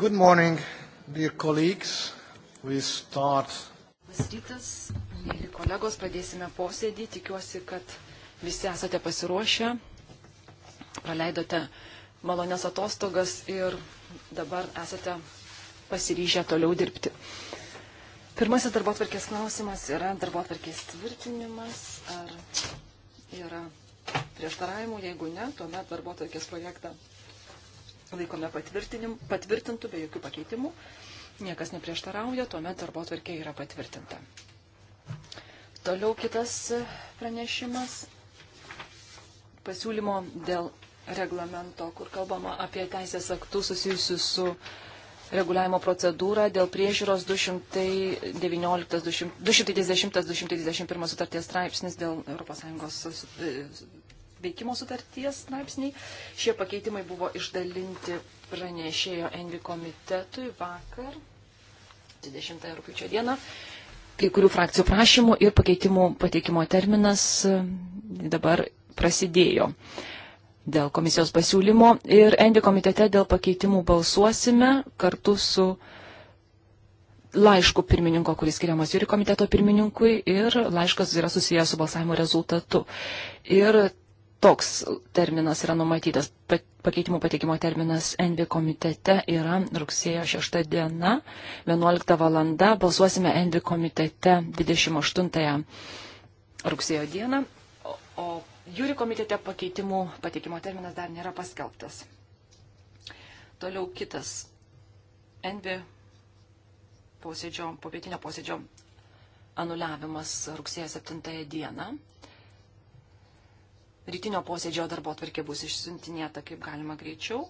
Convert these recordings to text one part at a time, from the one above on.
Good morning, dear colleagues. We start. Rytas, mėly kolegos, pradėsime posėdį. Tikiuosi, kad visi esate pasiruošę. Praleidote malonės atostogas ir dabar esate pasiryžę toliau dirbti. Pirmasis darbo atvarkės klausimas yra darbo atvarkės tvirtinimas. Ar yra prieštaravimų? Jeigu ne, tuomet darbo atvarkės projektą laikome patvirtintų be jokių pakeitimų. Niekas neprieštarauja, tuomet darbo tvarkė yra patvirtinta. Toliau kitas e, pranešimas pasiūlymo dėl reglamento, kur kalbama apie teisės aktus susijusius su reguliavimo procedūra dėl priežiūros 219, 230, 221 sutarties straipsnis dėl ES veikimo sutarties straipsniai. Šie pakeitimai buvo išdalinti pranešėjo Envi komitetui vakar, 20 rūpiučio dieną, kai kurių frakcijų prašymų ir pakeitimų pateikimo terminas e, dabar prasidėjo. Dėl komisijos pasiūlymo ir Envi komitete dėl pakeitimų balsuosime kartu su laišku pirmininko, kuris skiriamas jūri komiteto pirmininkui ir laiškas yra susijęs su balsavimo rezultatu. Ir toks terminas yra numatytas. Pakeitimų pateikimo terminas NV komitete yra rugsėjo 6 diena, 11 valanda. Balsuosime NV komitete 28 rugsėjo dieną, o, o jūri komitete pakeitimų pateikimo terminas dar nėra paskelbtas. Toliau kitas NV posėdžio, popietinio posėdžio anuliavimas rugsėjo 7 dieną rytinio posėdžio darbo tvarkė bus išsiuntinėta kaip galima greičiau.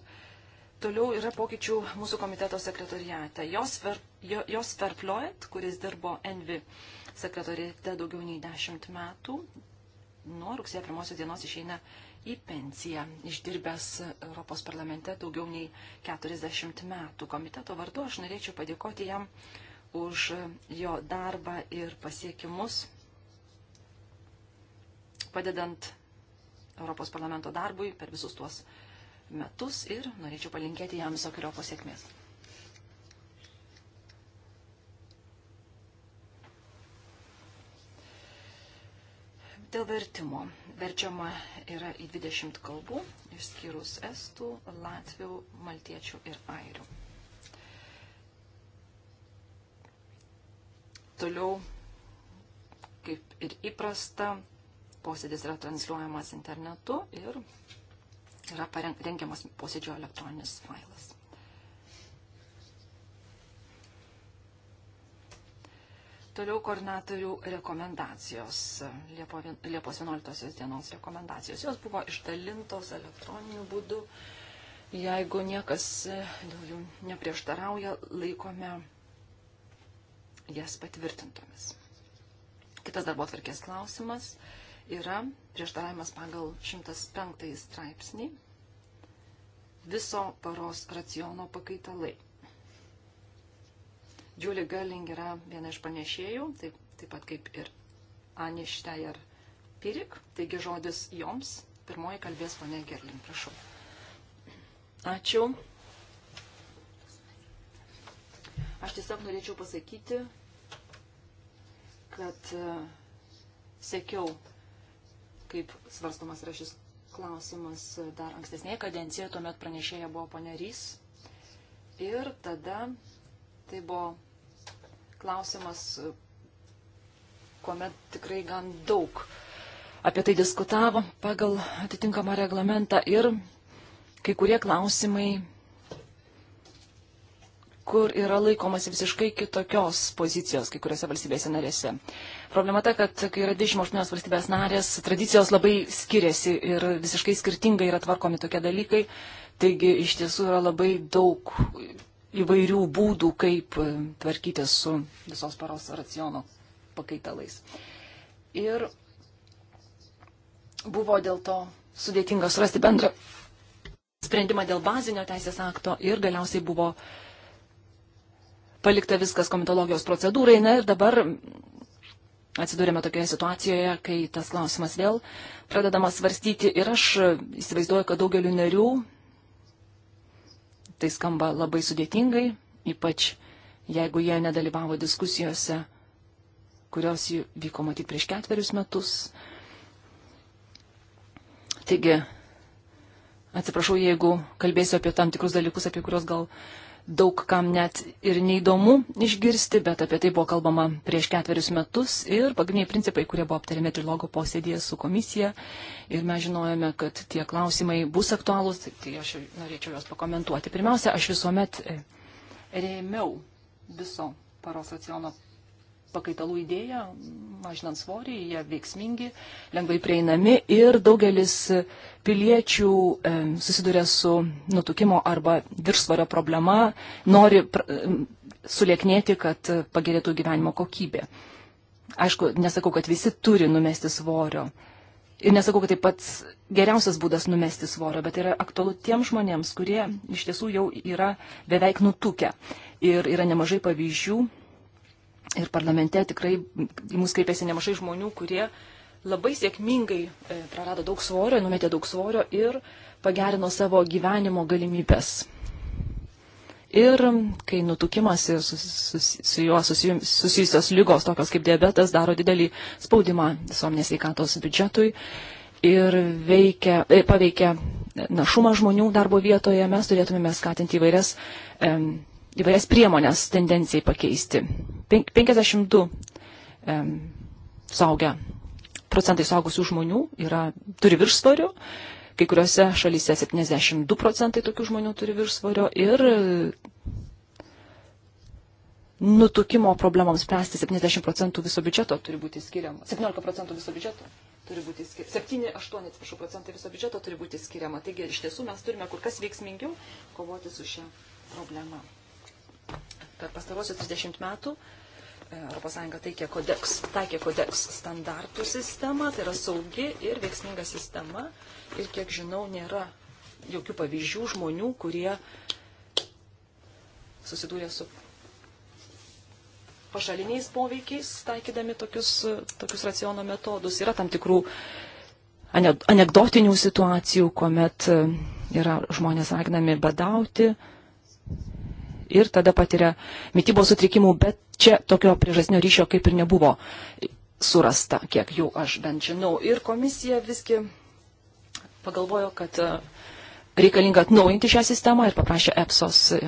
Toliau yra pokyčių mūsų komiteto sekretariate. Jos, ver, jo, jos Verploet, kuris dirbo Envi sekretariate daugiau nei 10 metų, nuo rugsėjo pirmosios dienos išeina į pensiją, išdirbęs Europos parlamente daugiau nei 40 metų. Komiteto vardu aš norėčiau padėkoti jam už jo darbą ir pasiekimus, padedant Europos parlamento darbui per visus tuos metus ir norėčiau palinkėti jam visokiojo pasiekmės. Dėl vertimo. Verčiama yra į 20 kalbų, išskyrus estų, latvių, maltiečių ir airių. Toliau, kaip ir įprasta, posėdis yra transliuojamas internetu ir yra rengiamas posėdžio elektroninis failas. Toliau koordinatorių rekomendacijos, Liepo, Liepos 11 dienos rekomendacijos. Jos buvo išdalintos elektroniniu būdu. Jeigu niekas e, dėl jų neprieštarauja, laikome jas patvirtintomis. Kitas darbo atvarkės klausimas – yra prieštaravimas pagal 105 straipsnį viso paros raciono pakaitalai. Julie Gerling yra viena iš panešėjų, taip, taip pat kaip ir Anė Šteier Pirik, taigi žodis joms. Pirmoji kalbės ponė Gerling, prašau. Ačiū. Aš tiesiog norėčiau pasakyti, kad e, sekiau kaip svarstomas yra šis klausimas dar ankstesnėje kadencijoje, tuomet pranešėja buvo panerys. Ir tada tai buvo klausimas, kuomet tikrai gan daug apie tai diskutavo pagal atitinkamą reglamentą ir kai kurie klausimai kur yra laikomasi visiškai kitokios pozicijos kai kuriuose valstybėse narėse. Problema ta, kad kai yra 28 valstybės narės, tradicijos labai skiriasi ir visiškai skirtingai yra tvarkomi tokie dalykai. Taigi iš tiesų yra labai daug įvairių būdų, kaip e, tvarkytis su visos paros raciono pakaitalais. Ir buvo dėl to sudėtinga surasti bendrą sprendimą dėl bazinio teisės akto ir galiausiai buvo uh, palikta viskas komitologijos procedūrai. Na ir dabar atsidūrėme tokioje situacijoje, kai tas klausimas vėl pradedamas svarstyti ir aš įsivaizduoju, kad daugeliu narių tai skamba labai sudėtingai, ypač jeigu jie nedalyvavo diskusijose, kurios vyko matyti prieš ketverius metus. Taigi, atsiprašau, jeigu kalbėsiu apie tam tikrus dalykus, apie kuriuos gal uh, daug kam net ir neįdomu išgirsti, bet apie tai buvo kalbama prieš ketverius metus ir pagrindiniai principai, kurie buvo aptariami trilogo posėdėje su komisija ir mes žinojame, kad tie klausimai bus aktualūs, tai aš norėčiau juos pakomentuoti. Pirmiausia, aš visuomet e, rėmiau viso paros raciono pakaitalų idėja, mažinant svorį, jie veiksmingi, lengvai prieinami ir daugelis piliečių e, susiduria su nutukimo arba viršsvario problema, nori pr sulieknėti, kad pagerėtų gyvenimo kokybė. Aišku, nesakau, kad visi turi numesti svorio. Ir nesakau, kad tai pats geriausias būdas numesti svorio, bet yra aktualu tiem žmonėms, kurie iš tiesų jau yra beveik nutukę. Ir yra nemažai pavyzdžių Ir parlamente tikrai į mus kreipėsi nemažai žmonių, kurie labai sėkmingai e, prarado daug svorio, numetė daug svorio ir pagerino savo gyvenimo galimybės. Ir kai nutukimas ir su, su, su juo susijusios lygos, tokios kaip diabetas, daro didelį spaudimą visuomenės veikatos biudžetui ir veikia, e, paveikia našumą žmonių darbo vietoje, mes turėtumėme skatinti įvairias. E, įvairias priemonės tendencijai pakeisti. 52 e, saugia procentai saugusių žmonių yra, turi viršsvorių, kai kuriuose šalyse 72 procentai tokių žmonių turi viršsvorio ir nutukimo problemams spręsti 70 procentų viso biudžeto turi būti skiriama. 17 procentų viso biudžeto turi būti skiriama. 7-8 procentai viso biudžeto turi būti skiriama. Taigi iš tiesų mes turime kur kas veiksmingiau kovoti su šia problema. Per pastarosius 30 metų ES taikė kodeks, taikė kodeks standartų sistemą, tai yra saugi ir veiksminga sistema. Ir kiek žinau, nėra jokių pavyzdžių žmonių, kurie susidūrė su pašaliniais poveikiais, taikydami tokius, tokius raciono metodus. Yra tam tikrų anegdotinių situacijų, kuomet e, yra žmonės raginami badauti, ir tada patiria mytybos sutrikimų, bet čia tokio priežasnio ryšio kaip ir nebuvo surasta, kiek jau aš bent žinau. Ir komisija visgi pagalvojo, kad e, reikalinga atnaujinti šią sistemą ir paprašė EPSOS e,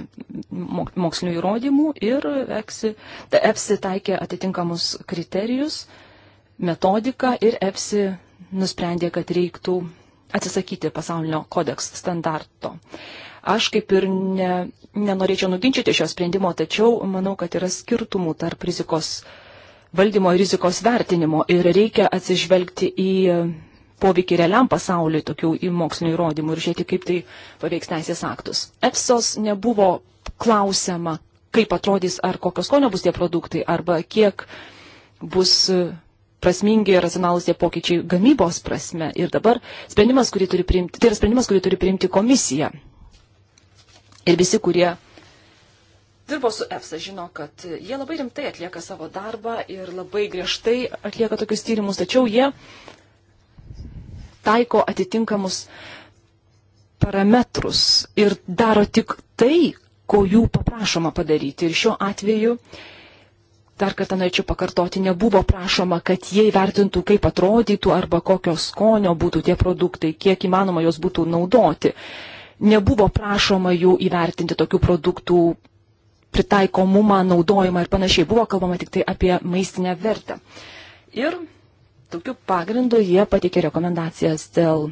mokslinių įrodymų ir EPSI, ta EPSI taikė atitinkamus kriterijus, metodiką ir EPSI nusprendė, kad reiktų atsisakyti pasaulinio kodeks standarto. Aš kaip ir ne, nenorėčiau nuginčyti šio sprendimo, tačiau manau, kad yra skirtumų tarp rizikos valdymo ir rizikos vertinimo ir reikia atsižvelgti į poveikį realiam pasauliui tokių mokslinių įrodymų ir žiūrėti, kaip tai paveiks teisės aktus. EFSOS nebuvo klausiama, kaip atrodys, ar kokios skonio bus tie produktai, arba kiek bus prasmingi ir racionalūs tie pokyčiai gamybos prasme. Ir dabar sprendimas, kurį turi priimti, tai yra sprendimas, kurį turi priimti komisija. Ir visi, kurie dirbo su EFSA, žino, kad jie labai rimtai atlieka savo darbą ir labai griežtai atlieka tokius tyrimus, tačiau jie taiko atitinkamus parametrus ir daro tik tai, ko jų paprašoma padaryti. Ir šiuo atveju, dar kartą norėčiau pakartoti, nebuvo prašoma, kad jie įvertintų, kaip atrodytų arba kokio skonio būtų tie produktai, kiek įmanoma juos būtų naudoti. Uh, nebuvo prašoma jų įvertinti tokių produktų pritaikomumą, naudojimą ir panašiai. Buvo kalbama tik tai apie maistinę vertę. Ir tokiu pagrindu jie pateikė rekomendacijas dėl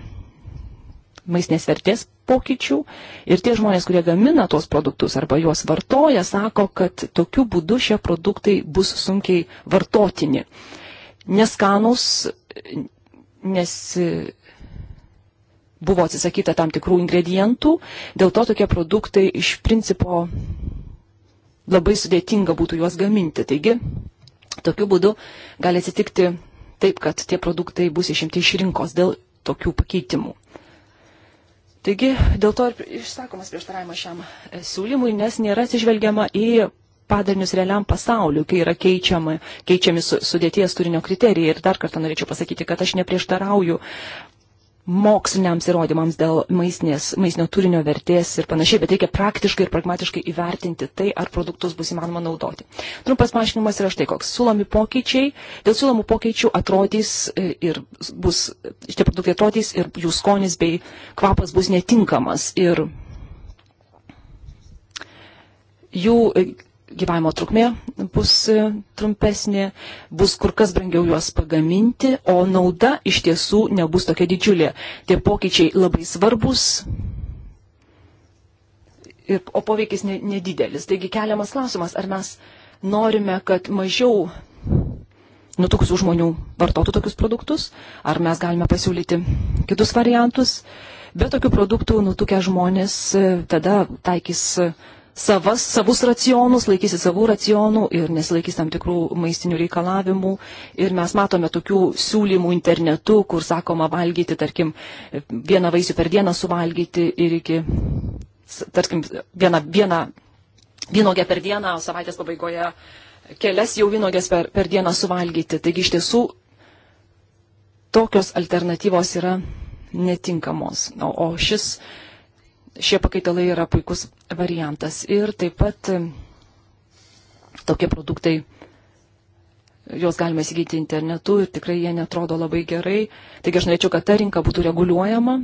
maistinės vertės pokyčių ir tie žmonės, kurie gamina tuos produktus arba juos vartoja, sako, kad tokiu būdu šie produktai bus sunkiai vartotini. Neskanus, nes buvo atsisakyta tam tikrų ingredientų, dėl to tokie produktai iš principo labai sudėtinga būtų juos gaminti. Taigi, tokiu būdu gali atsitikti taip, kad tie produktai bus išimti iš rinkos dėl tokių pakeitimų. Taigi, dėl to ir išsakomas prieštaravimas šiam e, siūlymui, nes nėra atsižvelgiama į padarinius realiam pasauliu, kai yra keičiami, keičiami su, sudėties turinio kriterijai. Ir dar kartą norėčiau pasakyti, kad aš neprieštarauju moksliniams įrodymams dėl maistinės, maistinio turinio vertės ir panašiai, bet reikia praktiškai ir pragmatiškai įvertinti tai, ar produktus bus įmanoma naudoti. Trumpas paaiškinimas yra štai koks. Sulomi pokyčiai, dėl sulomų pokyčių atrodys e, ir bus, šitie produktai atrodys ir jų skonis bei kvapas bus netinkamas. Ir jų e, gyvavimo trukmė bus e, trumpesnė, bus kur kas brangiau juos pagaminti, o nauda iš tiesų nebus tokia didžiulė. Tie pokyčiai labai svarbus, ir, o poveikis ne, nedidelis. Taigi keliamas klausimas, ar mes norime, kad mažiau nutukusių žmonių vartotų tokius produktus, ar mes galime pasiūlyti kitus variantus. Be tokių produktų nutukę žmonės e, tada taikys savas, savus racionus, laikysi savų racionų ir nesilaikys tam tikrų maistinių reikalavimų. Ir mes matome tokių siūlymų internetu, kur sakoma valgyti, tarkim, vieną vaisių per dieną suvalgyti ir iki, tarkim, vieną, vieną vynogę per dieną, o savaitės pabaigoje kelias jau vynogės per, per dieną suvalgyti. Taigi iš tiesų tokios alternatyvos yra netinkamos. O, o šis šie pakaitalai yra puikus variantas. Ir taip pat e, tokie produktai, juos galima įsigyti internetu ir tikrai jie netrodo labai gerai. Taigi aš norėčiau, kad ta rinka būtų reguliuojama,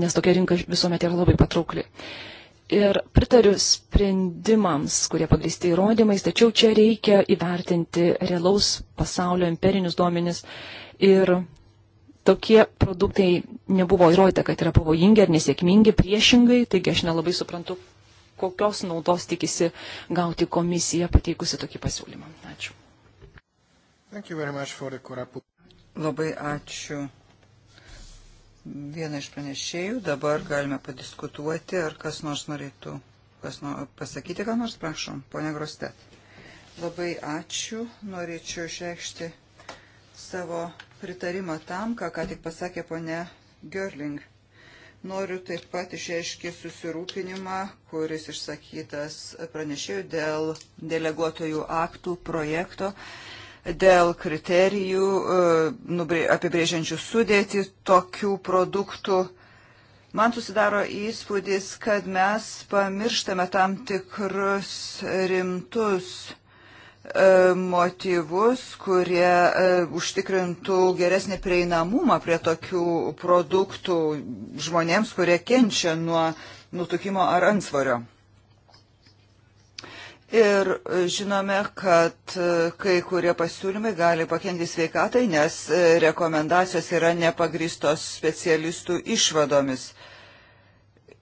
nes tokia rinka visuomet yra labai patraukli. Ir pritariu sprendimams, kurie pagristi įrodymais, tačiau čia reikia įvertinti realaus pasaulio imperinius duomenis ir tokie produktai nebuvo įrodyta, kad yra pavojingi ar nesėkmingi, priešingai, taigi aš nelabai suprantu, kokios naudos tikisi gauti komisija pateikusi tokį pasiūlymą. Ačiū. Labai ačiū. Viena iš pranešėjų, dabar galime padiskutuoti, ar kas nors norėtų kas nu, pasakyti, ką nors prašom, ponia Grostet. Labai ačiū, norėčiau išreikšti savo pritarimą tam, ką ką tik pasakė ponė Görling. Noriu taip pat išreiškti susirūpinimą, kuris išsakytas pranešėjų dėl deleguotojų aktų projekto, dėl kriterijų e, apibrėžiančių sudėti tokių produktų. Man susidaro įspūdis, kad mes pamirštame tam tikrus rimtus E, motyvus, kurie e, užtikrintų geresnį prieinamumą prie tokių produktų žmonėms, kurie kenčia nuo nutukimo ar ansvario. Ir žinome, kad e, kai kurie pasiūlymai gali pakengti sveikatai, nes rekomendacijos yra nepagristos specialistų išvadomis.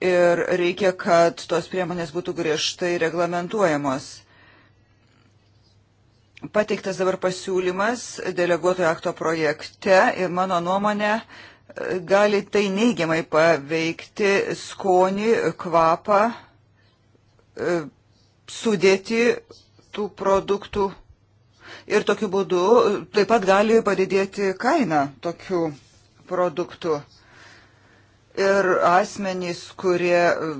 Ir reikia, kad tos priemonės būtų griežtai reglamentuojamos Pateiktas dabar pasiūlymas deleguotojo akto projekte ir mano nuomonė e, gali tai neigiamai paveikti skonį, kvapą, e, sudėti tų produktų ir tokiu būdu taip pat gali padidėti kaina tokių produktų. Ir asmenys, kurie e,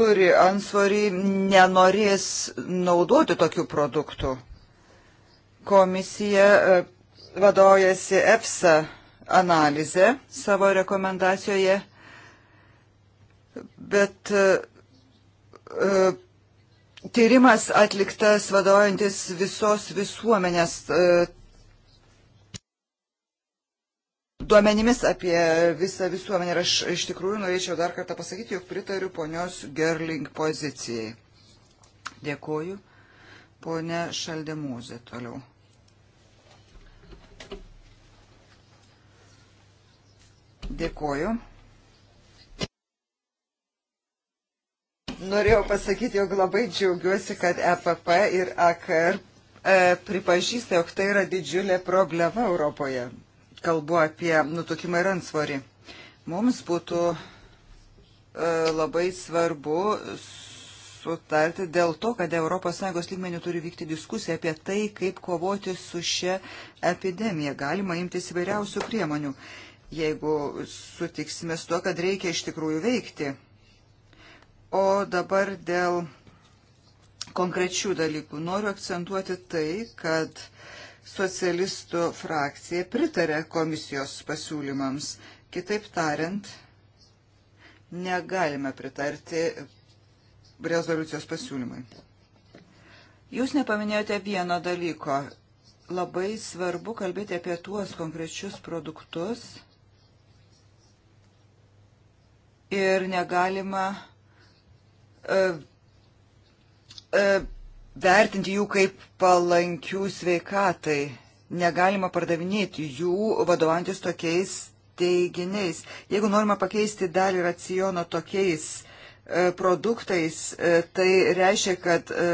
turi ansvarį, nenorės naudoti tokių produktų. Komisija e, vadovaujasi EFSA analizė savo rekomendacijoje, bet e, e, tyrimas atliktas vadovaujantis visos visuomenės duomenimis apie visą visuomenę. Ir aš iš tikrųjų norėčiau dar kartą pasakyti, jog pritariu ponios Gerling pozicijai. Dėkuoju. Pone Šaldemūzė toliau. Dėkoju. Norėjau pasakyti, jog labai džiaugiuosi, kad EPP ir AKR e, pripažįsta, jog tai yra didžiulė problema Europoje. Kalbu apie nutukimą ir ansvorį. Mums būtų e, labai svarbu sutarti dėl to, kad ES lygmenių turi vykti diskusija apie tai, kaip kovoti su šia epidemija. Galima imtis įvairiausių priemonių. E, jeigu sutiksime su to, kad reikia iš tikrųjų veikti. O dabar dėl konkrečių dalykų noriu akcentuoti tai, kad socialistų frakcija pritarė komisijos pasiūlymams. Kitaip tariant, negalime pritarti rezoliucijos pasiūlymui. Jūs nepaminėjote vieno dalyko. Labai svarbu kalbėti apie tuos konkrečius produktus, ir negalima uh, uh, vertinti jų kaip palankių sveikatai. Negalima pardavinėti jų vadovantis tokiais teiginiais. Jeigu norima pakeisti dalį raciono tokiais e, produktais, e, tai reiškia, kad e,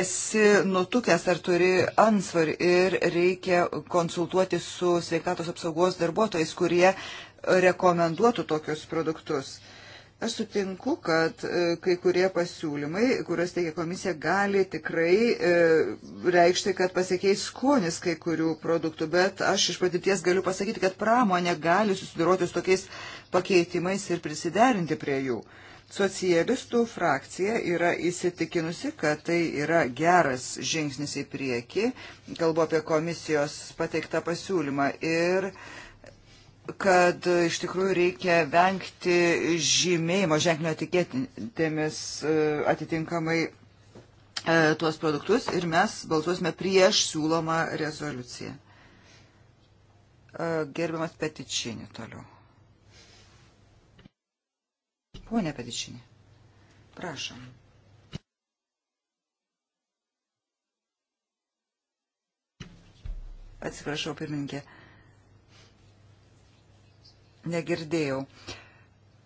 esi nutukęs ar turi ansvarį ir reikia konsultuoti su sveikatos apsaugos darbuotojais, kurie rekomenduotų tokius produktus. Aš sutinku, kad e, kai kurie pasiūlymai, kuriuos teikia komisija, gali tikrai e, reikšti, kad pasikeis skonis kai kurių produktų, bet aš iš patirties galiu pasakyti, kad pramonė gali susidoroti su tokiais pakeitimais ir prisiderinti prie jų. Socialistų frakcija yra įsitikinusi, kad tai yra geras žingsnis į priekį, kalbu apie komisijos pateiktą pasiūlymą ir e, kad e, iš tikrųjų reikia vengti žymėjimo ženklinio etiketėmis e, atitinkamai e, tuos produktus ir mes balsuosime prieš siūlomą rezoliuciją. Gerbiamas Petičinį toliau. Pone Petičinį, prašom. Atsiprašau, pirmininkė negirdėjau.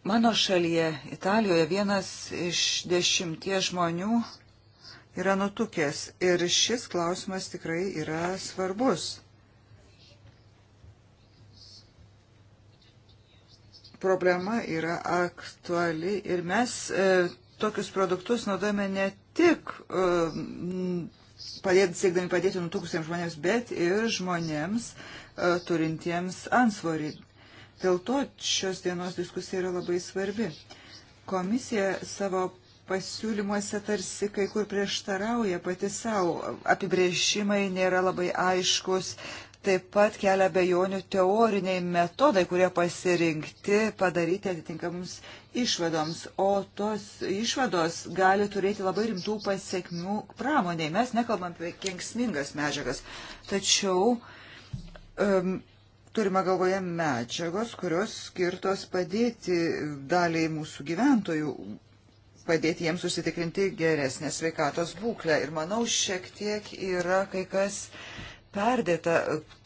Mano šalyje, Italijoje, vienas iš dešimties žmonių yra nutukęs ir šis klausimas tikrai yra svarbus. Problema yra aktuali ir mes e, tokius produktus naudojame ne tik e, padėti, siekdami padėti nutukusiems žmonėms, bet ir žmonėms e, turintiems ansvorį. Dėl to šios dienos diskusija yra labai svarbi. Komisija savo pasiūlymuose tarsi kai kur prieštarauja pati savo. Apibrėžimai nėra labai aiškus. Taip pat kelia bejonių teoriniai metodai, kurie pasirinkti padaryti atitinkamus išvadoms. O tos išvados gali turėti labai rimtų pasiekmių pramoniai. Mes nekalbam apie kenksmingas medžiagas. Tačiau um, turime galvoje medžiagos, kurios skirtos padėti daliai mūsų gyventojų, padėti jiems užsitikrinti geresnę sveikatos būklę. Ir manau, šiek tiek yra kai kas perdėta.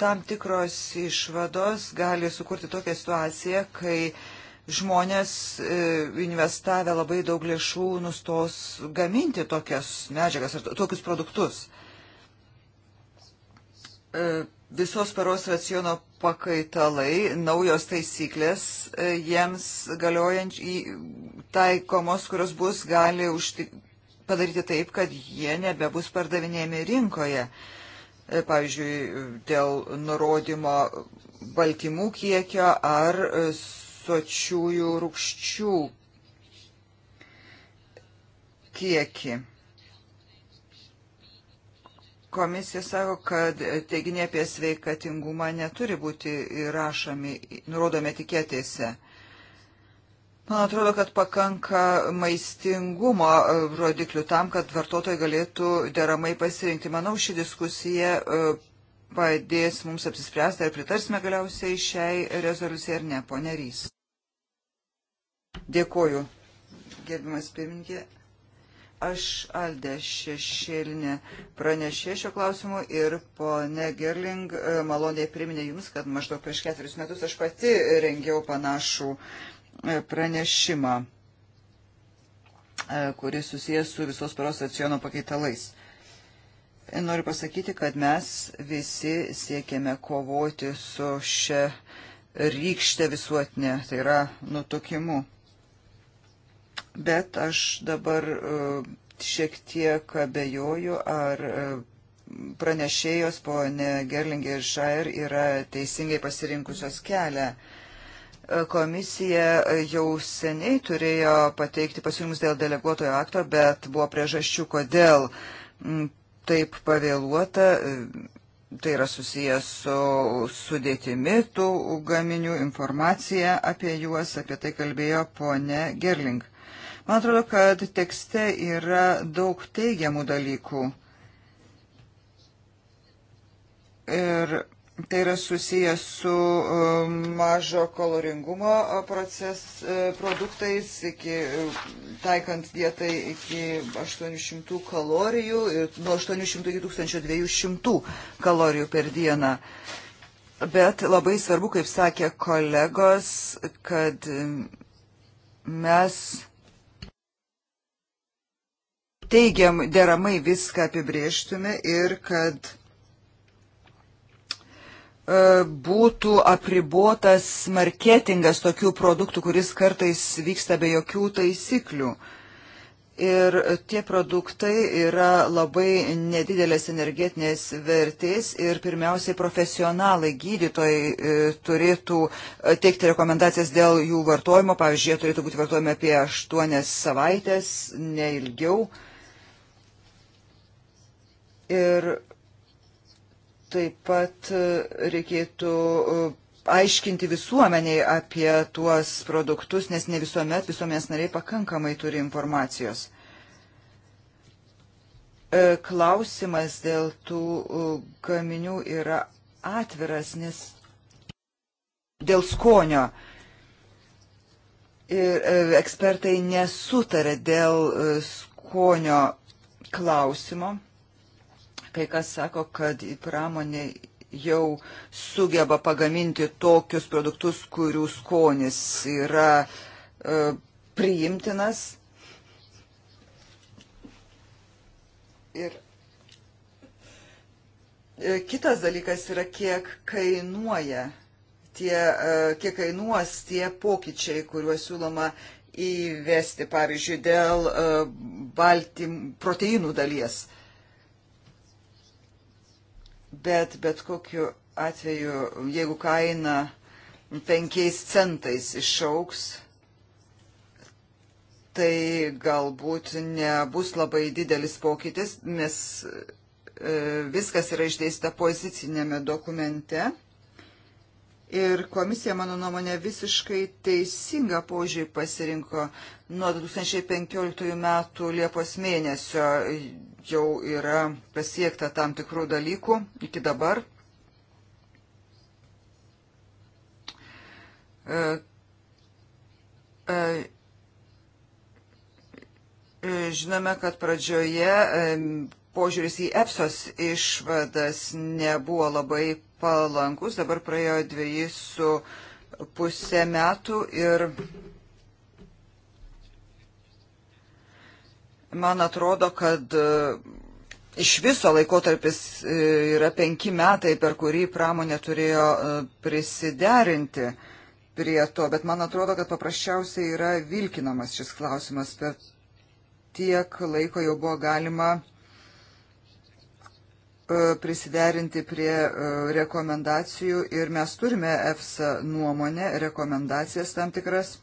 Tam tikros išvados gali sukurti tokią situaciją, kai žmonės e, investavę labai daug lėšų nustos gaminti tokias medžiagas ar tokius produktus. E, visos paros raciono pakaitalai, naujos taisyklės e, jiems galiojant taikomos, kurios bus gali užtik, padaryti taip, kad jie nebebus pardavinėjami rinkoje. E, pavyzdžiui, dėl nurodymo baltymų kiekio ar e, sočiųjų rūkščių kiekį. Komisija sako, kad teiginiai apie sveikatingumą neturi būti įrašomi, nurodomi etiketėse. Man atrodo, kad pakanka maistingumo rodiklių tam, kad vartotojai galėtų deramai pasirinkti. Manau, ši diskusija e, padės mums apsispręsti, ar pritarsime galiausiai šiai rezoliucijai ar ne, ponerys. Dėkoju, gerbimas pirmininkė. Aš Aldė Šešėlinė pranešė šio klausimu ir ponė Gerling e, maloniai priminė jums, kad maždaug prieš ketverius metus aš pati rengiau panašų e, pranešimą, e, kuris susijęs su visos paros aciono pakeitalais. Noriu pasakyti, kad mes visi siekėme kovoti su šia rykšte visuotinė, tai yra nutukimu. Bet aš dabar e, šiek tiek abejoju, ar e, pranešėjos ponė Gerlingė ir Šair yra teisingai pasirinkusios kelią e, komisija jau seniai turėjo pateikti pasiūlymus dėl deleguotojo akto, bet buvo priežasčių, kodėl taip pavėluota. Tai yra susijęs su sudėtimi tų gaminių, informacija apie juos, apie tai kalbėjo ponė Gerling. Man atrodo, kad tekste yra daug teigiamų dalykų. Ir tai yra susijęs su um, mažo koloringumo proces, e, produktais, iki, e, taikant dietai iki 800 kalorijų, nuo 800 iki 1200 kalorijų per dieną. Bet labai svarbu, kaip sakė kolegos, kad mes teigiam deramai viską apibrėžtume ir kad e, būtų apribuotas marketingas tokių produktų, kuris kartais vyksta be jokių taisyklių. Ir tie produktai yra labai nedidelės energetinės vertės ir pirmiausiai profesionalai, gydytojai e, turėtų e, teikti rekomendacijas dėl jų vartojimo. Pavyzdžiui, jie turėtų būti vartojami apie 8 savaitės, neilgiau. ilgiau Ir taip pat e, reikėtų e, aiškinti visuomeniai apie tuos produktus, nes ne visuomet visuomenės nariai pakankamai turi informacijos. E, klausimas dėl tų gaminių yra atviras, nes dėl skonio. Ir ekspertai nesutarė dėl skonio klausimo. Kai kas sako, kad pramonė jau sugeba pagaminti tokius produktus, kurių skonis yra e, priimtinas. Ir e, kitas dalykas yra, kiek kainuoja tie, e, kiek kainuos tie pokyčiai, kuriuos siūloma įvesti, pavyzdžiui, dėl e, baltym, proteinų dalies. Uh, bet bet kokiu atveju, jeigu kaina penkiais centais išauks, tai galbūt nebus labai didelis pokytis, nes e, viskas yra išdėsta pozicinėme dokumente Ir komisija, mano nuomonė, visiškai teisingą požiūrį pasirinko nuo 2015 metų Liepos mėnesio. Jau yra pasiekta tam tikrų dalykų iki dabar. E, e, e, žinome, kad pradžioje požiūris į EPSOS išvadas nebuvo labai palankus. Dabar praėjo dviejai su pusę metų ir man atrodo, kad e, iš viso laikotarpis e, yra penki metai, per kurį pramonė turėjo e, prisiderinti prie to, bet man atrodo, kad paprasčiausiai yra vilkinamas šis klausimas. Per tiek laiko jau buvo galima E, prisiderinti prie e, rekomendacijų ir mes turime EFSA nuomonę, rekomendacijas tam tikras.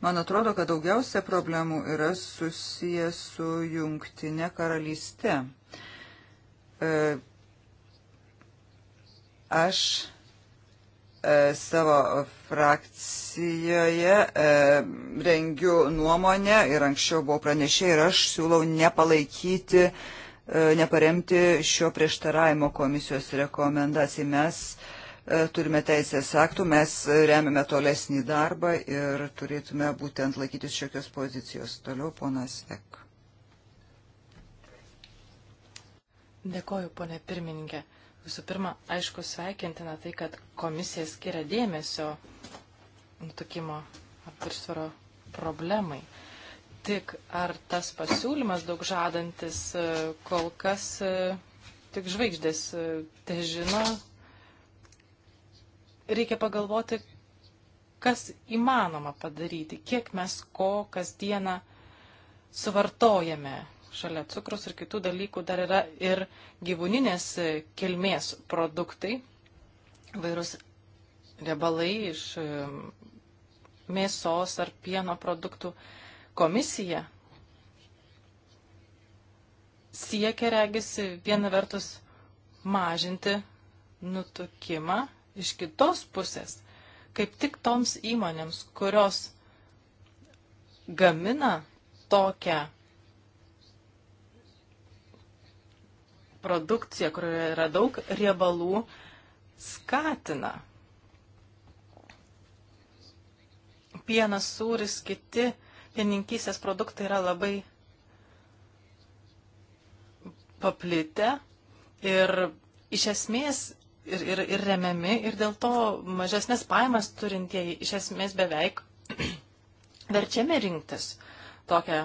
Man atrodo, kad daugiausia problemų yra susijęs su jungtinė karalystė. E, aš savo frakcijoje e, rengiu nuomonę ir anksčiau buvau pranešė ir aš siūlau nepalaikyti E, neparemti šio prieštaravimo komisijos rekomendacijai. Mes e, turime teisės aktų, mes remiame tolesnį darbą ir turėtume būtent laikytis šiokios pozicijos. Toliau ponas Ek. Dėkoju, ponė pirmininkė. Visų pirma, aišku, sveikintina tai, kad komisija skiria dėmesio nutukimo aptarsvaro problemai. Uh, tik ar tas pasiūlymas daug žadantis e, kol kas e, tik žvaigždės te tai žino. Reikia pagalvoti, kas įmanoma padaryti, kiek mes ko kasdieną suvartojame. Šalia cukrus ir kitų dalykų dar yra ir gyvūninės e, kilmės produktai, vairūs riebalai iš mėsos ar pieno produktų. Uh, komisija siekia, regisi, viena vertus mažinti nutukimą iš kitos pusės, kaip tik toms įmonėms, kurios gamina tokią produkcija, kurioje yra daug riebalų, skatina. Pienas, sūris, kiti pieninkysės produktai yra labai paplitę ir iš esmės ir, ir, ir remiami ir dėl to mažesnės pajamas turintieji iš esmės beveik verčiami rinktis tokią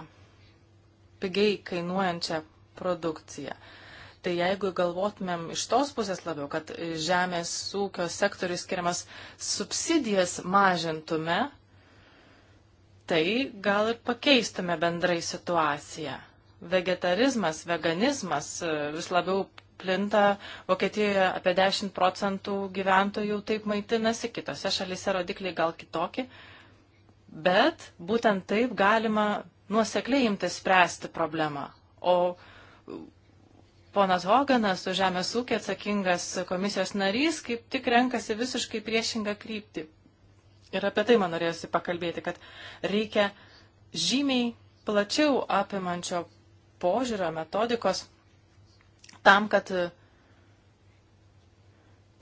pigiai kainuojančią produkciją. Tai jeigu galvotumėm iš tos pusės labiau, kad žemės ūkio sektoriui skiriamas subsidijas mažintume, tai gal ir pakeistume bendrai situaciją. Vegetarizmas, veganizmas e, vis labiau plinta, Vokietijoje apie 10 procentų gyventojų taip maitinasi, kitose šalise rodikliai gal kitokie, bet būtent taip galima nuosekliai imti spręsti problemą. O ponas Hoganas, už žemės ūkį atsakingas komisijos narys, kaip tik renkasi visiškai priešingą kryptį. Ir apie tai man norėjusi pakalbėti, kad reikia žymiai plačiau apimančio požiūrio metodikos tam, kad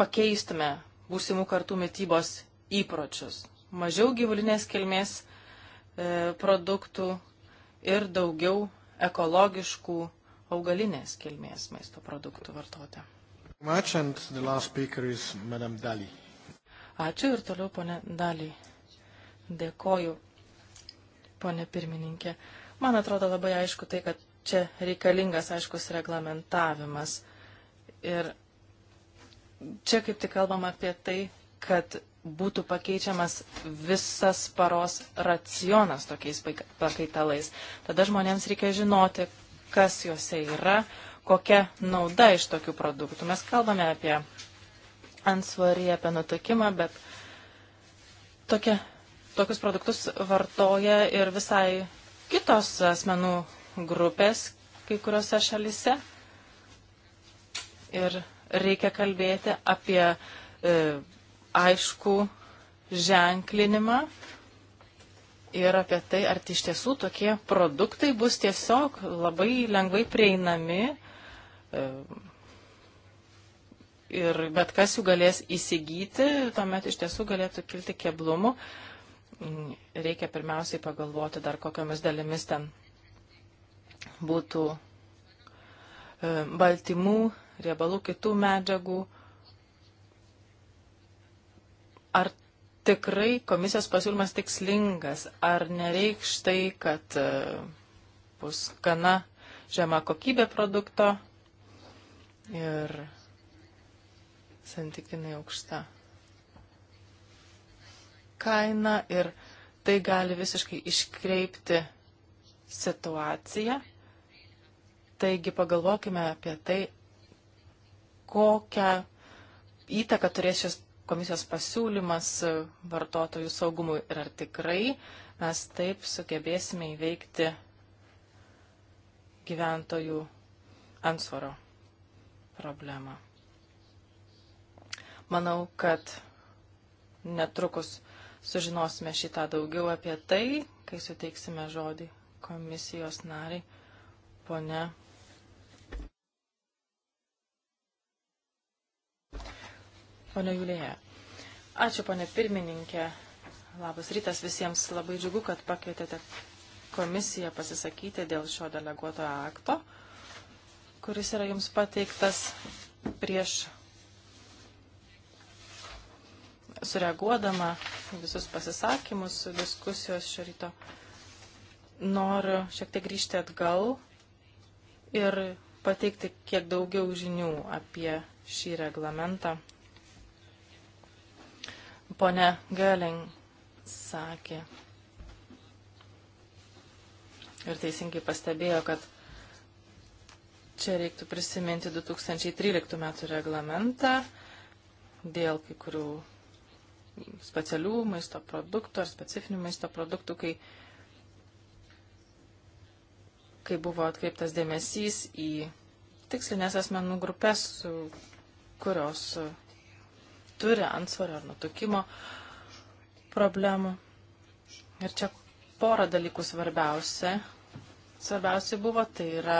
pakeistume būsimų kartų mytybos įpročius. Mažiau gyvulinės kilmės e, produktų ir daugiau ekologiškų augalinės kilmės maisto produktų vartoti. Much and the last speaker is Madame Dali. Ačiū ir toliau, ponė Daliai. Dėkoju, ponė pirmininkė. Man atrodo labai aišku tai, kad čia reikalingas aiškus reglamentavimas. Ir čia kaip tik kalbam apie tai, kad būtų pakeičiamas visas paros racionas tokiais pakaitalais. Tada žmonėms reikia žinoti, kas juose yra, kokia nauda iš tokių produktų. Mes kalbame apie ansvarį, apie nutukimą, bet tokia, tokius produktus vartoja ir visai kitos asmenų grupės kai kuriuose šalise. Ir reikia kalbėti apie e, aišku ženklinimą ir apie tai, ar iš tiesų tokie produktai bus tiesiog labai lengvai prieinami. E, ir bet kas jų galės įsigyti, tuomet iš tiesų galėtų kilti keblumų. Reikia pirmiausiai pagalvoti dar kokiamis dalimis ten būtų e, baltymų, riebalų, kitų medžiagų. Ar tikrai komisijos pasiūlymas tikslingas, ar nereikš tai, kad e, bus gana žema kokybė produkto ir santykinai aukšta kaina ir tai gali visiškai iškreipti situaciją. Taigi pagalvokime apie tai, kokią įtaką turės šis komisijos pasiūlymas vartotojų saugumui ir ar tikrai mes taip sugebėsime įveikti gyventojų ansvaro problemą. Manau, kad netrukus sužinosime šitą daugiau apie tai, kai suteiksime žodį komisijos nariai, pone. Pone Julėje. Ačiū, pone pirmininkė. Labas rytas visiems. Labai džiugu, kad pakvietėte komisiją pasisakyti dėl šio deleguoto akto, kuris yra jums pateiktas prieš sureaguodama visus pasisakymus, diskusijos šio ryto, noriu šiek tiek grįžti atgal ir pateikti kiek daugiau žinių apie šį reglamentą. Pone Galing sakė ir teisingai pastebėjo, kad čia reiktų prisiminti 2013 metų reglamentą dėl kai kurių specialių maisto produktų ar specifinių maisto produktų, kai, kai buvo atkreiptas dėmesys į tikslinės asmenų grupės, kurios turi antsvorio ar nutukimo problemų. Ir čia pora dalykų svarbiausia. Svarbiausia buvo, tai yra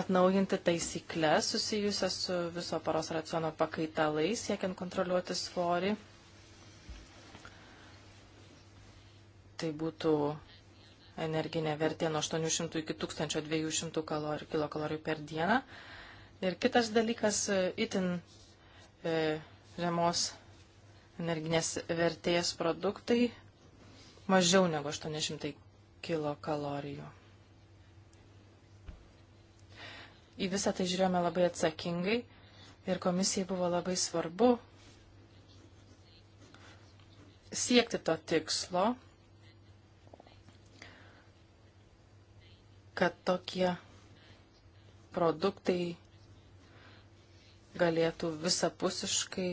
atnaujinti taisyklės susijusias su viso paros raciono pakaitalais, siekiant kontroliuoti svorį tai būtų energinė vertė nuo 800 iki 1200 kalorijų, kilokalorijų per dieną. Ir kitas dalykas, e, itin e, žemos energinės vertės produktai mažiau negu 800 kilokalorijų. Į visą tai žiūrėjome labai atsakingai ir komisijai buvo labai svarbu siekti to tikslo kad tokie produktai galėtų visapusiškai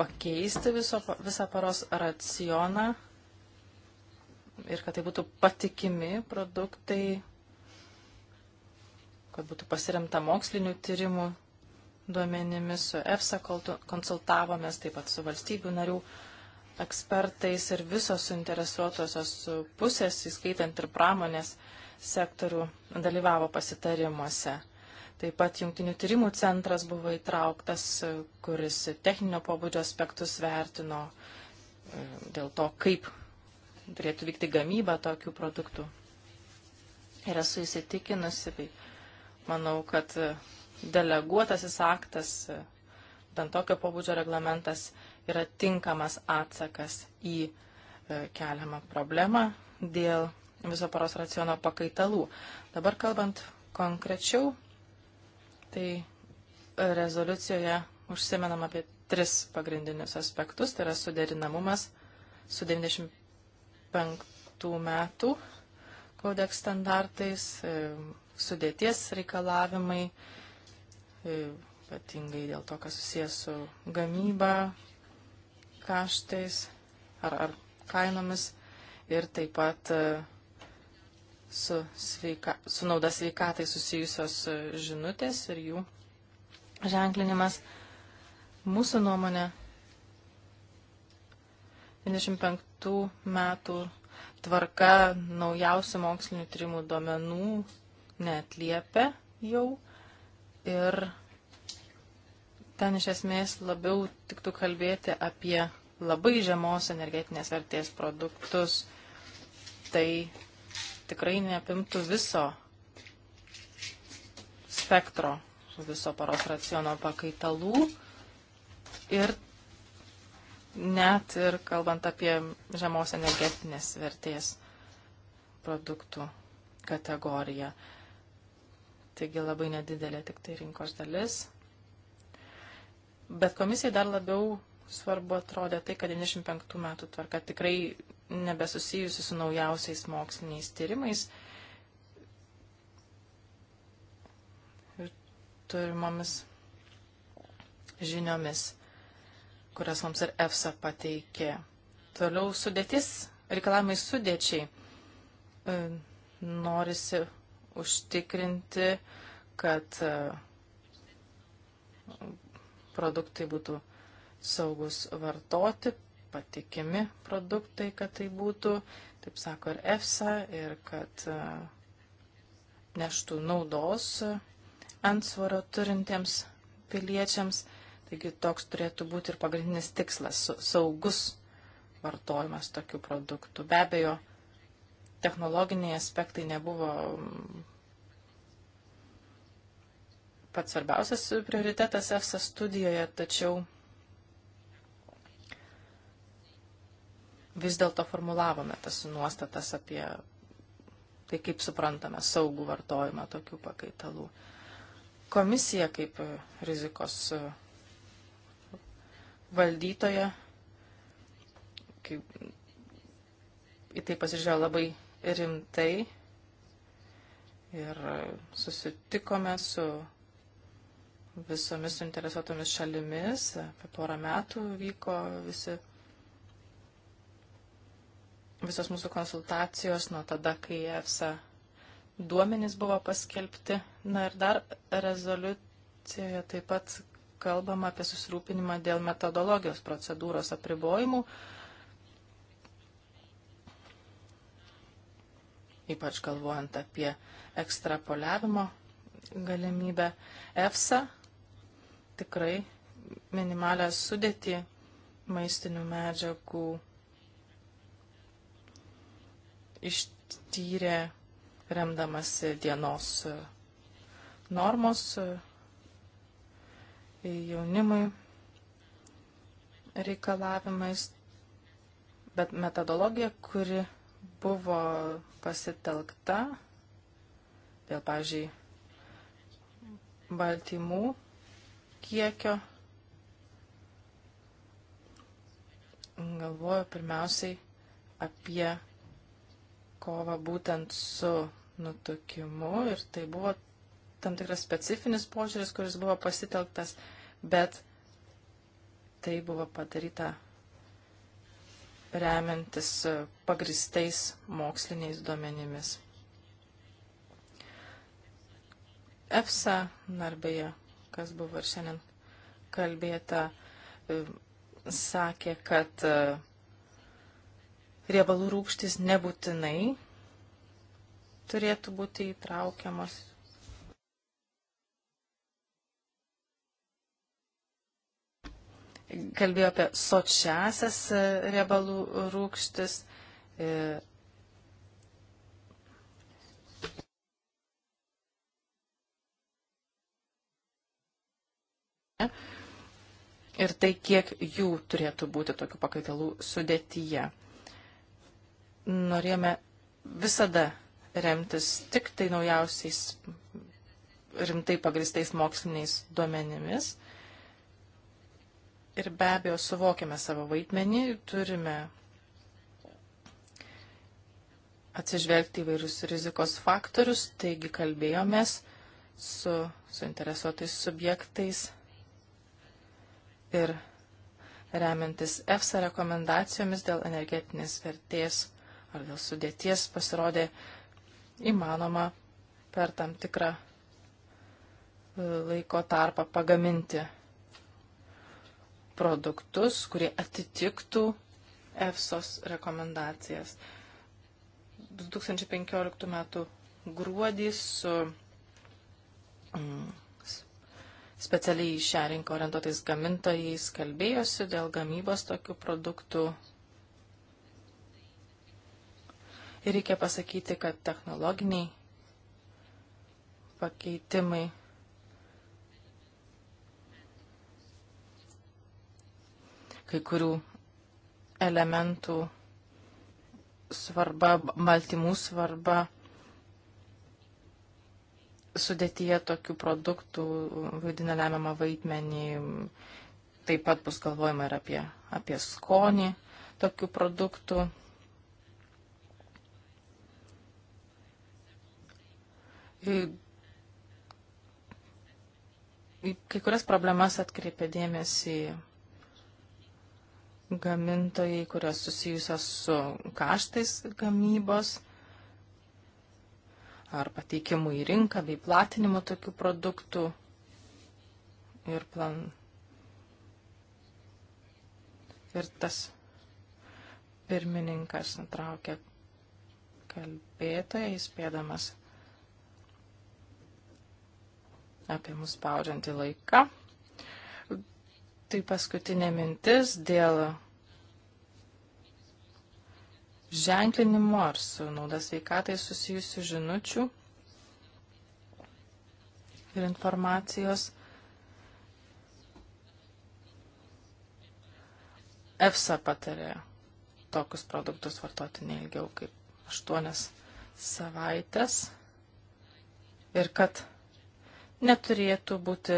pakeisti viso, visą paros racioną ir kad tai būtų patikimi produktai, kad būtų pasiremta mokslinių tyrimų duomenimis su EFSA konsultavomės, taip pat su valstybių narių ekspertais ir visos suinteresuotosios pusės, įskaitant ir pramonės, uh, sektorių dalyvavo pasitarimuose. Taip pat Junktinių tyrimų centras buvo įtrauktas, kuris techninio pobūdžio aspektus vertino e, dėl to, kaip turėtų vykti gamyba tokių produktų. Ir esu įsitikinusi, bei tai manau, kad deleguotasis aktas, bent tokio pobūdžio reglamentas, yra tinkamas atsakas į e, keliamą problemą dėl viso paros raciono pakaitalų. Dabar kalbant konkrečiau, tai rezoliucijoje užsimenam apie tris pagrindinius aspektus. Tai yra suderinamumas su 95 metų kodeks standartais, e, sudėties reikalavimai, e, ypatingai dėl to, kas susijęs su gamyba, kaštais ar, ar kainomis ir taip pat uh, su, sveika, su nauda sveikatai susijusios e, žinutės ir jų ženklinimas. Mūsų nuomonė 25 metų tvarka naujausių mokslinių tyrimų duomenų netliepia jau ir ten iš esmės labiau tiktų kalbėti apie labai žemos energetinės vertės produktus. Tai tikrai neapimtų viso spektro, viso paros raciono pakaitalų ir net ir kalbant apie žemos energetinės vertės produktų kategoriją. Taigi labai nedidelė tik tai rinkos dalis. Bet komisijai dar labiau svarbu atrodė tai, kad 95 metų tvarka tikrai nebesusijusi su naujausiais moksliniais tyrimais ir turimomis žiniomis, kurias mums ir EFSA pateikė. Toliau sudėtis, reikalavimai sudėčiai. E, norisi užtikrinti, kad e, produktai būtų saugus vartoti, patikimi produktai, kad tai būtų, taip sako ir EFSA, ir kad e, neštų naudos ant svorio turintiems piliečiams. Taigi toks turėtų būti ir pagrindinis tikslas - saugus vartojimas tokių produktų. Be abejo, technologiniai aspektai nebuvo mm, pats svarbiausias prioritetas EFSA studijoje, tačiau vis dėlto formulavome tas nuostatas apie tai, kaip suprantame saugų vartojimą tokių pakaitalų. Komisija kaip e, rizikos e, valdytoja, kaip į tai pasižiūrėjo labai rimtai ir e, susitikome su visomis suinteresuotomis šalimis. Apie porą metų vyko visi visos mūsų konsultacijos nuo tada, kai EFSA duomenys buvo paskelbti. Na ir dar rezoliucijoje taip pat kalbama apie susirūpinimą dėl metodologijos procedūros apribojimų. Ypač galvojant apie ekstrapoliavimo galimybę. EFSA tikrai minimalę sudėtį maistinių medžiagų ištyrė remdamas dienos normos jaunimui reikalavimais, bet metodologija, kuri buvo pasitelkta dėl, pažiūrėjau, baltymų kiekio, galvoju pirmiausiai apie kovą būtent su nutukimu ir tai buvo tam tikras specifinis požiūris, kuris buvo pasitelktas, bet tai buvo padaryta remiantis pagristais moksliniais duomenimis. EFSA narbėje, kas buvo ir šiandien kalbėta, e, sakė, kad e, riebalų rūkštis nebūtinai turėtų būti įtraukiamos. Kalbėjau apie sočiasias e, riebalų rūkštis. E, ir tai, kiek jų turėtų būti tokių pakaitalų sudėtyje norėjome visada remtis tik tai naujausiais rimtai pagristais moksliniais duomenimis. Ir be abejo, suvokiame savo vaidmenį, turime atsižvelgti įvairius rizikos faktorius, taigi kalbėjomės su suinteresuotais subjektais ir remiantis EFSA rekomendacijomis dėl energetinės vertės ar dėl sudėties pasirodė įmanoma per tam tikrą e, laiko tarpą pagaminti produktus, kurie atitiktų EFSOS rekomendacijas. 2015 m. gruodį su mm, specialiai į šią rinką orientuotais gamintojais kalbėjosi dėl gamybos tokių produktų Ir reikia pasakyti, kad technologiniai pakeitimai kai kurių elementų svarba, baltymų svarba sudėtyje tokių produktų vaidina lemiamą vaidmenį. Taip pat bus galvojama ir apie, apie skonį tokių produktų. kai kurias problemas atkreipė dėmesį gamintojai, kurios susijusios su kaštais gamybos ar pateikimu į rinką bei platinimu tokių produktų ir plan. Ir tas pirmininkas nutraukė kalbėtoją įspėdamas apie mus spaudžiantį laiką. Tai paskutinė mintis dėl ženklinimo ar su naudas veikatai susijusių žinučių ir informacijos. EFSA patarė tokius produktus vartoti neilgiau kaip 8 savaitės ir kad neturėtų būti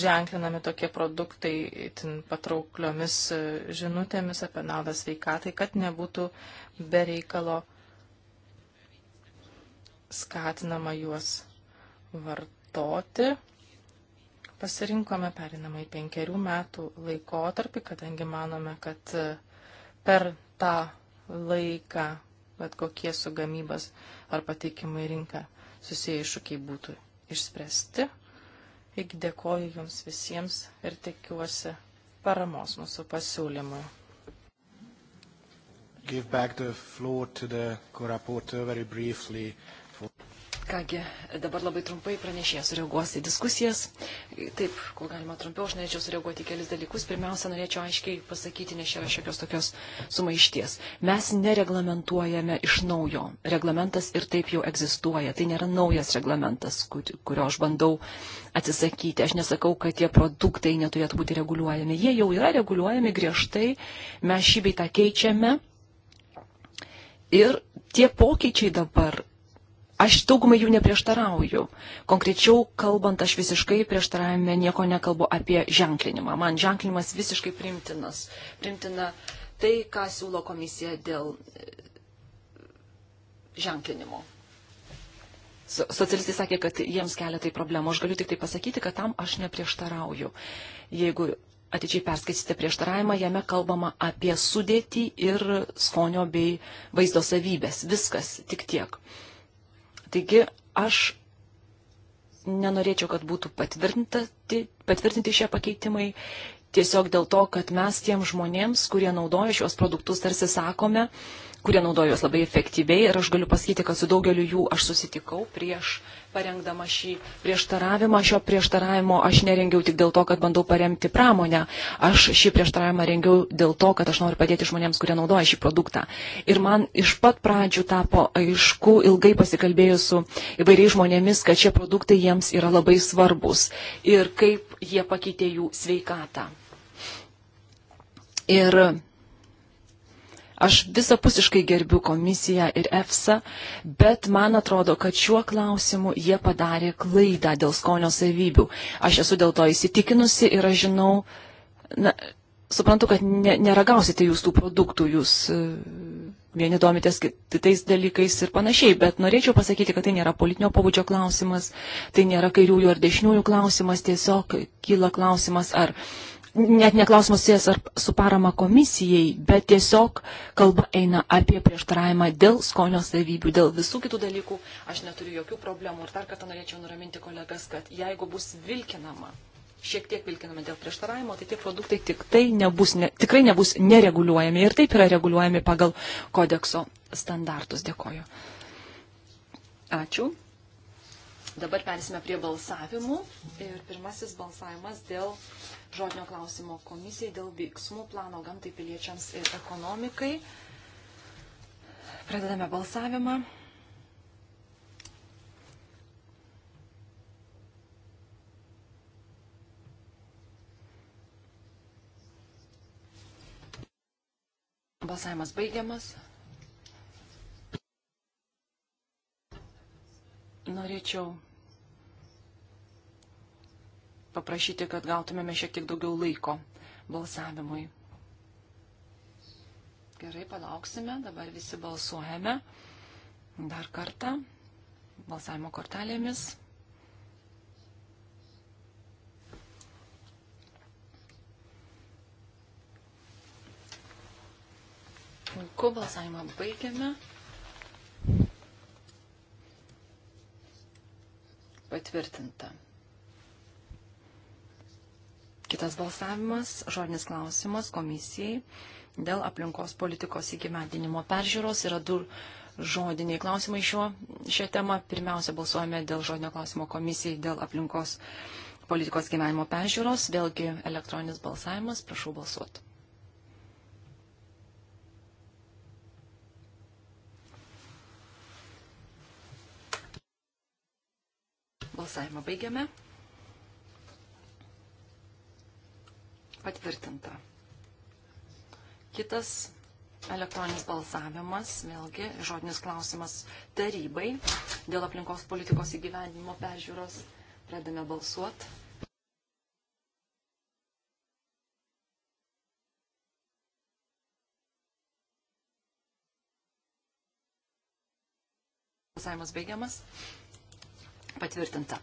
ženklinami tokie produktai itin patraukliomis e, žinutėmis apie naudą sveikatai, kad nebūtų bereikalo skatinama juos vartoti. Pasirinkome perinamai penkerių metų laikotarpį, kadangi manome, kad e, per tą laiką bet kokie su gamybas ar pateikimai rinka susiję iššūkiai būtų išspręsti. Taigi dėkoju Jums visiems ir tikiuosi paramos mūsų pasiūlymui. Give back the floor to the co-rapporteur very briefly. Kągi, dabar labai trumpai pranešėjas sureaguos į diskusijas. Taip, kuo galima trumpiau, aš norėčiau sureaguoti kelis dalykus. Pirmiausia, norėčiau aiškiai pasakyti, nes čia yra šiokios tokios sumaišties. Mes nereglamentuojame iš naujo. Reglamentas ir taip jau egzistuoja. Tai nėra naujas reglamentas, kurio aš bandau atsisakyti. Aš nesakau, kad tie produktai neturėtų būti reguliuojami. Jie jau yra reguliuojami griežtai. Mes šį bei tą keičiame. Ir tie pokyčiai dabar Aš daugumai jų neprieštarauju. Konkrečiau kalbant, aš visiškai prieštaravime nieko nekalbu apie ženklinimą. Man ženklinimas visiškai primtinas. Primtina tai, ką siūlo komisija dėl e, ženklinimo. Socialistai sakė, kad jiems kelia tai problemų. Aš galiu tik tai pasakyti, kad tam aš neprieštarauju. Jeigu atidžiai perskaitysite prieštaravimą, jame kalbama apie sudėtį ir skonio bei vaizdo savybės. Viskas, tik tiek. Uh, Taigi aš nenorėčiau, kad būtų patvirtinti, patvirtinti šie pakeitimai. Tiesiog dėl to, kad mes tiem žmonėms, kurie naudoja šios produktus, tarsi sakome, uh, kurie naudoja juos labai efektyviai ir aš galiu pasakyti, kad su daugeliu jų aš susitikau prieš parengdama šį prieštaravimą. Šio prieštaravimo aš nerengiau tik dėl to, kad bandau paremti pramonę. Aš šį prieštaravimą rengiau dėl to, kad aš noriu padėti žmonėms, kurie naudoja šį produktą. Ir man iš pat pradžių tapo aišku, ilgai pasikalbėjus su įvairiais žmonėmis, kad šie produktai jiems yra labai svarbus ir kaip jie pakeitė jų sveikatą. Ir Aš visapusiškai gerbiu komisiją ir EFSA, bet man atrodo, kad šiuo klausimu jie padarė klaidą dėl skonio savybių. Aš esu dėl to įsitikinusi ir aš žinau, na, suprantu, kad ne, neragausite jūs tų produktų, jūs e, vieni domitės kitais dalykais ir panašiai, bet norėčiau pasakyti, kad tai nėra politinio pobūdžio klausimas, tai nėra kairiųjų ar dešiniųjų klausimas, tiesiog kyla klausimas, ar net neklausimas sės ar su parama komisijai, bet tiesiog kalba eina apie prieštaravimą dėl skonio savybių, dėl visų kitų dalykų. Aš neturiu jokių problemų ir dar kartą norėčiau nuraminti kolegas, kad jeigu bus vilkinama, šiek tiek vilkinama dėl prieštaravimo, tai tie produktai tik tai nebus, ne, tikrai nebus nereguliuojami ir taip yra reguliuojami pagal kodekso standartus. Dėkoju. Ačiū. Dabar persime prie balsavimų. Ir pirmasis balsavimas dėl žodinio klausimo komisijai, dėl veiksmų plano gamtai piliečiams ir ekonomikai. Pradedame balsavimą. Balsavimas baigiamas. Norėčiau paprašyti, kad gautumėme šiek tiek daugiau laiko balsavimui. Gerai, palauksime, dabar visi balsuojame. Dar kartą balsavimo kortelėmis. Puiku, balsavimą baigiame. patvirtinta. Kitas balsavimas, žodinis klausimas komisijai dėl aplinkos politikos įgyvendinimo peržiūros yra du žodiniai klausimai šiuo, šią temą. Pirmiausia, balsuojame dėl žodinio klausimo komisijai dėl aplinkos politikos gyvenimo peržiūros. Vėlgi elektroninis balsavimas. Prašau balsuoti. Balsavimą baigiame. Patvirtinta. Kitas elektroninis balsavimas, vėlgi žodinis klausimas tarybai dėl aplinkos politikos įgyvendinimo peržiūros. Pradame balsuoti. Balsavimas baigiamas. Patvirtinta.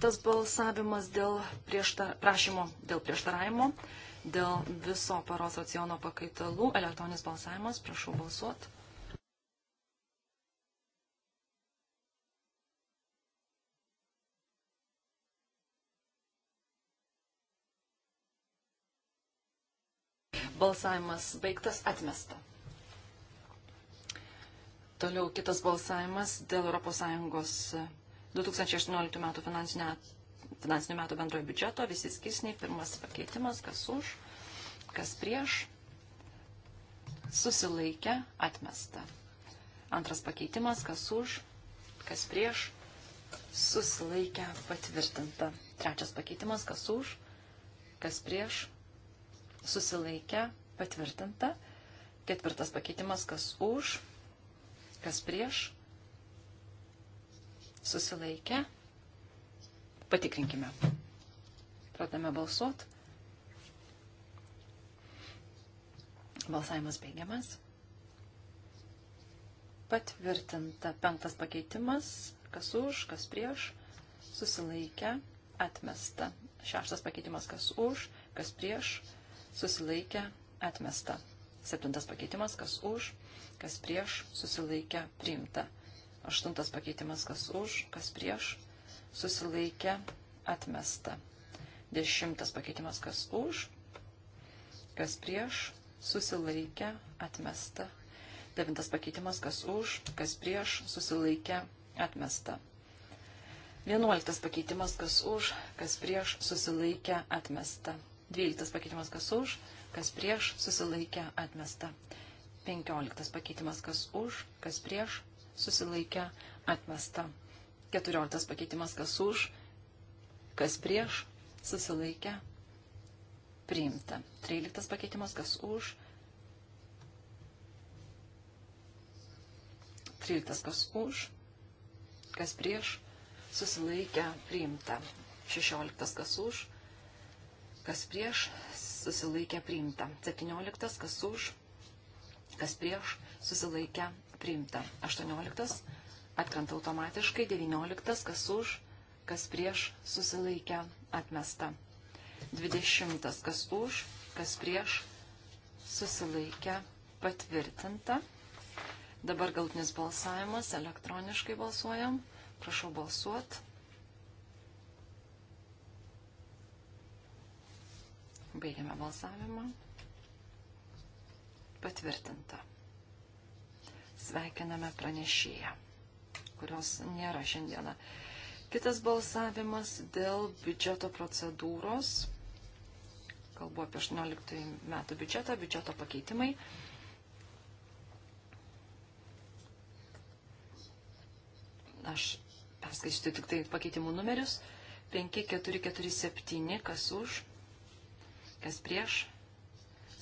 Tas balsavimas dėl priešta, prašymo, dėl prieštaravimo, dėl viso paros raciono pakaitalų, elektroninis balsavimas, prašau balsuoti. Balsavimas baigtas atmesta. Toliau kitas balsavimas dėl ES 2018 metų finansinio, finansinio metų bendrojo biudžeto, visi skisniai, pirmas pakeitimas, kas už, kas prieš, susilaikė, atmesta. Antras pakeitimas, kas už, kas prieš, susilaikė, patvirtinta. Trečias pakeitimas, kas už, kas prieš, susilaikė, patvirtinta. Ketvirtas pakeitimas, kas už, Kas prieš? Susilaikę. Patikrinkime. Pradame balsuot. Balsavimas baigiamas. Patvirtinta penktas pakeitimas. Kas už, kas prieš. Susilaikę. Atmesta. Šeštas pakeitimas. Kas už, kas prieš. Susilaikę. Atmesta. Septintas pakeitimas. Kas už, kas prieš, susilaikę, priimta. Aštuntas pakeitimas, kas už, kas prieš, susilaikę, atmesta. Dešimtas pakeitimas, kas už, kas prieš, susilaikę, atmesta. Devintas pakeitimas, kas už, kas prieš, susilaikę, atmesta. Vienuoliktas pakeitimas, kas už, kas prieš, susilaikę, atmesta. Dvyliktas pakeitimas, kas už, kas prieš, susilaikę, atmesta. 15 pakeitimas kas už, kas prieš, susilaikę, atmesta. 14 pakeitimas kas už, kas prieš, susilaikę, priimta. 13 pakeitimas kas už, 13 kas už, kas prieš, susilaikę, priimta. 16 kas už, kas prieš, susilaikę, priimta. 17 kas už, kas prieš, susilaikę, priimta. 18 atkrenta automatiškai, 19 kas už, kas prieš, susilaikę, atmesta. 20 kas už, kas prieš, susilaikę, patvirtinta. Dabar galtinis balsavimas, elektroniškai balsuojam. Prašau balsuot. Baigiame balsavimą. Patvirtinta. Sveikiname pranešėją, kurios nėra šiandieną. Kitas balsavimas dėl biudžeto procedūros. Kalbu apie 18 metų biudžetą, biudžeto pakeitimai. Aš perskaičiu tik tai pakeitimų numerius. 5, 4, 4, 7, kas už, kas prieš,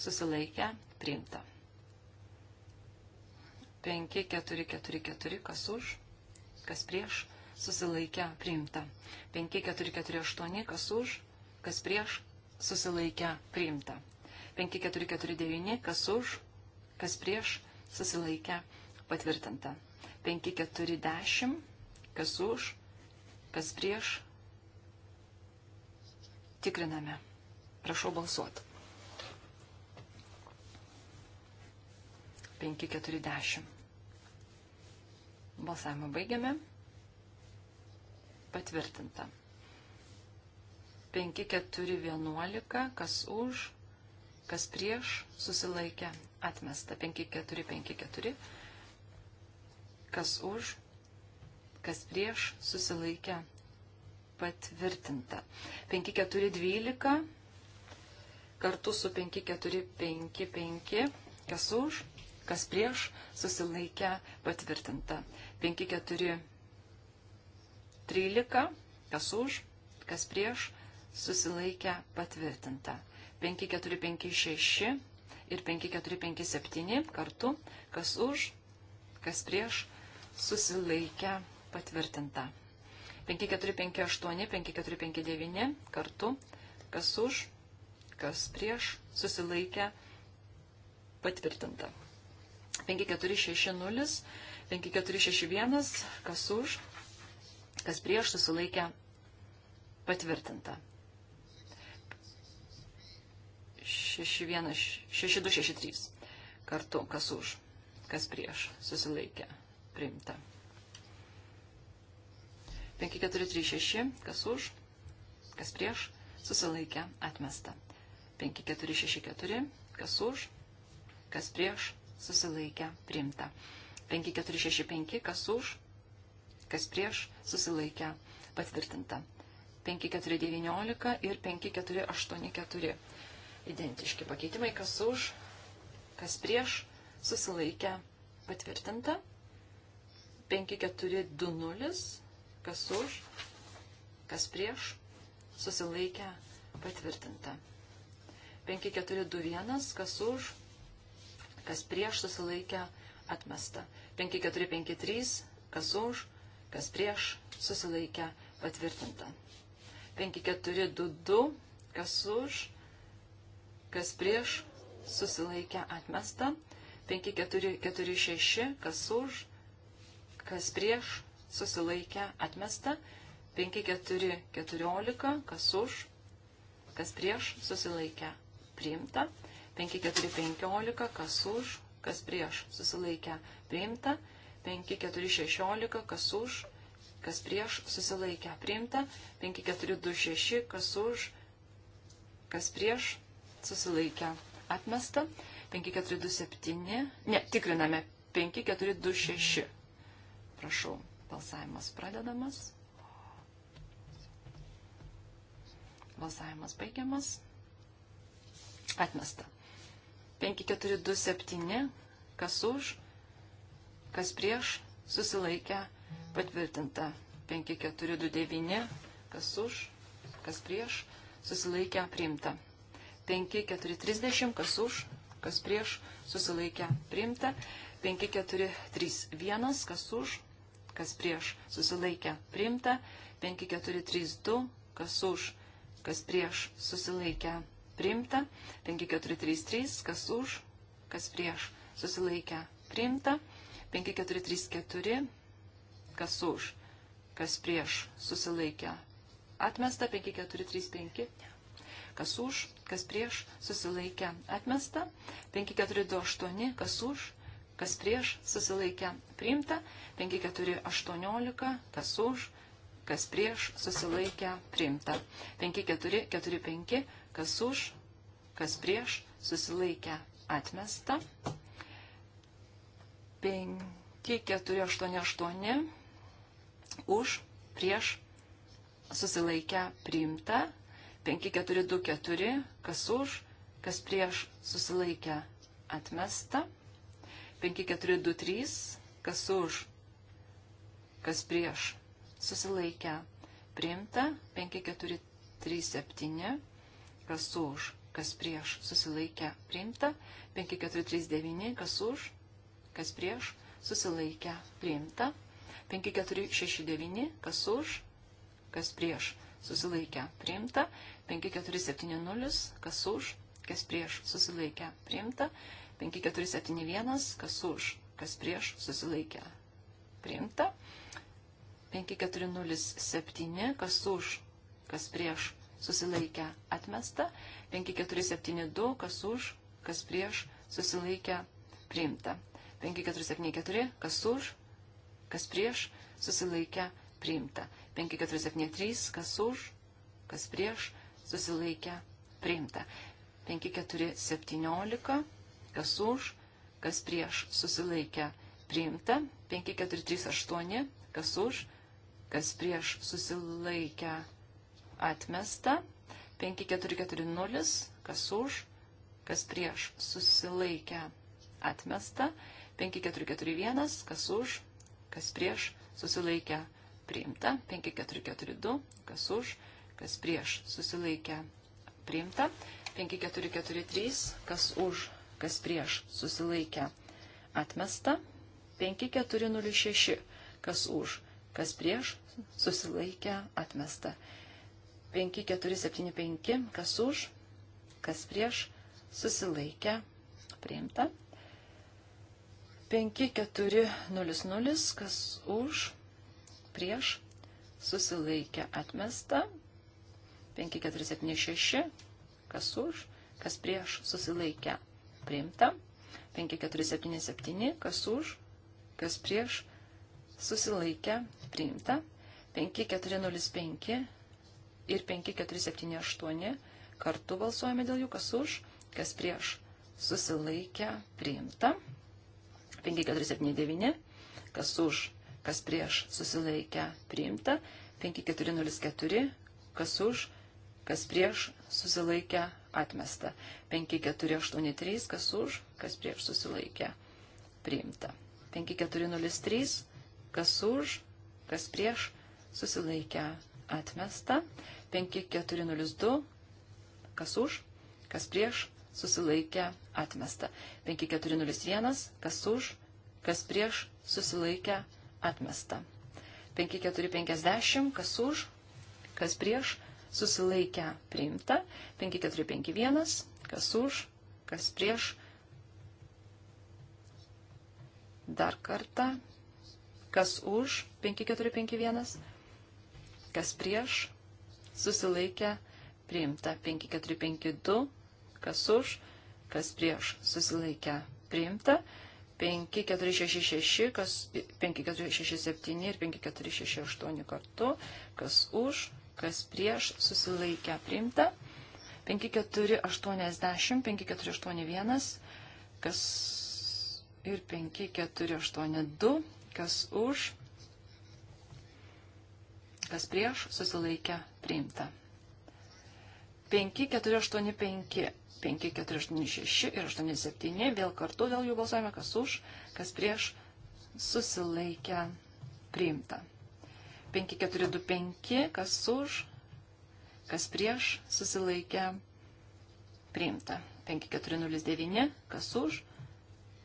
susilaikę, priimta. 5, 4, 4, 4, kas už, kas prieš, susilaikę, priimta. 5, 4, 4, 8, kas už, kas prieš, susilaikę, priimta. 5, 4, 4, 9, kas už, kas prieš, susilaikę, patvirtinta. 5, 4, 10, kas už, kas prieš, tikriname. Prašau balsuoti. 5410. Balsavimą baigiame. Patvirtinta. 5411, kas už, kas prieš, susilaikė, atmesta. 5454, kas už, kas prieš, susilaikė, patvirtinta. 5412, kartu su 5455, kas už, kas prieš, susilaikę, patvirtinta. 5, 4, 13, kas už, kas prieš, susilaikę, patvirtinta. 5, 4, 5, 6 ir 5, 4, 5, 7 kartu, kas už, kas prieš, susilaikę, patvirtinta. 5, 4, 5, 8, 5, 4, 5, 9 kartu, kas už, kas prieš, susilaikę, patvirtinta. 5460, 5461, kas už, kas prieš susilaikė patvirtinta. 6263 kartu, kas už, kas prieš susilaikė priimta. 5436, kas už, kas prieš susilaikė atmesta. 5464, kas už, kas prieš susilaikę, primta. 5465, kas už, kas prieš, susilaikę, patvirtinta. 5419 ir 5484. Identiški pakeitimai, kas už, kas prieš, susilaikę, patvirtinta. 5420, kas už, kas prieš, susilaikę, patvirtinta. 5421, kas už, kas prieš susilaikė atmesta. 5453, kas už, kas prieš susilaikė patvirtinta. 5422, kas už, kas prieš susilaikė atmesta. 5446, kas už, kas prieš susilaikė atmesta. 5414, kas už, kas prieš susilaikė priimta. 54, 5415, kas už, kas prieš, susilaikę priimta. 5416, kas už, kas prieš, susilaikę priimta. 5426, kas už, kas prieš, susilaikę atmesta. 5427, ne, tikriname 5426. Prašau, balsavimas pradedamas. Balsavimas baigiamas. Atmesta. 5427, kas už, kas prieš, susilaikę, patvirtinta. 5429, kas už, kas prieš, susilaikę, priimta. 5430, kas už, kas prieš, susilaikę, priimta. 5431, kas už, kas prieš, susilaikę, priimta. 5432, kas už, kas prieš, susilaikę, priimta priimta. 5433, kas už, kas prieš, susilaikę, priimta. 5434, kas už, kas prieš, susilaikę, atmesta. 5435, kas už, kas prieš, susilaikę, atmesta. 5428, kas už, kas prieš, susilaikę, priimta. 5418, kas už, kas prieš, susilaikę, priimta. 5445, kas už, kas prieš, susilaikę atmesta. 5, 4, 8, 8, už, prieš, susilaikę priimta. 5, 4, 2, 4, kas už, kas prieš, susilaikę atmesta. 5, 4, 2, 3, kas už, kas prieš, susilaikę priimta. 5, 4, 3, 7, kas už, kas prieš, susilaikę, priimta. 5439, kas už, kas prieš, susilaikę, priimta. 5469, kas už, kas prieš, susilaikę, priimta. 5470, kas už, kas prieš, susilaikę, priimta. 5471, kas už, kas prieš, susilaikę, priimta. 5407, kas už, kas prieš, susilaikę atmesta, 5472, kas už, kas prieš, susilaikę priimta. 5474, kas už, kas prieš, susilaikę priimta. 5473, kas už, kas prieš, susilaikę priimta. 5417, kas už, kas prieš, susilaikę priimta. 5438, kas už, kas prieš, susilaikę priimta atmesta. 5440, kas už, kas prieš, susilaikę, atmesta. 5441, kas už, kas prieš, susilaikę, priimta. 5442, kas už, kas prieš, susilaikę, priimta. 5443, kas už, kas prieš, susilaikę, atmesta. 5406, kas už, kas prieš, susilaikę, atmesta. 5475, kas už, kas prieš, susilaikę, priimta. 5400, kas už, prieš, susilaikę, atmesta. 5476, kas už, kas prieš, susilaikę, priimta. 5477, kas už, kas prieš, susilaikę, priimta. 5405, ir 5478 kartu balsuojame dėl jų, kas už, kas prieš susilaikę priimta. 5479, kas už, kas prieš susilaikę priimta. 5404, kas už, kas prieš susilaikę atmesta. 5483, kas už, kas prieš susilaikę priimta. 5403, kas už, kas prieš susilaikę atmesta. 5402, kas už, kas prieš, susilaikė, atmesta. 5401, kas už, kas prieš, susilaikė, atmesta. 5450, kas už, kas prieš, susilaikė, priimta. 5451, kas už, kas prieš, dar kartą, kas už, 5451, kas prieš, susilaikė, priimta 5452, kas už, kas prieš, susilaikė, priimta 5466, kas 5467 ir 5468 kartu, kas už, kas prieš, susilaikė, priimta 5480, 5481, kas ir 5482, kas už, kas prieš, susilaikė, priimta. 5, 4, 8, 5, 5, 4, 8, 6 ir 8, 7, vėl kartu dėl jų balsuojame, kas už, kas prieš, susilaikė, priimta. 5, 4, 2, 5, kas už, kas prieš, susilaikė, priimta. 5, 4, 0, 9, kas už,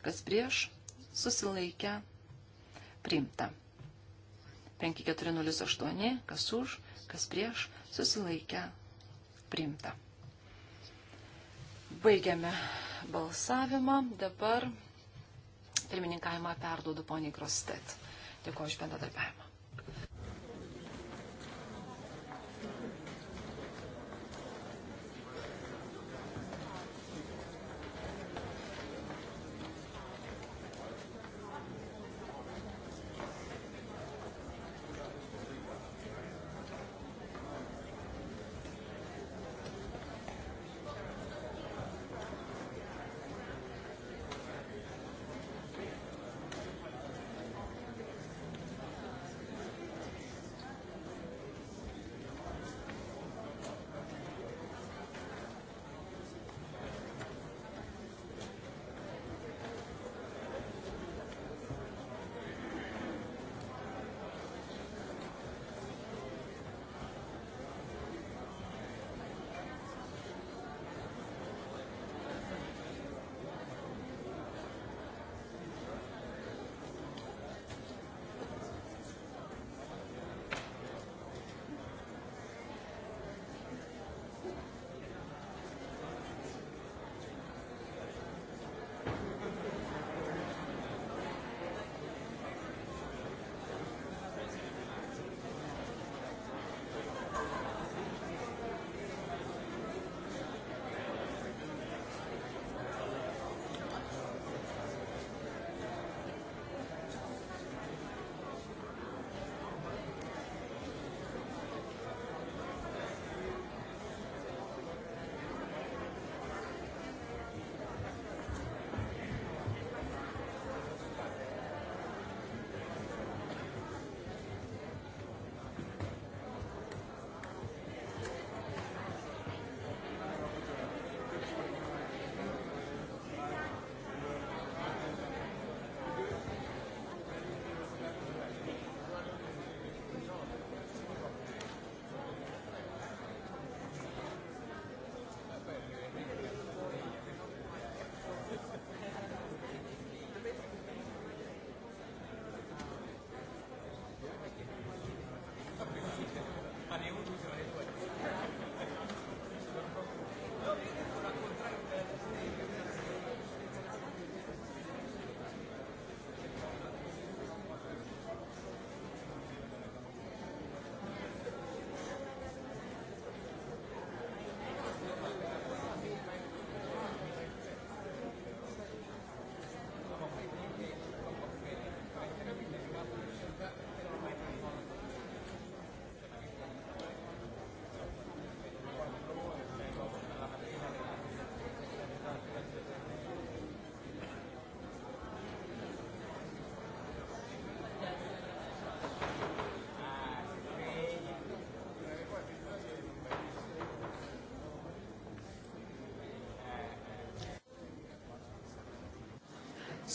kas prieš, susilaikė, priimta. 5408, kas už, kas prieš, susilaikę, priimta. Baigiame balsavimą. Dabar pirmininkavimą perduodu poniai Grostet. Dėkuoju už bendradarbiavimą.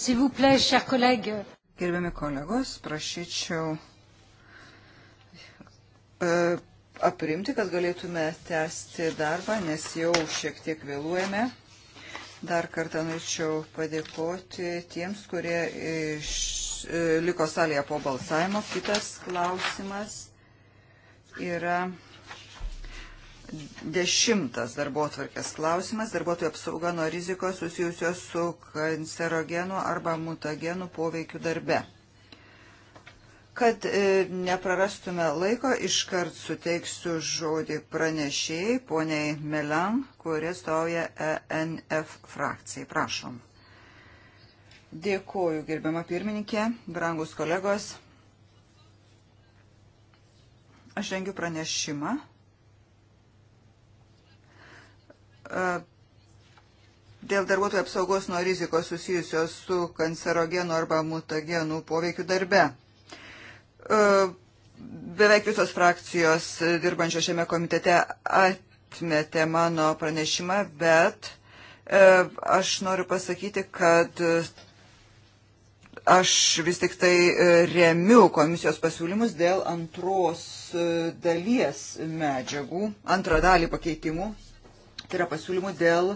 Gerbiami kolegos, prašyčiau e, aprimti, kad galėtume tęsti darbą, nes jau šiek tiek vėluojame. Dar kartą norėčiau padėkoti tiems, kurie iš, e, liko salėje po balsavimo. Kitas klausimas yra Dešimtas darbo atvarkės klausimas – darbuotojų apsauga nuo rizikos susijusios su kancerogenų arba mutagenų poveikiu darbe. Kad e, neprarastume laiko, iškart suteiksiu žodį pranešėjai poniai Melam, kuri stoja ENF frakcijai. Prašom. Dėkuoju, gerbiama pirmininkė, brangus kolegos. Aš rengiu pranešimą E, dėl darbuotojų apsaugos nuo rizikos susijusios su kancerogenų arba mutagenų poveikiu darbe. E, beveik visos frakcijos dirbančio šiame komitete atmetė mano pranešimą, bet e, aš noriu pasakyti, kad aš vis tik tai remiu komisijos pasiūlymus dėl antros dalies medžiagų, antrą dalį pakeitimų tai yra pasiūlymų dėl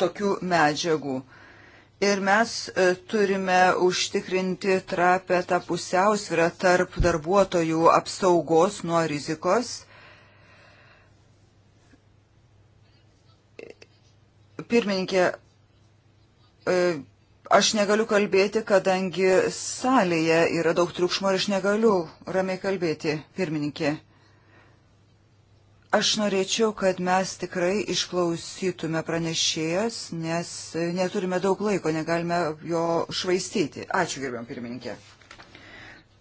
tokių medžiagų. Ir mes e, turime užtikrinti trapę tą pusiausvyrą tarp darbuotojų apsaugos nuo rizikos. Pirmininkė, e, aš negaliu kalbėti, kadangi salėje yra daug triukšmo ir aš negaliu ramiai kalbėti, pirmininkė. Aš norėčiau, kad mes tikrai išklausytume pranešėjas, nes neturime daug laiko, negalime jo švaistyti. Ačiū, gerbiam pirmininkė.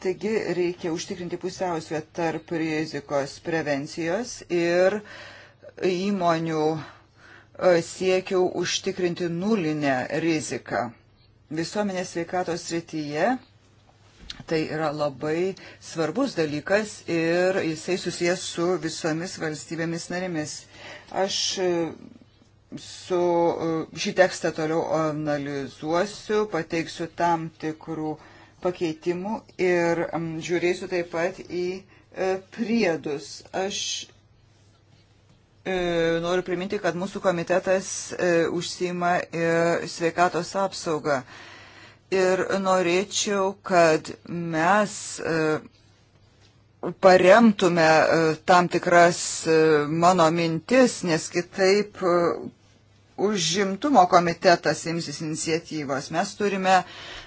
Taigi reikia užtikrinti pusiausvę tarp rizikos prevencijos ir įmonių e, siekiau užtikrinti nulinę riziką. Visuomenės sveikatos srityje Tai yra labai svarbus dalykas ir jisai susijęs su visomis valstybėmis narėmis. Aš e, su e, šį tekstą toliau analizuosiu, pateiksiu tam tikrų pakeitimų ir žiūrėsiu taip pat į e, priedus. Aš noriu priminti, kad mūsų komitetas užsima sveikatos apsaugą ir norėčiau, kad mes e, paremtume e, tam tikras e, mano mintis, nes kitaip užimtumo komitetas imsis iniciatyvos. Mes turime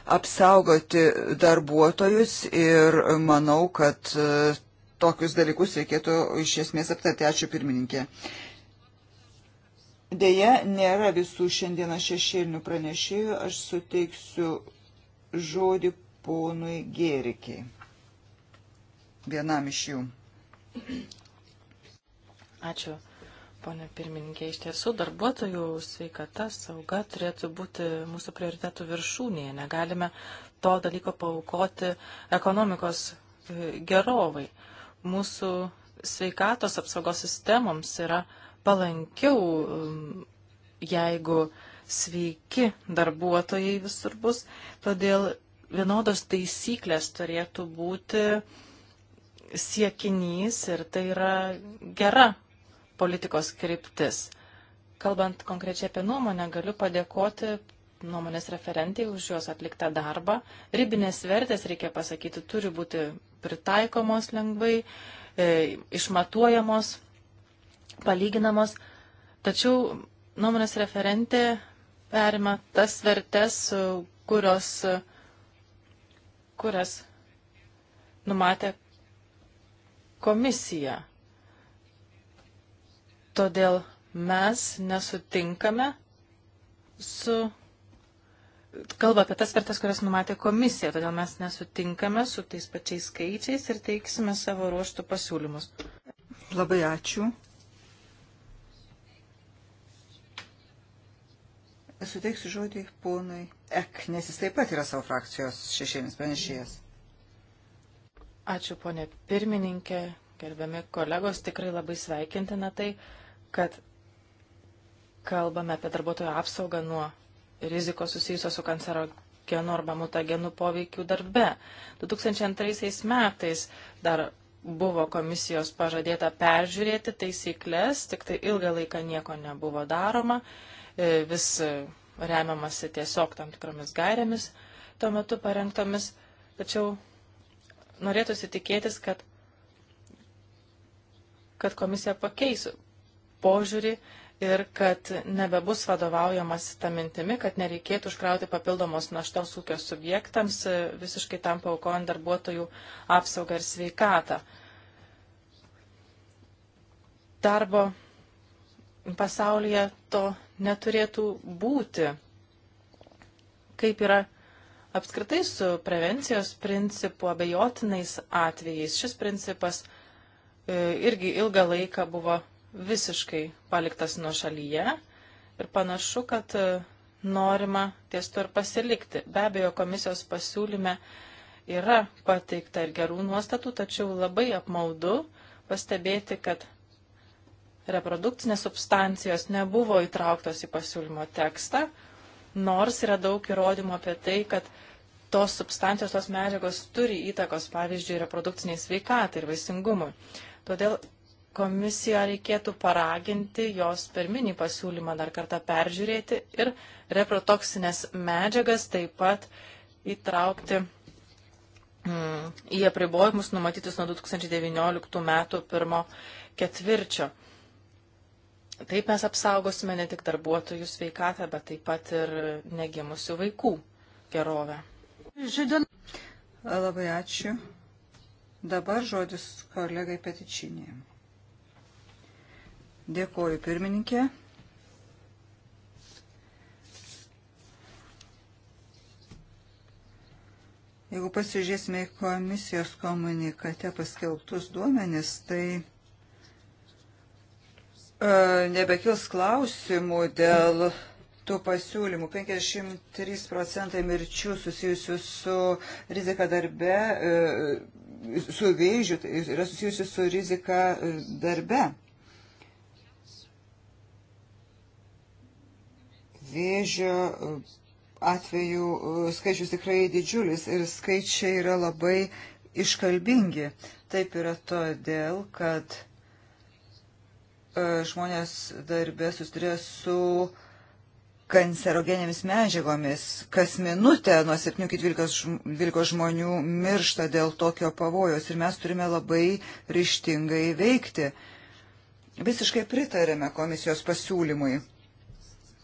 apsaugoti darbuotojus ir manau, kad tokius dalykus reikėtų iš esmės aptarti. Ačiū pirmininkė. Deja, nėra visų šiandieną šešėlinių pranešėjų, aš suteiksiu žodį ponui Gerikiai. Vienam iš jų. Ačiū, ponė pirmininkė. Iš tiesų, darbuotojų sveikata, sauga turėtų būti mūsų prioritetų viršūnėje. Negalime to dalyko paukoti ekonomikos e, gerovai. Mūsų sveikatos apsaugos sistemoms yra uh, palankiau, um, jeigu sveiki darbuotojai visur bus. Todėl vienodos taisyklės turėtų būti siekinys ir tai yra gera politikos kryptis. Kalbant konkrečiai apie nuomonę, galiu padėkoti nuomonės referentai už juos atliktą darbą. Ribinės vertės, reikia pasakyti, turi būti pritaikomos lengvai, e, išmatuojamos palyginamos, tačiau nuomonės referentė perima tas vertes, kurios, kurias numatė komisija. Todėl mes nesutinkame su. Kalba apie tas vertas, kurias numatė komisija, todėl mes nesutinkame su tais pačiais skaičiais ir teiksime savo ruoštų pasiūlymus. Labai ačiū. Suteiksiu žodį ponui Ek, nes jis taip pat yra savo frakcijos šešėlis pranešėjas. Ačiū, ponė pirmininkė, gerbiami kolegos, tikrai labai sveikintina tai, kad kalbame apie darbuotojų apsaugą nuo rizikos susijusios su kancerogenų arba mutagenų poveikiu darbe. 2002 metais dar buvo komisijos pažadėta peržiūrėti taisyklės, tik tai ilgą laiką nieko nebuvo daroma. E, vis e, remiamasi tiesiog tam tikromis gairėmis tuo metu parengtomis, tačiau norėtųsi tikėtis, kad, kad komisija pakeis požiūrį ir kad nebebus vadovaujamas tą mintimi, kad nereikėtų užkrauti papildomos naštos ūkio subjektams, e, visiškai tam paukojant darbuotojų apsaugą ir sveikatą. Darbo pasaulyje to neturėtų būti. Kaip yra apskritai su prevencijos principu abejotinais atvejais. Šis principas e, irgi ilgą laiką buvo visiškai paliktas nuo šalyje ir panašu, kad e, norima ties to ir pasilikti. Be abejo, komisijos pasiūlyme yra pateikta ir gerų nuostatų, tačiau labai apmaudu pastebėti, kad reprodukcinės substancijos nebuvo įtrauktos į pasiūlymo tekstą, nors yra daug įrodymų apie tai, kad tos substancijos, tos medžiagos turi įtakos, pavyzdžiui, reprodukciniai sveikatai ir vaisingumui. Todėl komisiją reikėtų paraginti jos pirminį pasiūlymą dar kartą peržiūrėti ir reprotoksinės medžiagas taip pat įtraukti mm, į apribojimus numatytus nuo 2019 metų pirmo ketvirčio. Taip mes apsaugosime ne tik darbuotojų sveikatą, bet taip pat ir negimusių vaikų gerovę. Žydon. Labai ačiū. Dabar žodis kolegai Petičinėje. Dėkoju pirmininkė. Jeigu pasižiūrėsime į komisijos komunikate paskelbtus duomenis, tai E, nebekils klausimų dėl tų pasiūlymų. 53 procentai mirčių susijusių su rizika darbe, e, su vėžiu, tai yra susijusių su rizika e, darbe. Vėžio atveju skaičius tikrai didžiulis ir skaičiai yra labai iškalbingi. Taip yra todėl, kad E, žmonės darbė susiturė su kancerogenėmis medžiagomis. Kas minutę nuo 7 iki 12 žmonių miršta dėl tokio pavojos ir mes turime labai ryštingai veikti. Visiškai pritarėme komisijos pasiūlymui,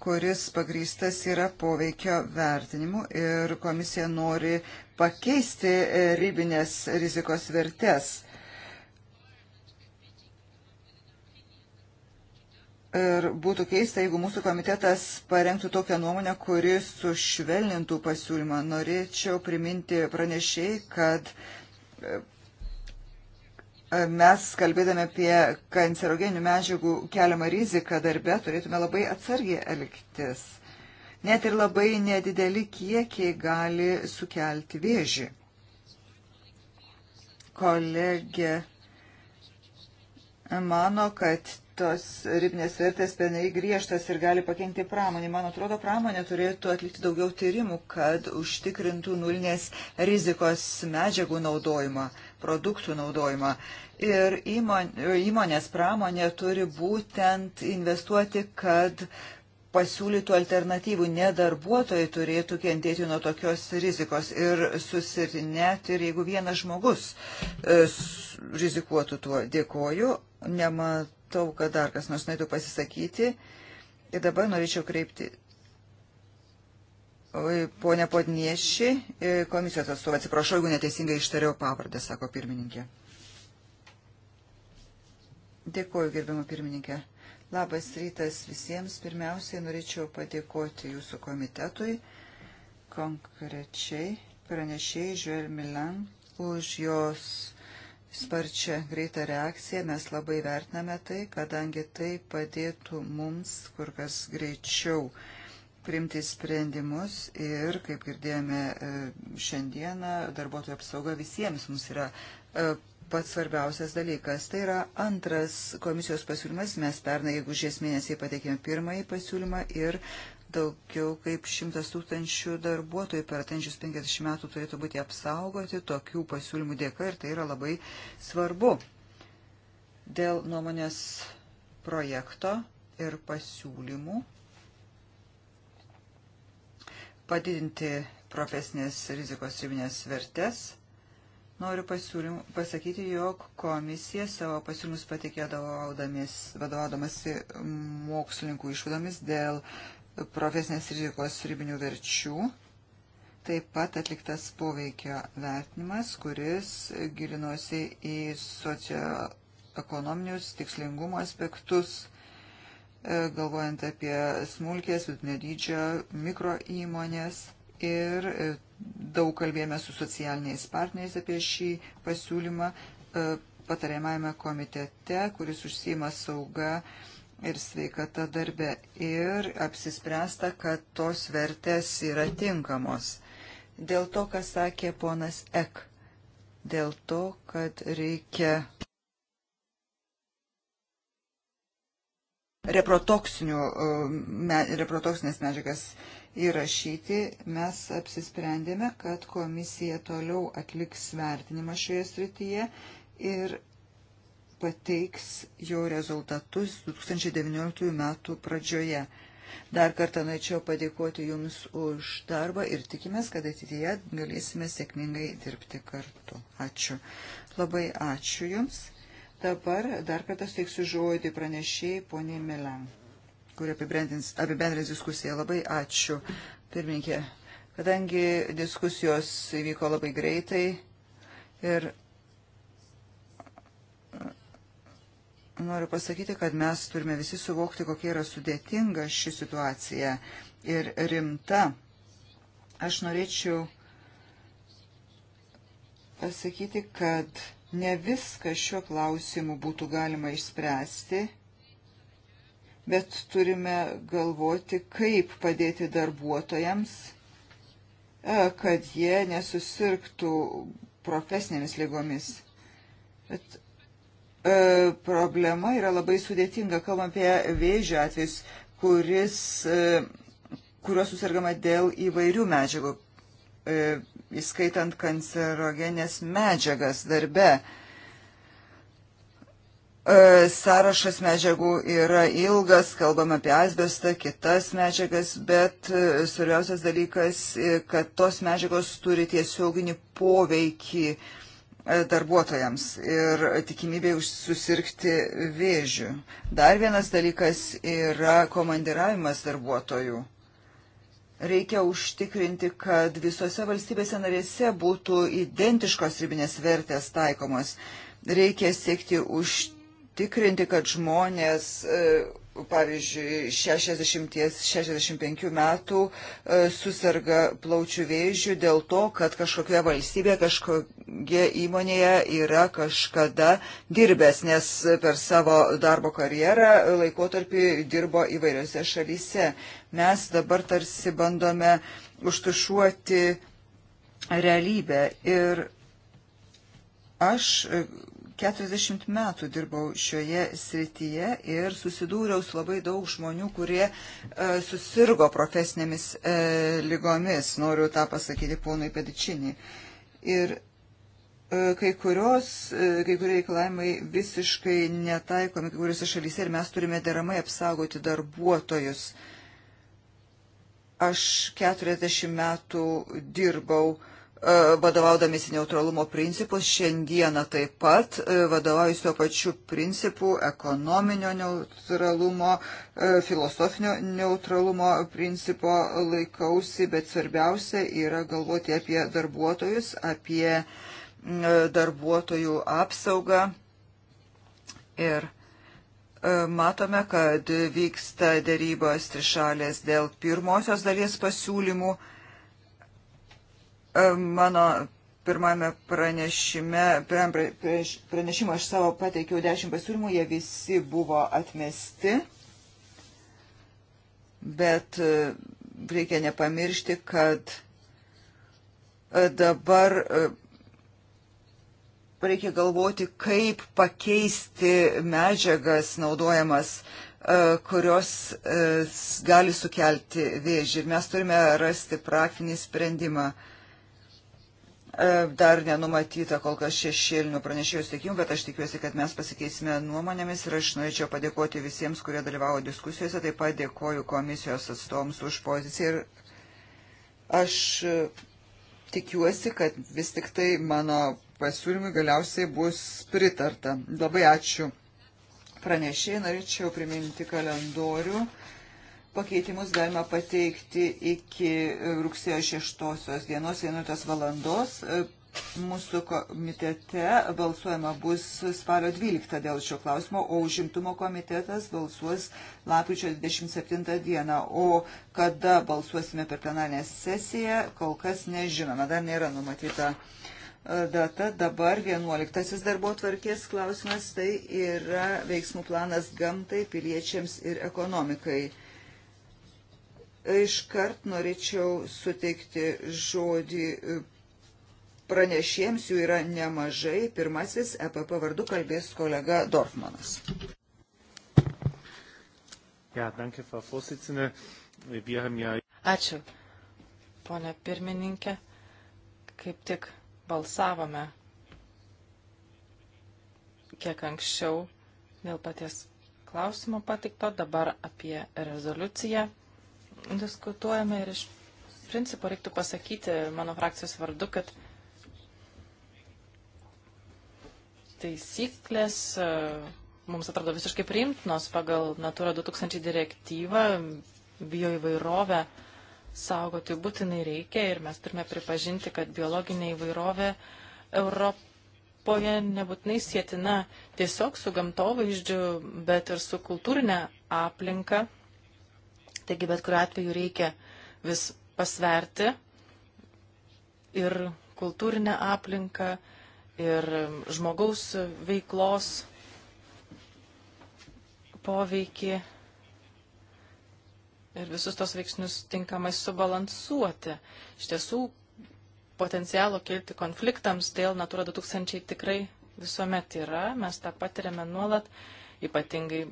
kuris pagrystas yra poveikio vertinimu ir komisija nori pakeisti e, ribinės rizikos vertės Ir būtų keista, jeigu mūsų komitetas parengtų tokią nuomonę, kuri sušvelnintų pasiūlymą. Norėčiau priminti pranešiai, kad e, mes kalbėdami apie kancerogenių medžiagų keliamą riziką darbe turėtume labai atsargiai elgtis. Net ir labai nedideli kiekiai gali sukelti vėžį. Kolegė mano, kad tos ribinės vertės penai griežtas ir gali pakengti pramonį. Man atrodo, pramonė turėtų atlikti daugiau tyrimų, kad užtikrintų nulinės rizikos medžiagų naudojimą, produktų naudojimą. Ir įmonės pramonė turi būtent investuoti, kad pasiūlytų alternatyvų, ne darbuotojai turėtų kentėti nuo tokios rizikos ir susirinėti, ir jeigu vienas žmogus e, rizikuotų tuo. Dėkoju, nematau Matau, kad dar kas nors norėtų pasisakyti. Ir dabar norėčiau kreipti ponę Podnieši, e, komisijos atstovą. Atsiprašau, jeigu neteisingai ištariau pavardę, sako pirmininkė. Dėkuoju, gerbiamo pirmininkė. Labas rytas visiems. Pirmiausiai norėčiau padėkoti jūsų komitetui, konkrečiai pranešėjai Žuel Milan, už jos sparčią greitą reakciją. Mes labai vertiname tai, kadangi tai padėtų mums kur kas greičiau priimti sprendimus ir, kaip girdėjome e, šiandieną, darbuotojų apsauga visiems mums yra e, pats svarbiausias dalykas. Tai yra antras komisijos pasiūlymas. Mes pernai, jeigu žies mėnesiai pateikėme pirmąjį pasiūlymą ir daugiau kaip 100 tūkstančių darbuotojų per atenčius 50 metų turėtų būti apsaugoti tokių pasiūlymų dėka ir tai yra labai svarbu. Dėl nuomonės projekto ir pasiūlymų padidinti profesinės rizikos ribinės vertės. Noriu pasiūlym, pasakyti, jog komisija savo pasiūlymus patikė vadovaudamasi mokslininkų išvadomis dėl profesinės rizikos ribinių verčių. Taip pat atliktas poveikio vertinimas, kuris gilinosi į socioekonominius tikslingumo aspektus, e, galvojant apie smulkės, vidutinio dydžio, mikro įmonės ir e, daug kalbėjome su socialiniais partneriais apie šį pasiūlymą e, patariamajame komitete, kuris užsima sauga ir sveikata darbe ir apsispręsta, kad tos vertės yra tinkamos. Dėl to, ką sakė ponas Ek, dėl to, kad reikia e, reprotoksinės medžiagas įrašyti, mes apsisprendėme, kad komisija toliau atliks vertinimą šioje srityje ir pateiks jo rezultatus 2019 metų pradžioje. Dar kartą norėčiau padėkoti Jums už darbą ir tikimės, kad ateityje galėsime sėkmingai dirbti kartu. Ačiū. Labai ačiū Jums. Dabar dar kartą steiksiu žodį pranešėjai poniai Milan, kuri apibendrins diskusiją. Labai ačiū, pirmininkė. Kadangi diskusijos įvyko labai greitai ir noriu pasakyti, kad mes turime visi suvokti, kokia yra sudėtinga ši situacija ir rimta. Aš norėčiau pasakyti, kad ne viską šiuo klausimu būtų galima išspręsti, bet turime galvoti, kaip padėti darbuotojams, e, kad jie nesusirgtų profesinėmis lygomis. Bet E, problema yra labai sudėtinga, kalbam apie vėžio atvejus, kuris, e, kuriuo susirgama dėl įvairių medžiagų, e, įskaitant kancerogenės medžiagas darbe. Sąrašas medžiagų yra ilgas, kalbam apie asbestą, kitas medžiagas, bet svarbiausias dalykas, kad tos medžiagos turi tiesioginį poveikį uh, E, darbuotojams ir tikimybė susirgti vėžių. Dar vienas dalykas yra komandiravimas darbuotojų. Reikia užtikrinti, kad visose valstybėse narėse būtų identiškos ribinės vertės taikomos. Reikia siekti užtikrinti, kad žmonės e, pavyzdžiui, 60-65 metų e, susirga plaučių vėžių dėl to, kad kažkokioje valstybėje, kažkokie įmonėje yra kažkada dirbęs, nes per savo darbo karjerą laikotarpį dirbo įvairiose šalyse. Mes dabar tarsi bandome užtušuoti realybę ir aš 40 metų dirbau šioje srityje ir susidūriau su labai daug žmonių, kurie e, susirgo profesinėmis e, lygomis, noriu tą pasakyti ponui Pedičinį. Ir e, kai, kurios, kai kurie reikalavimai visiškai netaikomi kai kuriuose šalyse ir mes turime deramai apsaugoti darbuotojus. Aš 40 metų dirbau uh, E, vadovaudamis neutralumo principus, šiandieną taip pat e, vadovauju tuo pačiu principu ekonominio neutralumo, e, filosofinio neutralumo principo laikausi, bet svarbiausia yra galvoti apie darbuotojus, apie darbuotojų apsaugą. Ir matome, kad vyksta dėrybos trišalės dėl pirmosios dalies pasiūlymų Mano pirmame pranešime, pranešimo aš savo pateikiau dešimt pasiūlymų, jie visi buvo atmesti, bet e, reikia nepamiršti, kad e, dabar e, reikia galvoti, kaip pakeisti medžiagas naudojamas kurios gali sukelti vėžį. Ir mes turime rasti praktinį sprendimą. Uh, E, dar nenumatyta kol kas šešėlinių pranešėjų sėkimų, bet aš tikiuosi, kad mes pasikeisime nuomonėmis ir aš norėčiau padėkoti visiems, kurie dalyvavo diskusijose, taip pat dėkoju komisijos atstovams už poziciją ir aš e, tikiuosi, kad vis tik tai mano pasiūlymui galiausiai bus pritarta. Labai ačiū pranešėjai, norėčiau priminti kalendorių. Pakeitimus galima pateikti iki e, rugsėjo 6 dienos 11 valandos. E, mūsų komitete balsuojama bus spalio 12 dėl šio klausimo, o užimtumo komitetas balsuos lapkričio 27 dieną. O kada balsuosime per plenarinę sesiją, kol kas nežinome, dar nėra numatyta e, data. Dabar 11 darbo tvarkės klausimas tai yra veiksmų planas gamtai, piliečiams ir ekonomikai. Iškart norėčiau suteikti žodį pranešėjams, jų yra nemažai. Pirmasis EPP vardu kalbės kolega Dorfmanas. Ja, danke, Frau Vorsitzende. Wir haben ja... Ačiū, ponė pirmininkė. Kaip tik balsavome kiek anksčiau dėl paties klausimo patikto, dabar apie rezoliuciją diskutuojame ir iš principo reiktų pasakyti mano frakcijos vardu, kad taisyklės e, mums atrodo visiškai priimtinos pagal Natura 2000 direktyvą, bio įvairovę saugoti būtinai reikia ir mes turime pripažinti, kad biologinė įvairovė Europoje nebūtinai sėtina tiesiog su gamtovaizdžiu, bet ir su kultūrinė aplinka Taigi bet kuriuo atveju reikia vis pasverti ir kultūrinę aplinką, ir žmogaus veiklos poveikį ir visus tos veiksnius tinkamai subalansuoti. Iš tiesų, potencialo kilti konfliktams dėl Natura 2000 tikrai visuomet yra, mes tą patiriame nuolat, ypatingai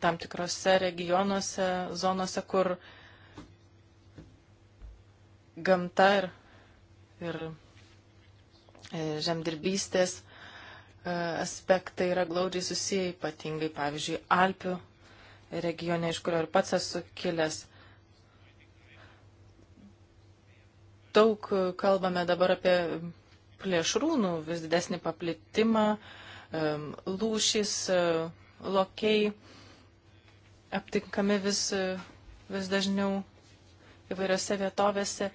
tam tikrose regionuose, zonose, kur gamta ir, ir e, žemdirbystės e, aspektai yra glaudžiai susiję, ypatingai, pavyzdžiui, Alpių regione, iš kurio ir pats esu kilęs. Daug kalbame dabar apie plėšrūnų vis didesnį paplitimą, e, lūšys, lokiai aptinkami vis, vis dažniau įvairiose vietovėse.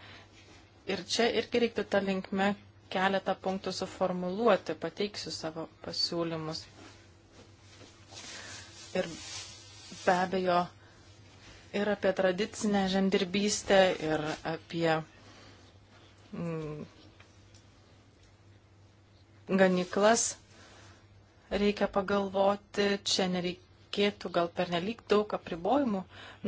Ir čia irgi reiktų tą linkmę keletą punktų suformuluoti, pateiksiu savo pasiūlymus. Ir be abejo, ir apie tradicinę žemdirbystę, ir apie mm, ganyklas reikia pagalvoti. Čia nereik, reikėtų gal pernelyg daug apribojimų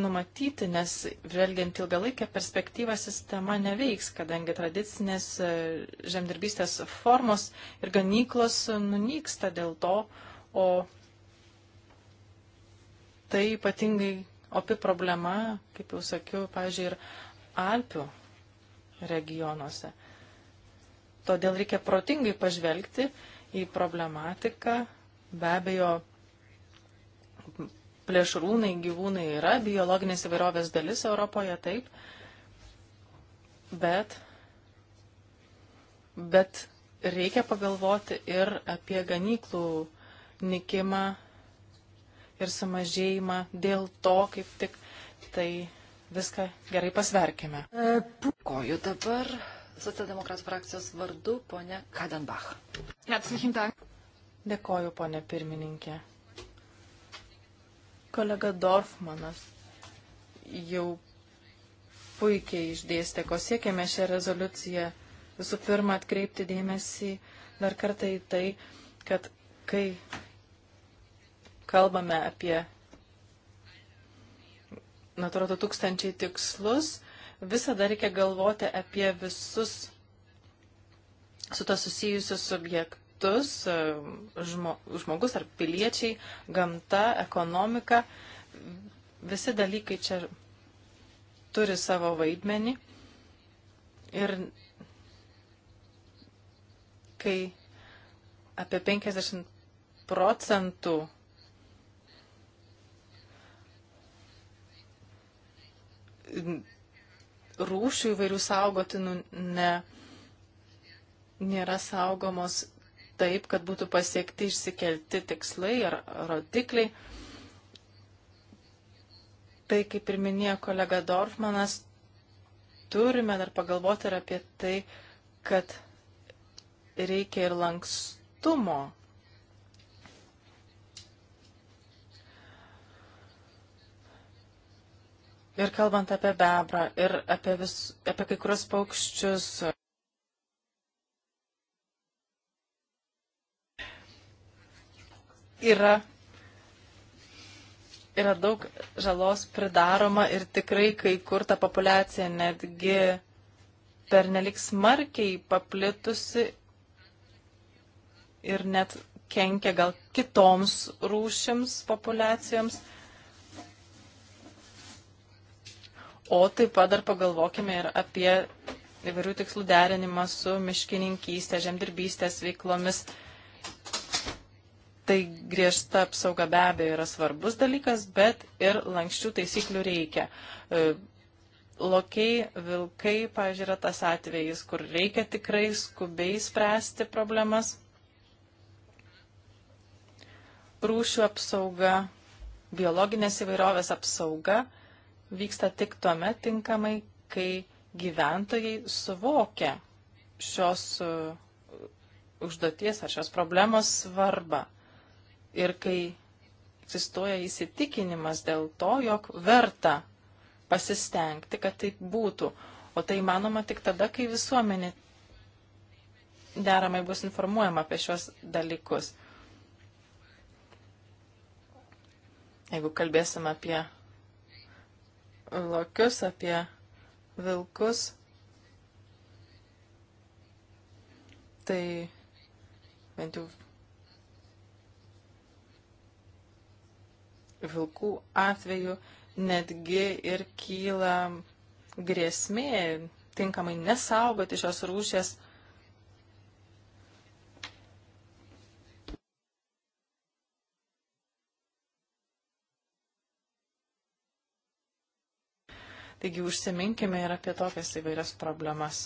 numatyti, nes žvelgiant ilgalaikę perspektyvą sistema neveiks, kadangi tradicinės e, žemdirbystės formos ir ganyklos nunyksta dėl to, o tai ypatingai opi problema, kaip jau sakiau, pažiūrėjau, ir Alpių regionuose. Todėl reikia protingai pažvelgti į problematiką, be abejo, plėšrūnai, gyvūnai yra biologinės įvairovės dalis Europoje, taip, bet, bet reikia pagalvoti ir apie ganyklų nikimą ir sumažėjimą dėl to, kaip tik tai viską gerai pasverkime. E, Koju dabar socialdemokratų frakcijos vardu, ponė Kadenbach. Dėkoju, ponė pirmininkė. Kolega Dorfmanas jau puikiai išdėstė, ko siekėme šią rezoliuciją. Visų pirma, atkreipti dėmesį dar kartą į tai, kad kai kalbame apie Natura 2000 tikslus, visada reikia galvoti apie visus su to susijusius subjektus aspektus e, žmo, žmogus ar piliečiai, gamta, ekonomika, visi dalykai čia turi savo vaidmenį. Ir kai apie 50 procentų rūšių įvairių saugotinų ne, nėra saugomos taip, kad būtų pasiekti išsikelti tikslai ar rodikliai. Tai, kaip ir minėjo kolega Dorfmanas, turime dar pagalvoti ir apie tai, kad reikia ir lankstumo. Ir kalbant apie bebrą, ir apie, vis, apie kai kurios paukščius. yra, yra daug žalos pridaroma ir tikrai kai kur ta populiacija netgi pernelik smarkiai paplitusi ir net kenkia gal kitoms rūšims populiacijoms. O taip pat dar pagalvokime ir apie įvairių tikslų derinimą su miškininkystė, žemdirbystės veiklomis. Tai griežta apsauga be abejo yra svarbus dalykas, bet ir lankščių taisyklių reikia. E, lokiai, vilkai, pažiūrė, yra tas atvejis, kur reikia tikrai skubiai spręsti problemas. Rūšių apsauga, biologinės įvairovės apsauga vyksta tik tuo met tinkamai, kai gyventojai suvokia šios e, užduoties ar šios problemos svarbą. Ir kai egzistuoja įsitikinimas dėl to, jog verta pasistengti, kad taip būtų. O tai manoma tik tada, kai visuomenė deramai bus informuojama apie šios dalykus. Jeigu kalbėsim apie lokius, apie vilkus, tai bent jau vilkų atveju netgi ir kyla grėsmė tinkamai nesaugoti šios rūšės. Taigi užsiminkime ir apie tokias įvairias problemas.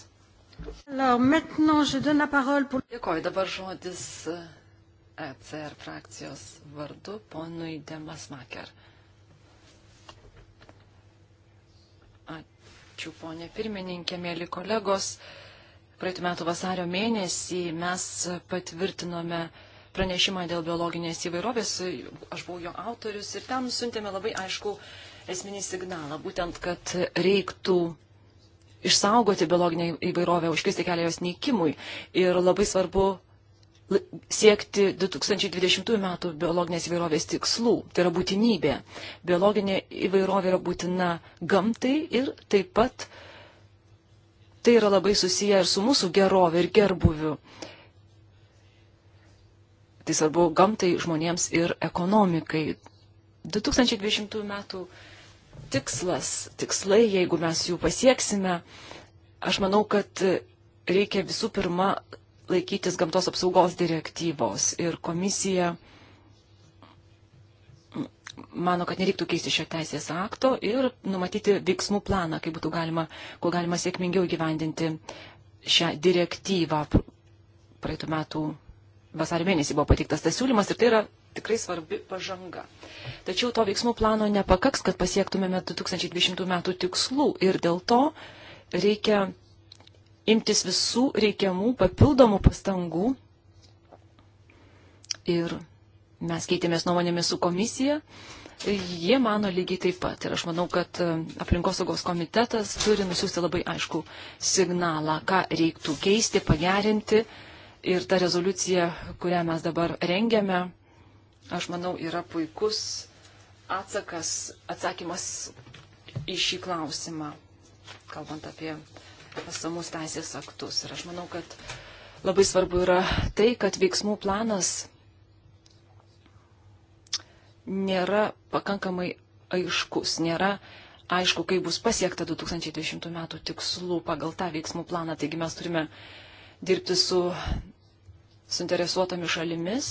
Dėkoju, dabar žodis ECR frakcijos vardu ponui Demasmaker. Ačiū, ponė pirmininkė, mėly kolegos. Praeitų metų vasario mėnesį mes patvirtinome pranešimą dėl biologinės įvairovės. Aš buvau jo autorius ir ten suntėme labai aišku esminį signalą, būtent, kad reiktų išsaugoti biologinę įvairovę, užkisti kelią jos neikimui. Ir labai svarbu siekti 2020 metų biologinės įvairovės tikslų. Tai yra būtinybė. Biologinė įvairovė yra būtina gamtai ir taip pat tai yra labai susiję ir su mūsų gerovė ir gerbuviu. Tai svarbu gamtai, žmonėms ir ekonomikai. 2020 metų tikslas, tikslai, jeigu mes jų pasieksime, aš manau, kad reikia visų pirma laikytis gamtos apsaugos direktyvos ir komisija mano, kad nereiktų keisti šio teisės akto ir numatyti veiksmų planą, kaip būtų galima, kuo galima sėkmingiau gyvendinti šią direktyvą. Praeitų metų vasario mėnesį buvo pateiktas tas siūlymas ir tai yra tikrai svarbi pažanga. Tačiau to veiksmų plano nepakaks, kad pasiektumėme 2020 metų tikslų ir dėl to reikia imtis visų reikiamų papildomų pastangų. Ir mes keitėmės nuomonėmis su komisija. Jie mano lygiai taip pat. Ir aš manau, kad e, aplinkosaugos komitetas turi nusiųsti labai aišku signalą, ką reiktų keisti, pagerinti. Ir ta rezoliucija, kurią mes dabar rengiame, aš manau, yra puikus atsakas, atsakymas į šį klausimą, kalbant apie uh, esamus teisės aktus. Ir aš manau, kad labai svarbu yra tai, kad veiksmų planas nėra pakankamai aiškus, nėra aišku, kaip bus pasiekta 2020 metų tikslų pagal tą veiksmų planą. Taigi mes turime dirbti su suinteresuotomis šalimis,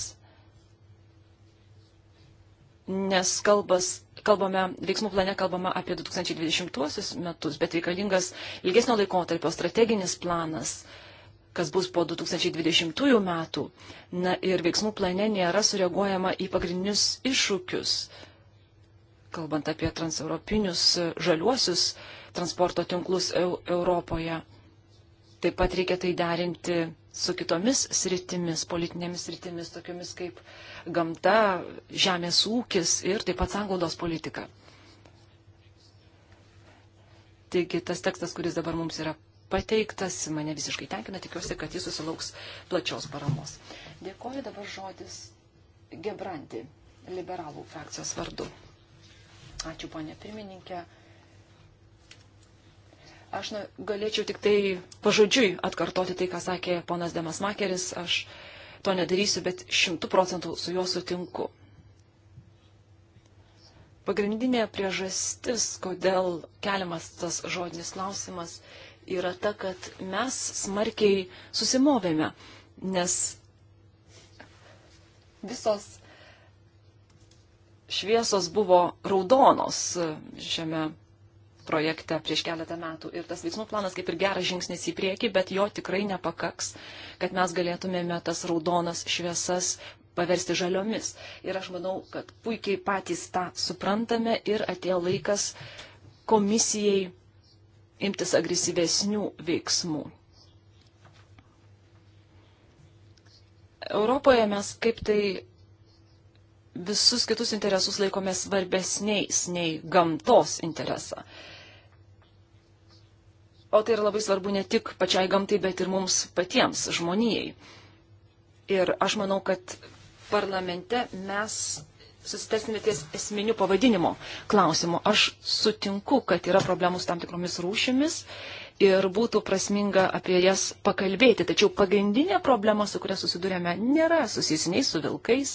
nes kalbas kalbame, veiksmų plane kalbama apie 2020 metus, bet reikalingas ilgesnio laikotarpio strateginis planas, kas bus po 2020 metų. Na ir veiksmų plane nėra sureaguojama į pagrindinius iššūkius, kalbant apie transeuropinius žaliuosius transporto tinklus Europoje. Taip pat reikia tai derinti su kitomis sritimis, politinėmis sritimis, tokiomis kaip gamta, žemės ūkis ir taip pat sanglaudos politika. Taigi tas tekstas, kuris dabar mums yra pateiktas, mane visiškai tenkina, tikiuosi, kad jis susilauks plačios paramos. Dėkoju dabar žodis Gebranti, liberalų frakcijos vardu. Ačiū, ponė pirmininkė. Aš na, galėčiau tik tai pažodžiui atkartoti tai, ką sakė ponas Demas Makeris. Aš to nedarysiu, bet šimtų procentų su juo sutinku. Pagrindinė priežastis, kodėl keliamas tas žodinis klausimas, yra ta, kad mes smarkiai susimovėme, nes visos šviesos buvo raudonos šiame projekte prieš keletą metų. Ir tas veiksmų planas kaip ir geras žingsnis į priekį, bet jo tikrai nepakaks, kad mes galėtumėme tas raudonas šviesas paversti žaliomis. Ir aš manau, kad puikiai patys tą suprantame ir atėjo laikas komisijai imtis agresyvesnių veiksmų. Europoje mes kaip tai visus kitus interesus laikome svarbesniais nei gamtos interesą. O tai yra labai svarbu ne tik pačiai gamtai, bet ir mums patiems, žmonijai. Ir aš manau, kad parlamente mes susitesime ties esminių pavadinimo klausimų. Aš sutinku, kad yra problemų su tam tikromis rūšimis ir būtų prasminga apie jas pakalbėti. Tačiau pagrindinė problema, su kuria susidurėme, nėra susijusi nei su vilkais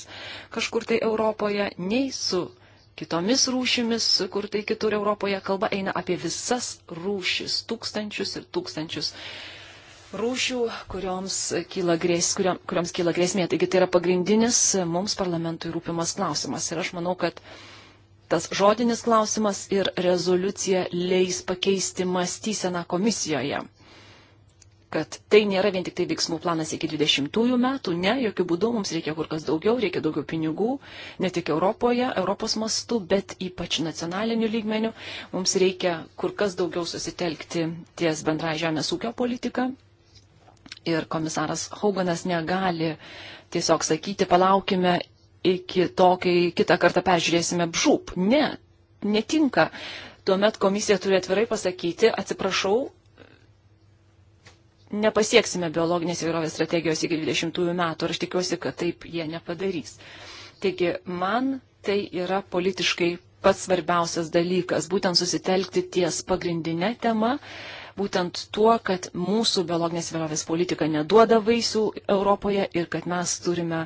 kažkur tai Europoje, nei su kitomis rūšimis, kur tai kitur Europoje kalba eina apie visas rūšis, tūkstančius ir tūkstančius rūšių, kurioms kyla, grės, kuriom, kurioms kyla grėsmė. Taigi tai yra pagrindinis mums parlamentui rūpimas klausimas. Ir aš manau, kad tas žodinis klausimas ir rezoliucija leis pakeisti mąstyseną komisijoje kad tai nėra vien tik tai veiksmų planas iki 20 metų, ne, jokių būdų mums reikia kur kas daugiau, reikia daugiau pinigų, ne tik Europoje, Europos mastu, bet ypač nacionaliniu lygmeniu. Mums reikia kur kas daugiau susitelkti ties bendra žemės ūkio politika. Ir komisaras Hauganas negali tiesiog sakyti, palaukime iki to, kai kitą kartą peržiūrėsime bžūp. Ne, netinka. Tuomet komisija turi atvirai pasakyti, atsiprašau, nepasieksime biologinės įvairovės strategijos iki 20 metų ir aš tikiuosi, kad taip jie nepadarys. Taigi man tai yra politiškai pats svarbiausias dalykas, būtent susitelkti ties pagrindinė tema, būtent tuo, kad mūsų biologinės įvairovės politika neduoda vaisių Europoje ir kad mes turime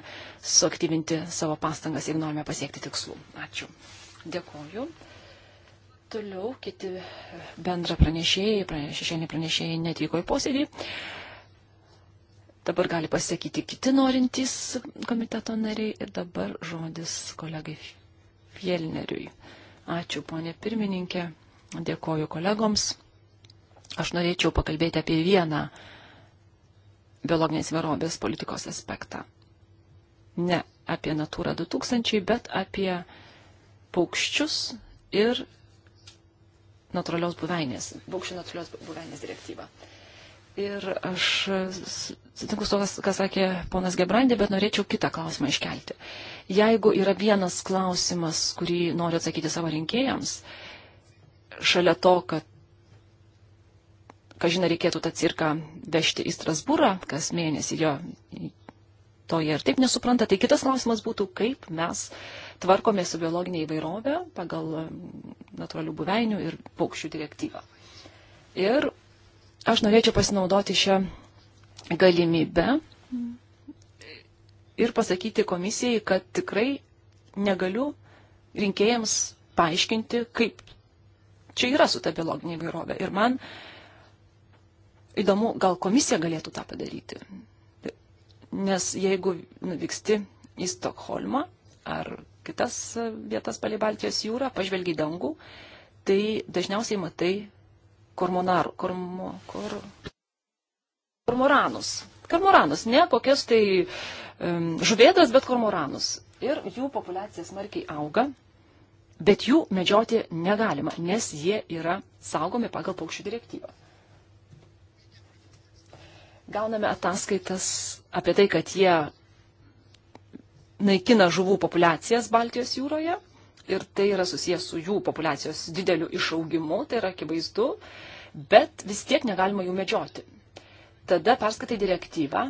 suaktyvinti savo pastangas, jeigu norime pasiekti tikslų. Ačiū. Dėkoju. Toliau kiti bendra pranešėjai, šešėlė pranešėjai netvyko į posėdį. Dabar gali pasakyti kiti norintys komiteto nariai ir dabar žodis kolegai Fielneriui. Ačiū, ponė pirmininkė, dėkoju kolegoms. Aš norėčiau pakalbėti apie vieną biologinės įvairovės politikos aspektą. Ne apie Natūrą 2000, bet apie paukščius ir natūralios buveinės, paukščių natūralios buveinės direktyvą. Ir aš sutinku su to, ką sakė ponas Gebrandė, bet norėčiau kitą klausimą iškelti. Jeigu yra vienas klausimas, kurį noriu atsakyti savo rinkėjams, šalia to, kad kažina reikėtų tą cirką vežti į Strasbūrą kas mėnesį, jo to jie ir taip nesupranta. Tai kitas klausimas būtų, kaip mes tvarkome su biologinė įvairovė pagal um, natūralių buveinių ir paukščių direktyvą. Ir aš norėčiau pasinaudoti šią galimybę ir pasakyti komisijai, kad tikrai negaliu rinkėjams paaiškinti, kaip čia yra su ta biologinė įvairovė. Ir man įdomu, gal komisija galėtų tą padaryti. Nes jeigu nuvyksti į Stokholmą ar kitas e, vietas palei Baltijos jūrą, pažvelgi dangų, tai dažniausiai matai kormonarų, kormo, kor, kormoranus. Kormoranus, ne kokias tai um, žuvėdas, bet kormoranus. Ir jų populiacija smarkiai auga, bet jų medžioti negalima, nes jie yra saugomi pagal paukščių direktyvą gauname ataskaitas apie tai, kad jie naikina žuvų populiacijas Baltijos jūroje ir tai yra susijęs su jų populiacijos dideliu išaugimu, tai yra akivaizdu, bet vis tiek negalima jų medžioti. Tada perskaitai direktyvą,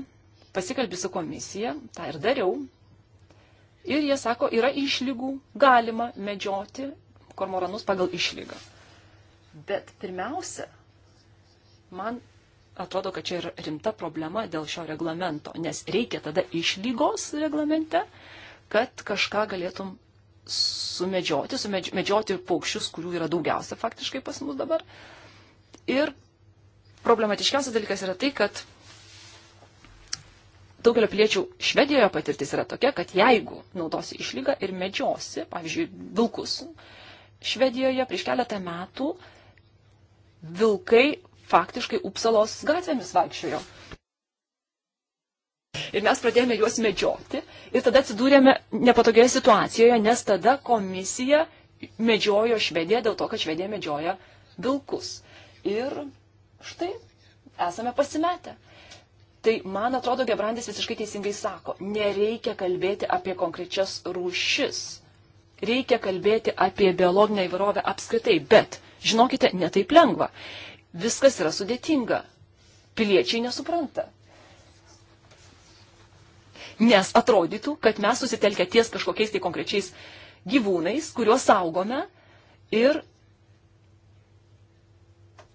pasikalbi su komisija, tą ir dariau, ir jie sako, yra išlygų, galima medžioti kormoranus pagal išlygą. Bet pirmiausia, man atrodo, kad čia yra rimta problema dėl šio reglamento, nes reikia tada išlygos reglamente, kad kažką galėtum sumedžioti, sumedžioti paukščius, kurių yra daugiausia faktiškai pas mus dabar. Ir problematiškiausias dalykas yra tai, kad daugelio piliečių Švedijoje patirtis yra tokia, kad jeigu naudosi išlygą ir medžiosi, pavyzdžiui, vilkus, Švedijoje prieš keletą metų vilkai faktiškai Upsalos gatvėmis vaikščiojo. Ir mes pradėjome juos medžioti ir tada atsidūrėme nepatogioje situacijoje, nes tada komisija medžiojo Švediją dėl to, kad Švedija medžioja vilkus. Ir štai esame pasimetę. Tai man atrodo, Gebrandis visiškai teisingai sako, nereikia kalbėti apie konkrečias rūšis. Reikia kalbėti apie biologinę įvairovę apskritai, bet, žinokite, netaip lengva viskas yra sudėtinga. Piliečiai nesupranta. Nes atrodytų, kad mes susitelkę ties kažkokiais tai konkrečiais gyvūnais, kuriuos saugome ir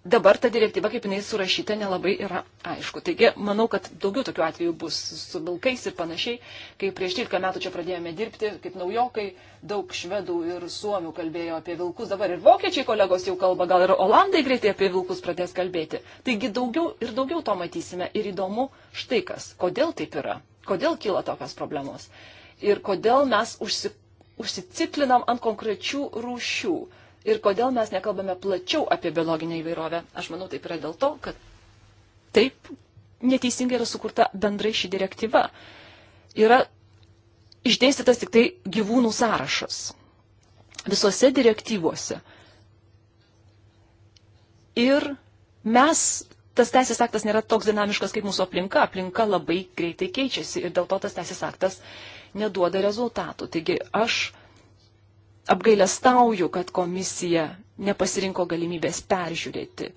dabar ta direktyva, kaip jinai surašyta, nelabai yra aišku. Taigi, manau, kad daugiau tokių atvejų bus su vilkais ir panašiai. Kai prieš 13 metų čia pradėjome dirbti, kaip naujokai, daug švedų ir suomių kalbėjo apie vilkus, dabar ir vokiečiai kolegos jau kalba, gal ir olandai greitai apie vilkus pradės kalbėti. Taigi, daugiau ir daugiau to matysime. Ir įdomu štai kas, kodėl taip yra, kodėl kyla tokios problemos ir kodėl mes užsi, užsiciklinam ant konkrečių rūšių Ir kodėl mes nekalbame plačiau apie biologinę įvairovę? Aš manau, taip yra dėl to, kad taip neteisingai yra sukurta bendrai ši direktyva. Yra išdėstytas tik tai gyvūnų sąrašas. Visose direktyvuose. Ir mes tas teisės aktas nėra toks dinamiškas kaip mūsų aplinka. Aplinka labai greitai keičiasi ir dėl to tas teisės aktas neduoda rezultatų. Taigi aš apgailestauju, kad komisija nepasirinko galimybės peržiūrėti.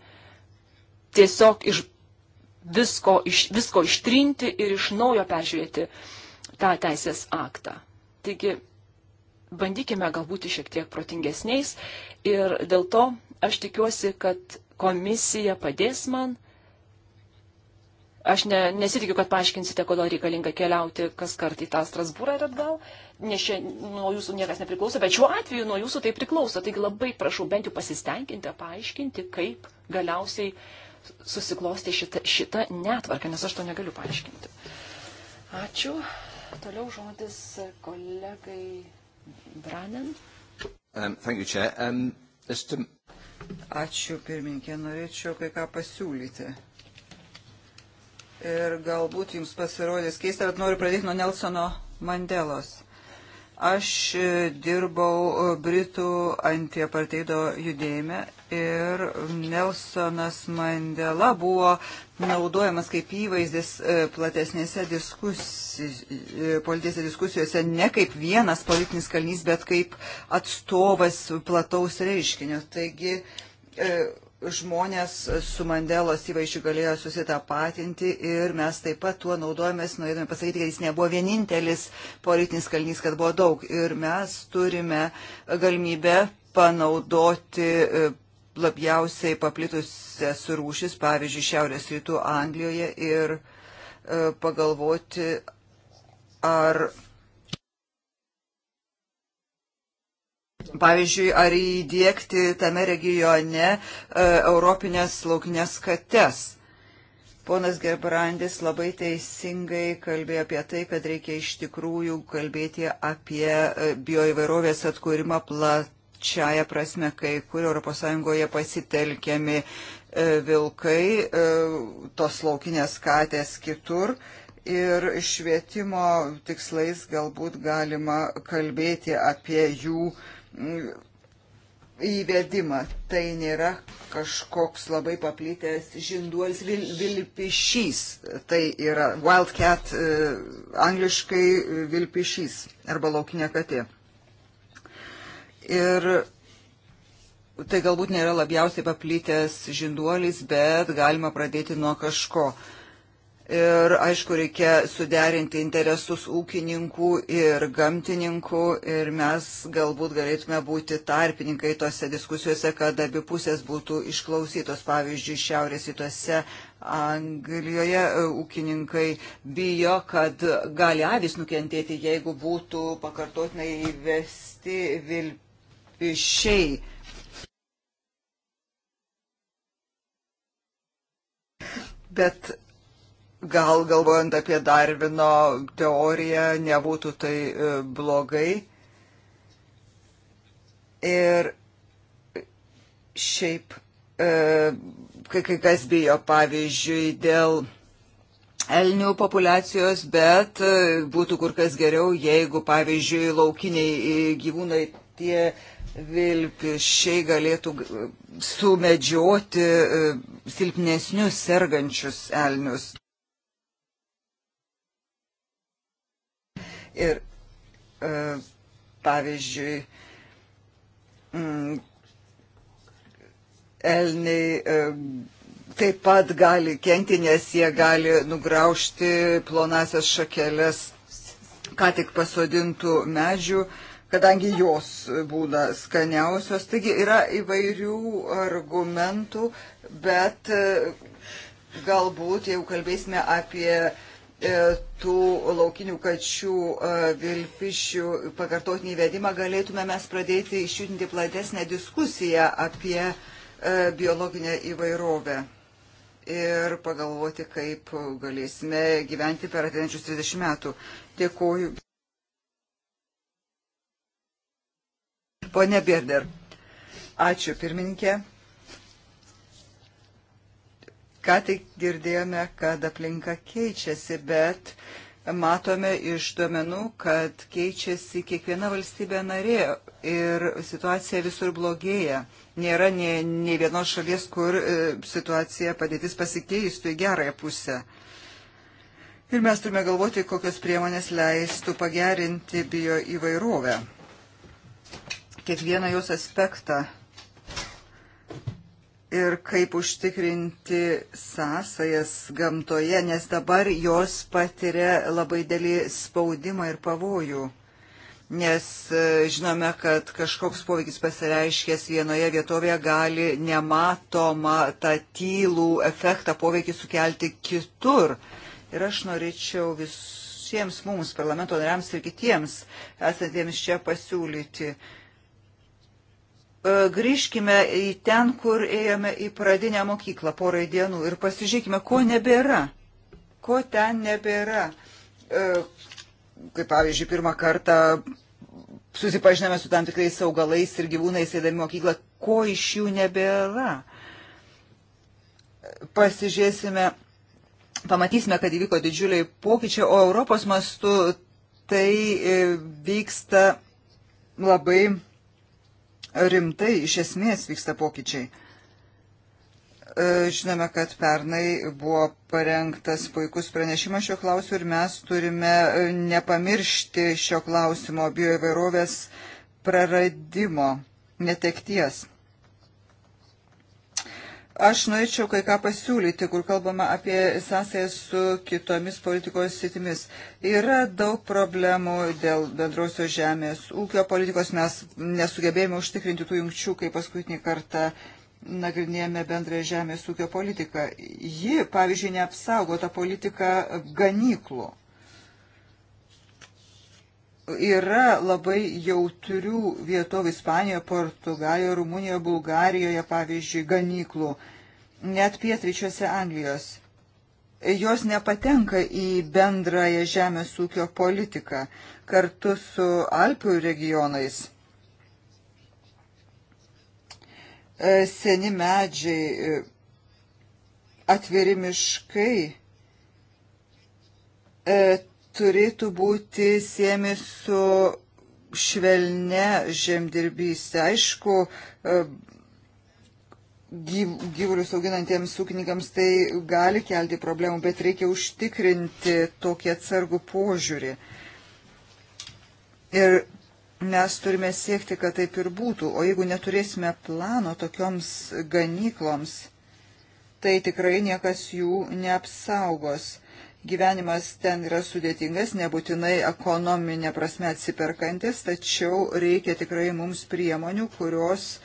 Tiesiog iš visko, iš, visko ištrinti ir iš naujo peržiūrėti tą teisės aktą. Taigi, bandykime galbūt šiek tiek protingesniais ir dėl to aš tikiuosi, kad komisija padės man. Aš ne, nesitikiu, kad paaiškinsite, kodėl reikalinga keliauti kas kart į tą Strasbūrą ir atgal. Uh, nes čia nuo jūsų niekas nepriklauso, bet šiuo atveju nuo jūsų tai priklauso. Taigi labai prašau bent jau pasistengkite paaiškinti, kaip galiausiai susiklosti šitą, šitą netvarką, nes aš to negaliu paaiškinti. Ačiū. Toliau žodis kolegai Branen. Um, thank you, Chair. Um, to... Ačiū, pirmininkė. Norėčiau kai ką pasiūlyti. Ir galbūt jums pasirodys keista, bet noriu pradėti nuo Nelsono Mandelos. Aš e, dirbau e, Britų antieparteido judėjime ir Nelsonas Mandela buvo naudojamas kaip įvaizdis e, platesnėse diskusijose, politinėse diskusijose, ne kaip vienas politinis kalnys, bet kaip atstovas plataus reiškinio. Taigi, žmonės su Mandelos įvaizdžiu galėjo susitapatinti ir mes taip pat tuo naudojomės, norėdami pasakyti, kad jis nebuvo vienintelis politinis kalinys, kad buvo daug. Ir mes turime galimybę panaudoti e, labiausiai paplitusias rūšis, pavyzdžiui, Šiaurės rytų Anglijoje ir e, pagalvoti, ar Pavyzdžiui, ar įdėkti tame regione e, europinės laukinės kates. Ponas Gerbrandis labai teisingai kalbėjo apie tai, kad reikia iš tikrųjų kalbėti apie e, bioįvairovės atkūrimą plačiaja prasme, kai kur ES pasitelkiami e, vilkai, e, tos laukinės katės kitur. Ir švietimo tikslais galbūt galima kalbėti apie jų uh, įvedimą. Tai nėra kažkoks labai paplytęs žinduolis vil, vilpišys. Tai yra wildcat, e, angliškai e, vilpišys arba laukinė katė. Ir tai galbūt nėra labiausiai paplytęs žinduolis, bet galima pradėti nuo kažko. Uh, Ir aišku, reikia suderinti interesus ūkininkų ir gamtininkų ir mes galbūt galėtume būti tarpininkai tose diskusijose, kad abi pusės būtų išklausytos. Pavyzdžiui, šiaurės rytuose Anglijoje e, ūkininkai bijo, kad gali avis nukentėti, jeigu būtų pakartotinai įvesti vilpišiai. Bet Gal galvojant apie Darvino teoriją, nebūtų tai e, blogai. Ir šiaip, e, kai kai kas bijo, pavyzdžiui, dėl elnių populiacijos, bet e, būtų kur kas geriau, jeigu, pavyzdžiui, laukiniai gyvūnai tie vilpišiai galėtų sumedžioti silpnesnius sergančius elnius. Ir e, pavyzdžiui, mm, elniai e, taip pat gali kenti, nes jie gali nugraužti plonasias šakeles, ką tik pasodintų medžių, kadangi jos būna skaniausios. Taigi yra įvairių argumentų, bet e, galbūt, jeigu kalbėsime apie uh, E, tų laukinių kačių e, vilpišių pakartotinį įvedimą, galėtume mes pradėti išjudinti platesnę diskusiją apie e, biologinę įvairovę ir pagalvoti, kaip galėsime gyventi per ateinančius 30 metų. Dėkuoju. Pone Birder. Ačiū pirmininkė ką tik girdėjome, kad aplinka keičiasi, bet matome iš duomenų, kad keičiasi kiekviena valstybė narė ir situacija visur blogėja. Nėra nei, nei vienos šalies, kur e, situacija padėtis pasikeistų į gerąją pusę. Ir mes turime galvoti, kokios priemonės leistų pagerinti bio įvairovę. Kiekvieną jos aspektą ir kaip užtikrinti sąsajas gamtoje, nes dabar jos patiria labai dėlį spaudimą ir pavojų nes e, žinome, kad kažkoks poveikis pasireiškęs vienoje vietovėje gali nematomą tą tylų efektą poveikį sukelti kitur. Ir aš norėčiau visiems mums, parlamento nariams ir kitiems esantiems čia pasiūlyti E, grįžkime į ten, kur ėjome į pradinę mokyklą porai dienų ir pasižiūrėkime, ko nebėra, ko ten nebėra. E, kaip pavyzdžiui, pirmą kartą susipažinome su tam tikrais augalais ir gyvūnais eidami mokyklą, ko iš jų nebėra. Pasižiūrėsime, pamatysime, kad įvyko didžiuliai pokyčiai, o Europos mastu tai e, vyksta labai rimtai iš esmės vyksta pokyčiai. E, žinome, kad pernai buvo parengtas puikus pranešimas šio klausimu ir mes turime e, nepamiršti šio klausimo bioįvairovės praradimo, netekties. Aš norėčiau kai ką pasiūlyti, kur kalbama apie sąsąją su kitomis politikos sitimis. Yra daug problemų dėl bendrausios žemės ūkio politikos. Mes nesugebėjome užtikrinti tų jungčių, kai paskutinį kartą nagrinėjame bendrąją žemės ūkio politiką. Ji, pavyzdžiui, neapsaugo tą politiką ganyklų yra labai jautrių vietovių Ispanijoje, Portugalijoje, Rumunijoje, Bulgarijoje, pavyzdžiui, ganyklų, net pietryčiuose Anglijos. Jos nepatenka į bendrąją žemės ūkio politiką kartu su Alpių regionais. E, seni medžiai, e, atviri miškai, e, turėtų būti siemi su švelne žemdirbystė. Aišku, e, gyv, gyvulius auginantiems ūkininkams tai gali kelti problemų, bet reikia užtikrinti tokį atsargų požiūrį. Ir mes turime siekti, kad taip ir būtų. O jeigu neturėsime plano tokioms ganykloms, tai tikrai niekas jų neapsaugos. Gyvenimas ten yra sudėtingas, nebūtinai ekonominė prasme atsiperkantis, tačiau reikia tikrai mums priemonių, kurios e,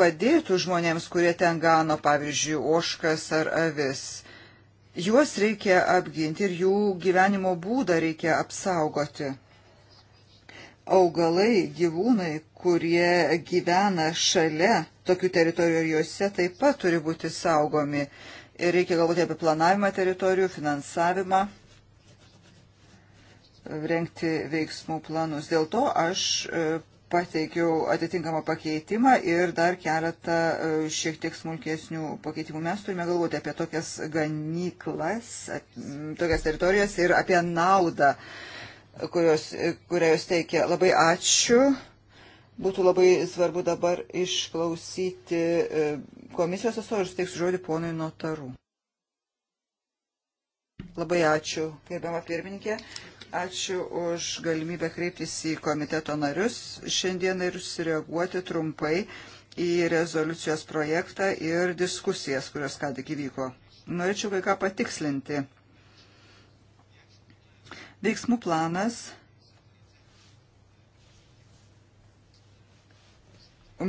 padėtų žmonėms, kurie ten gano, pavyzdžiui, oškas ar avis. Juos reikia apginti ir jų gyvenimo būdą reikia apsaugoti. Augalai, gyvūnai, kurie gyvena šalia tokių teritorijų, juose taip pat turi būti saugomi. Ir reikia galvoti apie planavimą teritorijų, finansavimą, rengti veiksmų planus. Dėl to aš e, pateikiau atitinkamą pakeitimą ir dar keletą e, šiek tiek smulkesnių pakeitimų. Mes turime galvoti apie tokias ganyklas, tokias teritorijas ir apie naudą, kurios, kurią jūs teikia. Labai ačiū. Būtų labai svarbu dabar išklausyti e, komisijos atstovą ir suteiksiu žodį ponui notarų. Labai ačiū, gerbiama pirmininkė. Ačiū už galimybę kreiptis į komiteto narius šiandieną ir sureaguoti trumpai į rezoliucijos projektą ir diskusijas, kurios ką tik įvyko. Norėčiau kai ką patikslinti. Veiksmų planas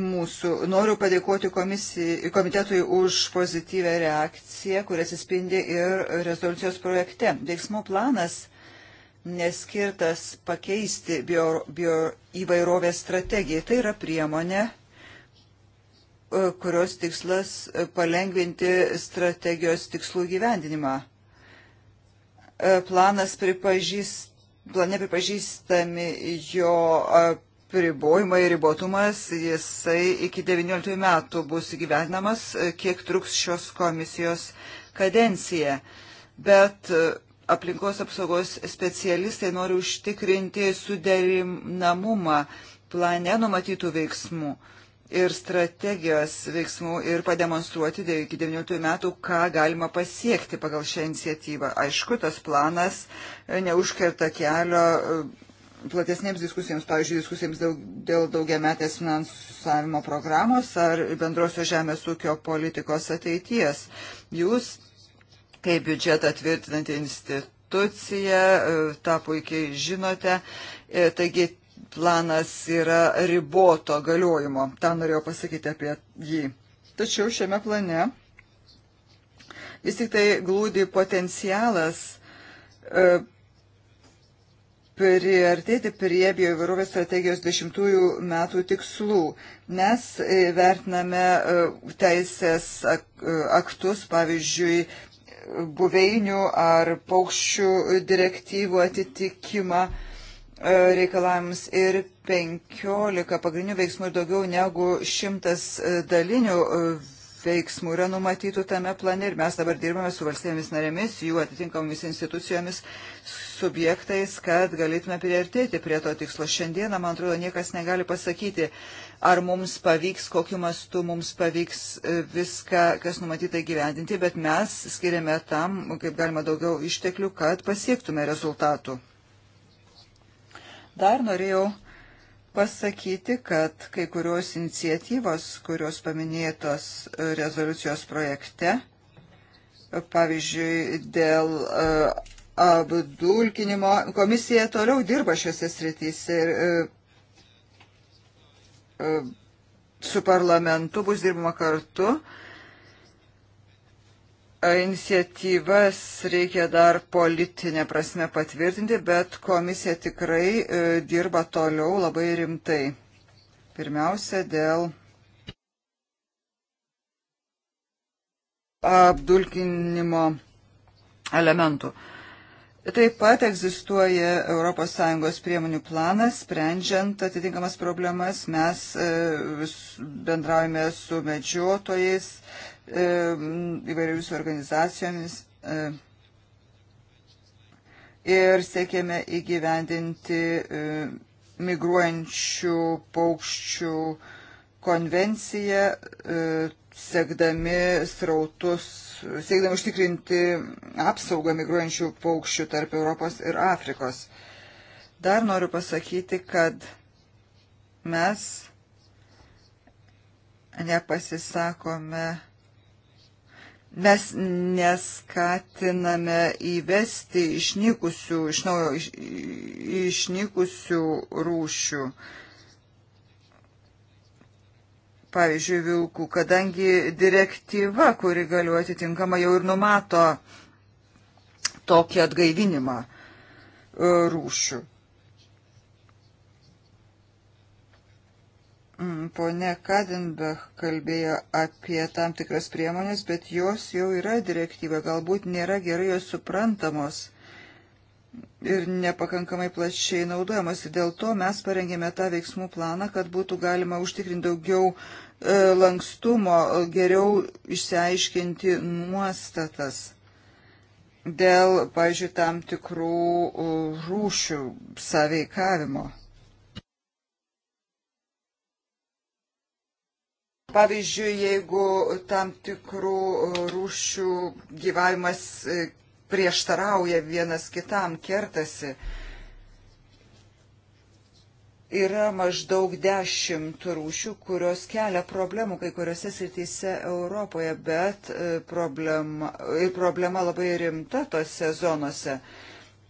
mūsų. Noriu padėkoti komisijai, komitetui už pozityvę reakciją, kurias įspindi ir rezoliucijos projekte. Veiksmų planas neskirtas pakeisti bio, bio įvairovės strategiją. Tai yra priemonė, e, kurios tikslas e, palengvinti strategijos tikslų gyvendinimą. E, planas pripažįst, plane pripažįstami jo apribojimai, ribotumas, jisai iki 19 metų bus įgyvendinamas, kiek truks šios komisijos kadencija. Bet e, aplinkos apsaugos specialistai nori užtikrinti suderinamumą plane numatytų veiksmų ir strategijos veiksmų ir pademonstruoti iki 19 metų, ką galima pasiekti pagal šią iniciatyvą. Aišku, tas planas e, neužkerta kelio e, platesnėms diskusijams, pavyzdžiui, diskusijams daug, dėl daugiametės finansavimo programos ar bendrosios žemės ūkio politikos ateities. Jūs, kaip biudžetą tvirtinanti institucija, e, tą puikiai žinote, e, taigi planas yra riboto galiojimo. Ta norėjau pasakyti apie jį. Tačiau šiame plane vis tik tai glūdi potencialas e, priartėti prie bioįvairovės strategijos 10 metų tikslų. Mes e, vertiname e, teisės e, aktus, pavyzdžiui, buveinių ar paukščių direktyvų atitikimą reikalavimus ir 15 pagrindinių veiksmų ir daugiau negu 100 dalinių veiksmų yra numatytų tame plane ir mes dabar dirbame su valstybėmis narėmis, jų atitinkamomis institucijomis, subjektais, kad galėtume priartėti prie to tikslo. Šiandieną, man atrodo, niekas negali pasakyti, ar mums pavyks, kokiu mastu mums pavyks e, viską, kas numatyta įgyvendinti, bet mes skiriame tam, kaip galima daugiau išteklių, kad pasiektume rezultatų. Dar norėjau pasakyti, kad kai kurios iniciatyvos, kurios paminėtos e, rezoliucijos projekte, pavyzdžiui, dėl e, apdulkinimo. Komisija toliau dirba šiuose srityse ir e, e, su parlamentu bus dirbama kartu. E, iniciatyvas reikia dar politinė prasme patvirtinti, bet komisija tikrai dirba toliau labai rimtai. Pirmiausia, dėl apdulkinimo elementų. Taip pat egzistuoja ES priemonių planas, sprendžiant atitinkamas problemas. Mes e, bendraujame su medžiotojais, e, įvairiomis organizacijomis e, ir siekėme įgyvendinti migruojančių paukščių konvenciją sekdami srautus, siekdami užtikrinti apsaugą migruojančių paukščių tarp Europos ir Afrikos. Dar noriu pasakyti, kad mes nepasisakome, mes neskatiname įvesti išnykusių, iš naujo iš, išnykusių rūšių. Uh, pavyzdžiui, vilkų, kadangi direktyva, kuri galiuoja atitinkama, jau ir numato tokį atgaivinimą e, rūšių. Mm, Pone Kadenbach kalbėjo apie tam tikras priemonės, bet jos jau yra direktyva, galbūt nėra gerai jos suprantamos ir nepakankamai plačiai naudojamos. Ir dėl to mes parengėme tą veiksmų planą, kad būtų galima užtikrinti daugiau e, lankstumo, geriau išsiaiškinti nuostatas dėl, pažiūrėjau, tam tikrų e, rūšių saveikavimo. Pavyzdžiui, jeigu tam tikrų e, rūšių gyvavimas prieštarauja vienas kitam, kertasi. Yra maždaug dešimt rūšių, kurios kelia problemų kai kuriuose srityse Europoje, bet e, problema, ir problema labai rimta tose zonose.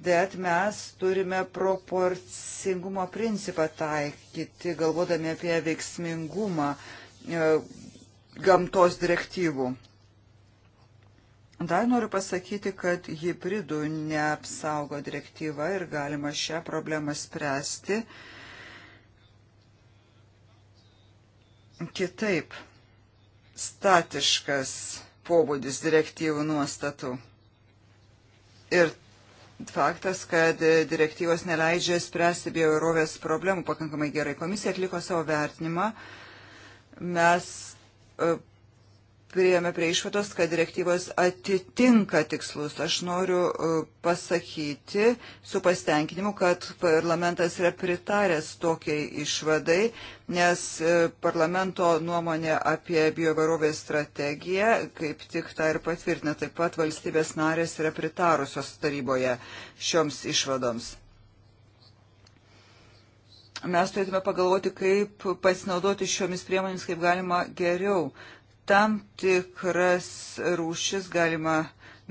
Bet mes turime proporcingumo principą taikyti, galvodami apie veiksmingumą e, gamtos direktyvų. Dar noriu pasakyti, kad hybridų neapsaugo direktyva ir galima šią problemą spręsti kitaip. Statiškas pobūdis direktyvų nuostatų. Ir faktas, kad direktyvos neleidžia spręsti bioįrovės problemų pakankamai gerai. Komisija atliko savo vertinimą. Mes e, priėjome prie išvados, kad direktyvos atitinka tikslus. Aš noriu e, pasakyti su pastenkinimu, kad parlamentas yra pritaręs tokiai išvadai, nes e, parlamento nuomonė apie biovarovės strategiją kaip tik tą ir patvirtina. Taip pat valstybės narės yra pritarusios taryboje šioms išvadoms mes turėtume pagalvoti, kaip pasinaudoti šiomis priemonėmis, kaip galima geriau. Tam tikras rūšis galima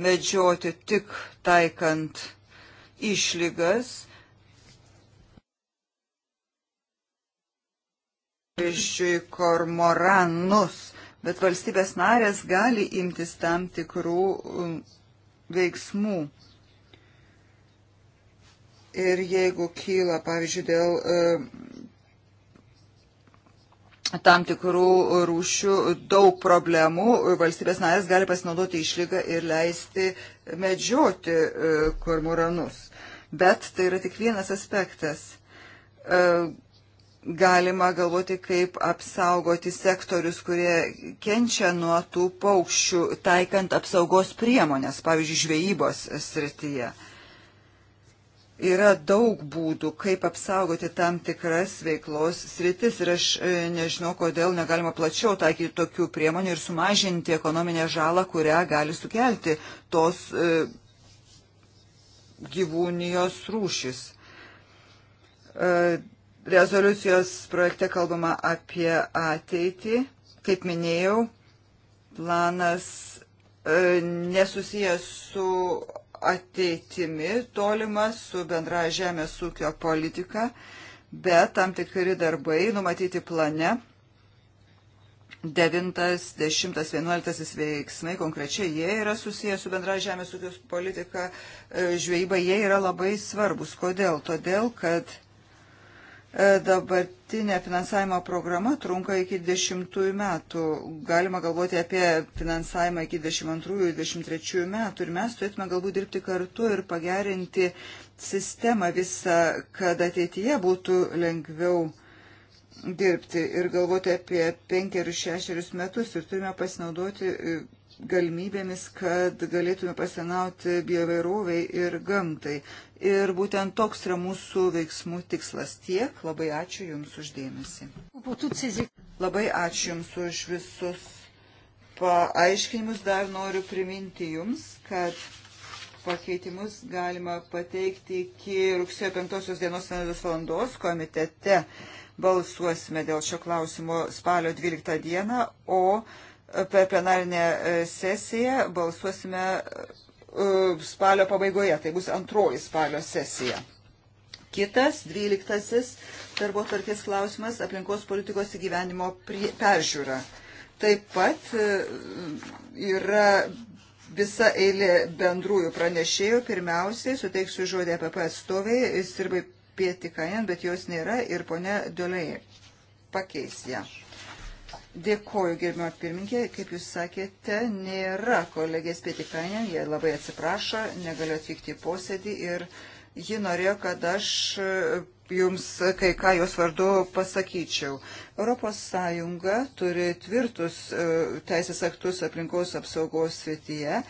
medžioti tik taikant išlygas. Pavyzdžiui, kormoranus, bet valstybės narės gali imtis tam tikrų um, veiksmų. Ir jeigu kyla, pavyzdžiui, dėl tam tikrų rūšių daug problemų, valstybės narės gali pasinaudoti išlygą ir leisti medžioti e, kormoranus. Bet tai yra tik vienas aspektas. E, galima galvoti, kaip apsaugoti sektorius, kurie kenčia nuo tų paukščių, taikant apsaugos priemonės, pavyzdžiui, žvejybos srityje. Yra daug būdų, kaip apsaugoti tam tikras veiklos sritis ir aš e, nežinau, kodėl negalima plačiau taikyti tokių priemonių ir sumažinti ekonominę žalą, kurią gali sukelti tos e, gyvūnijos rūšis. E, rezoliucijos projekte kalbama apie ateitį. Kaip minėjau, planas nesusijęs su ateitimi tolima su bendra žemės ūkio politika, bet tam tikri darbai numatyti plane 9, 10, 11 veiksmai, konkrečiai jie yra susijęs su bendra žemės ūkio politika, e, žvejyba jie yra labai svarbus. Kodėl? Todėl, kad E, dabartinė finansavimo programa trunka iki 10 metų. Galima galvoti apie finansavimą iki 22-23 metų ir mes turėtume galbūt dirbti kartu ir pagerinti sistemą visą, kad ateityje būtų lengviau dirbti ir galvoti apie penkerius šešerius metus ir turime pasinaudoti galimybėmis, kad galėtume pasenauti biovairoviai ir gamtai. Ir būtent toks yra mūsų veiksmų tikslas. Tiek, labai ačiū Jums uždėmesi. Labai ačiū Jums už visus paaiškinimus. Dar noriu priminti Jums, kad pakeitimus galima pateikti iki rugsėjo 5 dienos 11 valandos komitete balsuosime dėl šio klausimo spalio 12 dieną, o per plenarinę e, sesiją, balsuosime e, spalio pabaigoje, tai bus antroji spalio sesija. Kitas, dvyliktasis darbo tvarkės klausimas - aplinkos politikos įgyvenimo peržiūra. Taip pat e, yra visa eilė bendrųjų pranešėjų. Pirmiausiai suteiksiu žodį APP atstoviai, sirbai pietikajan, bet jos nėra ir ponia Dolei pakeis ją. Ja. Dėkoju, gerbimo pirminkė, kaip jūs sakėte, nėra kolegės Pietikainė, jie labai atsiprašo, negaliu atvykti į posėdį ir ji norėjo, kad aš e, jums kai ką jos vardu pasakyčiau. Europos Sąjunga turi tvirtus e, teisės aktus aplinkos apsaugos srityje,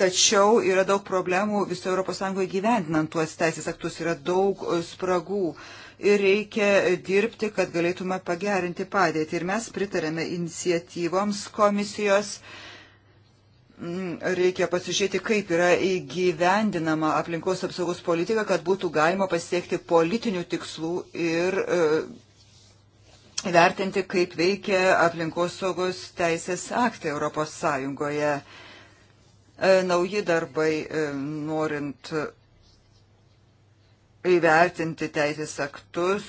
tačiau yra daug problemų viso Europos Sąjungoje gyvendinant tuos teisės aktus, yra daug e, spragų. Uh, ir reikia dirbti, kad galėtume pagerinti padėtį. Ir mes pritarėme iniciatyvoms komisijos. Mm, reikia pasižiūrėti, kaip yra įgyvendinama aplinkos apsaugos politika, kad būtų galima pasiekti politinių tikslų ir e, vertinti, kaip veikia aplinkos saugos teisės aktai Europos Sąjungoje. E, nauji darbai, e, norint įvertinti teisės aktus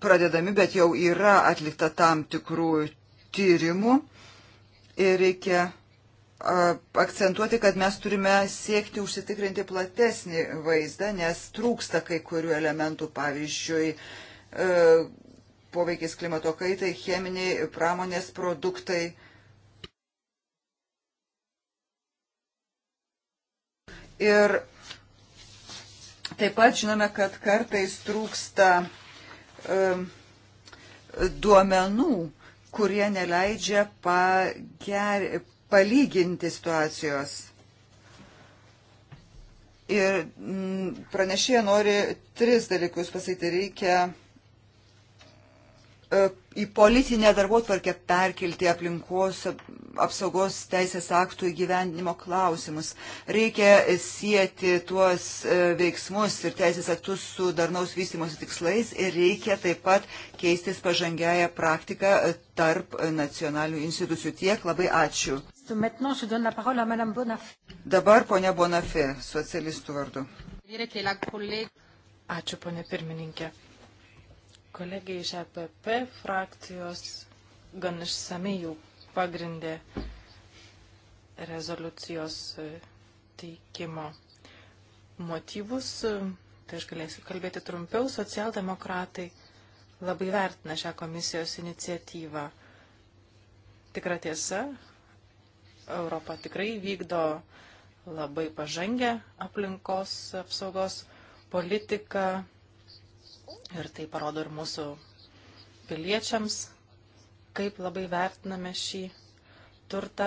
pradedami, bet jau yra atlikta tam tikrų tyrimų ir reikia akcentuoti, kad mes turime siekti užsitikrinti platesnį vaizdą, nes trūksta kai kurių elementų, pavyzdžiui, e, poveikis klimato kaitai, cheminiai pramonės produktai. Ir Taip pat žinome, kad kartais trūksta um, duomenų, kurie neleidžia pager, palyginti situacijos. Ir mm, pranešėja nori tris dalykus pasakyti. Reikia e, į politinę darbo tvarkę perkelti aplinkos apsaugos teisės aktų įgyvendinimo klausimus. Reikia sieti tuos e, veiksmus ir teisės aktus su darnaus vystimosi tikslais ir reikia taip pat keistis pažangiają praktiką e, tarp nacionalinių institucijų. Tiek labai ačiū. Dabar ponia Bonafė, socialistų vardu. Ačiū, ponė pirmininkė. Kolegė iš EPP frakcijos gan išsamei jau pagrindė rezoliucijos e, teikimo motyvus. E, tai aš galėsiu kalbėti trumpiau. Socialdemokratai labai vertina šią komisijos iniciatyvą. Tikra tiesa, Europa tikrai vykdo labai pažangę aplinkos apsaugos politiką ir tai parodo ir mūsų piliečiams, kaip labai vertiname šį turtą,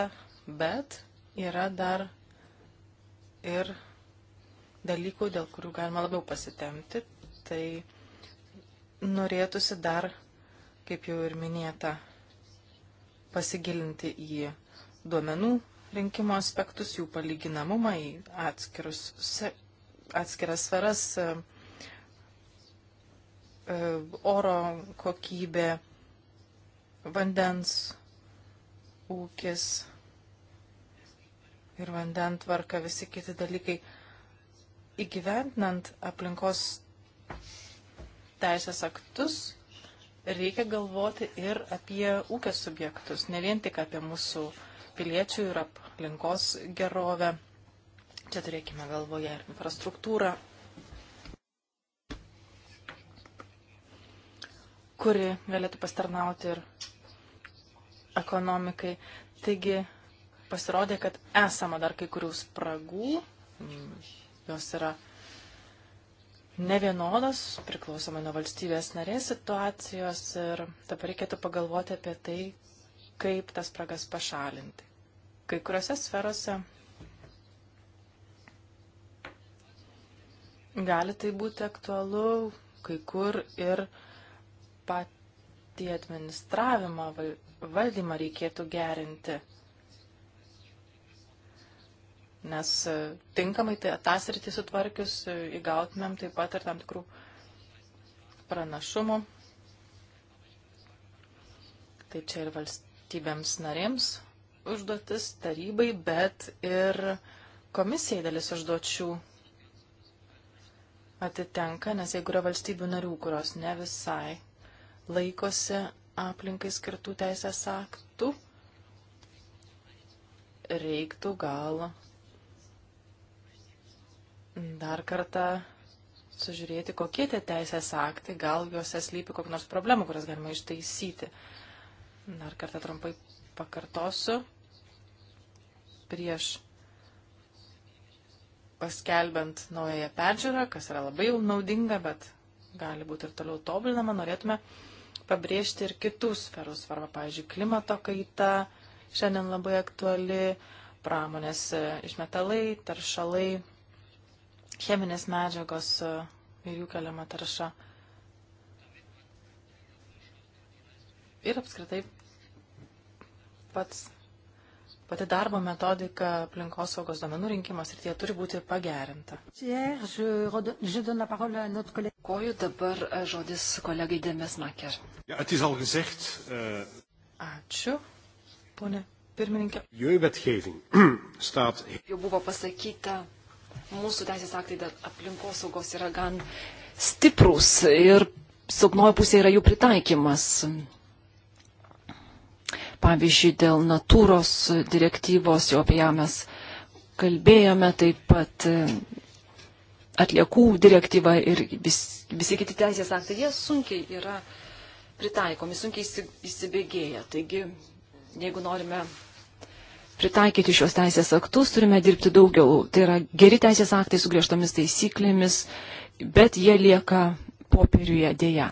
bet yra dar ir dalykų, dėl kurių galima labiau pasitemti. Tai norėtųsi dar, kaip jau ir minėta, pasigilinti į duomenų rinkimo aspektus, jų palyginamumą į atskirus, atskiras sferas, e, e, oro kokybė, vandens ūkis ir vandentvarka, visi kiti dalykai. Įgyventinant aplinkos teisės aktus, reikia galvoti ir apie ūkio subjektus, ne vien tik apie mūsų piliečių ir aplinkos gerovę. Čia turėkime galvoje ir infrastruktūrą, kuri galėtų pastarnauti ir ekonomikai. Taigi pasirodė, kad esama dar kai kurių spragų, mm, jos yra nevienodos, priklausomai nuo valstybės narės situacijos ir dabar reikėtų pagalvoti apie tai, kaip tas spragas pašalinti. Kai kuriuose sferose gali tai būti aktualu, kai kur ir patį administravimą valdymą reikėtų gerinti. Nes e, tinkamai tai atasritį sutvarkius e, įgautumėm taip pat ir tam tikrų pranašumų. Tai čia ir valstybėms narėms užduotis tarybai, bet ir komisijai dalis užduočių atitenka, nes jeigu yra valstybių narių, kurios ne visai laikosi aplinkai skirtų teisės aktų, reiktų gal dar kartą sužiūrėti, kokie tie teisės aktai, gal juose slypi kokios nors problemų, kurias galima ištaisyti. Dar kartą trumpai pakartosiu. Prieš paskelbent naująją peržiūrą, kas yra labai naudinga, bet gali būti ir toliau tobulinama, norėtume uh, pabrėžti ir kitų sferų svarbą, pavyzdžiui, klimato kaita šiandien labai aktuali, pramonės e, išmetalai, taršalai, cheminės medžiagos e, ir jų keliama tarša. Ir apskritai pats pati darbo metodika aplinkosaugos domenų rinkimas ir tie turi būti pagerinta. Koju dabar e, žodis kolegai Demes Maker. Eh, Ačiū, ponė pirmininkė. Jau buvo pasakyta, mūsų teisės aktai aplinkosaugos yra gan stiprus ir silpnoji pusė yra jų pritaikymas pavyzdžiui, dėl natūros direktyvos, jau apie ją mes kalbėjome, taip pat e, atliekų direktyva ir vis, visi kiti teisės aktai, jie sunkiai yra pritaikomi, sunkiai įsibėgėja. Taigi, jeigu norime pritaikyti šios teisės aktus, turime dirbti daugiau. Tai yra geri teisės aktai su griežtomis taisyklėmis, bet jie lieka popieriuje dėja.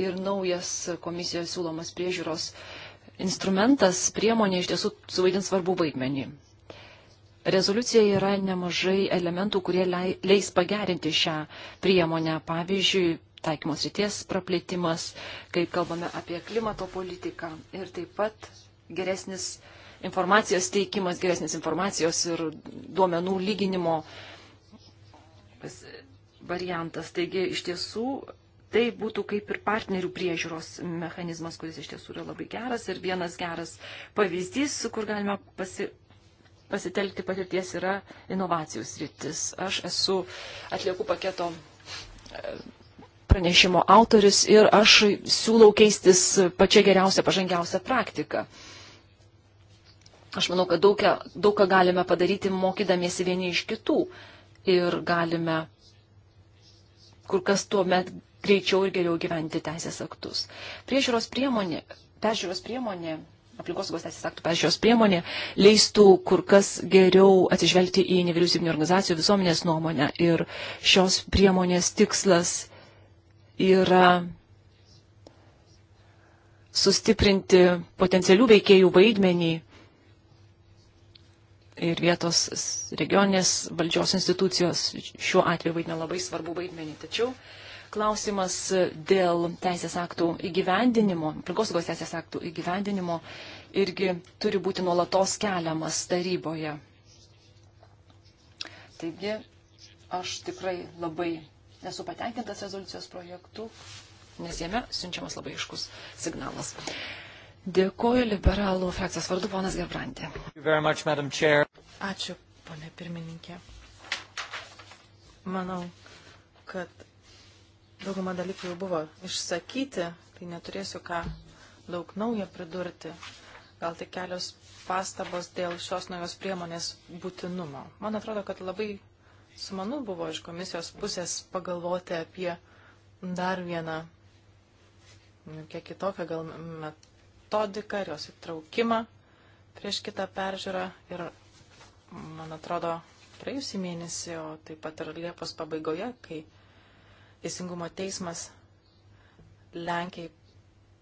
ir naujas komisijos siūlomas priežiūros instrumentas, priemonė iš tiesų suvaidins svarbų vaidmenį. Rezoliucijoje yra nemažai elementų, kurie leis pagerinti šią priemonę. Pavyzdžiui, taikymos ryties praplėtimas, kai kalbame apie klimato politiką ir taip pat geresnis informacijos teikimas, geresnis informacijos ir duomenų lyginimo variantas. Taigi iš tiesų tai būtų kaip ir partnerių priežiūros mechanizmas, kuris iš tiesų yra labai geras ir vienas geras pavyzdys, kur galime pasi, pasitelkti patirties yra inovacijų sritis. Aš esu atliekų paketo e, pranešimo autoris ir aš siūlau keistis pačia geriausia, pažangiausia praktika. Aš manau, kad daug, daug ką galime padaryti mokydamiesi vieni iš kitų ir galime kur kas tuo met greičiau ir geriau gyventi teisės aktus. Priežiūros priemonė, peržiūros priemonė, aplinkosaugos teisės aktų peržiūros priemonė leistų kur kas geriau atsižvelgti į nevyriausybinio organizacijų visuomenės nuomonę. Ir šios priemonės tikslas yra sustiprinti potencialių veikėjų vaidmenį ir vietos regioninės valdžios institucijos šiuo atveju vaidina labai svarbu vaidmenį. Tačiau klausimas dėl teisės aktų įgyvendinimo, aplinkosaugos teisės aktų įgyvendinimo irgi turi būti nuolatos keliamas taryboje. Taigi, aš tikrai labai nesu patenkintas rezoliucijos projektu, nes jame siunčiamas labai iškus signalas. Dėkuoju liberalų frakcijos vardu, ponas Gerbrandė. Ačiū, ponė pirmininkė. Manau, kad Dauguma dalykų jau buvo išsakyti, tai neturėsiu ką daug naujo pridurti. Gal tik kelios pastabos dėl šios naujos priemonės būtinumo. Man atrodo, kad labai sumanu buvo iš komisijos pusės pagalvoti apie dar vieną, nu, kiek kitokią gal metodiką ir jos įtraukimą prieš kitą peržiūrą. Ir man atrodo, praėjusį mėnesį, o taip pat ir Liepos pabaigoje, kai Teisingumo teismas Lenkiai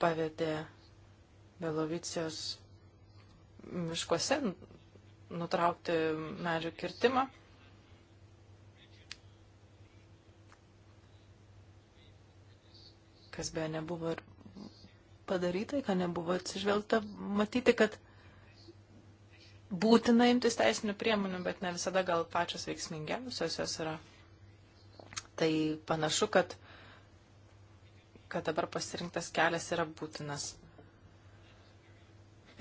pavedė Belovicijos miškuose nutraukti medžių kirtimą. Kas beje nebuvo ir padaryta, ką nebuvo atsižvelgta, matyti, kad būtina imtis teisinių priemonių, bet ne visada gal pačios veiksmingiausios jos yra. Tai panašu, kad, kad dabar pasirinktas kelias yra būtinas.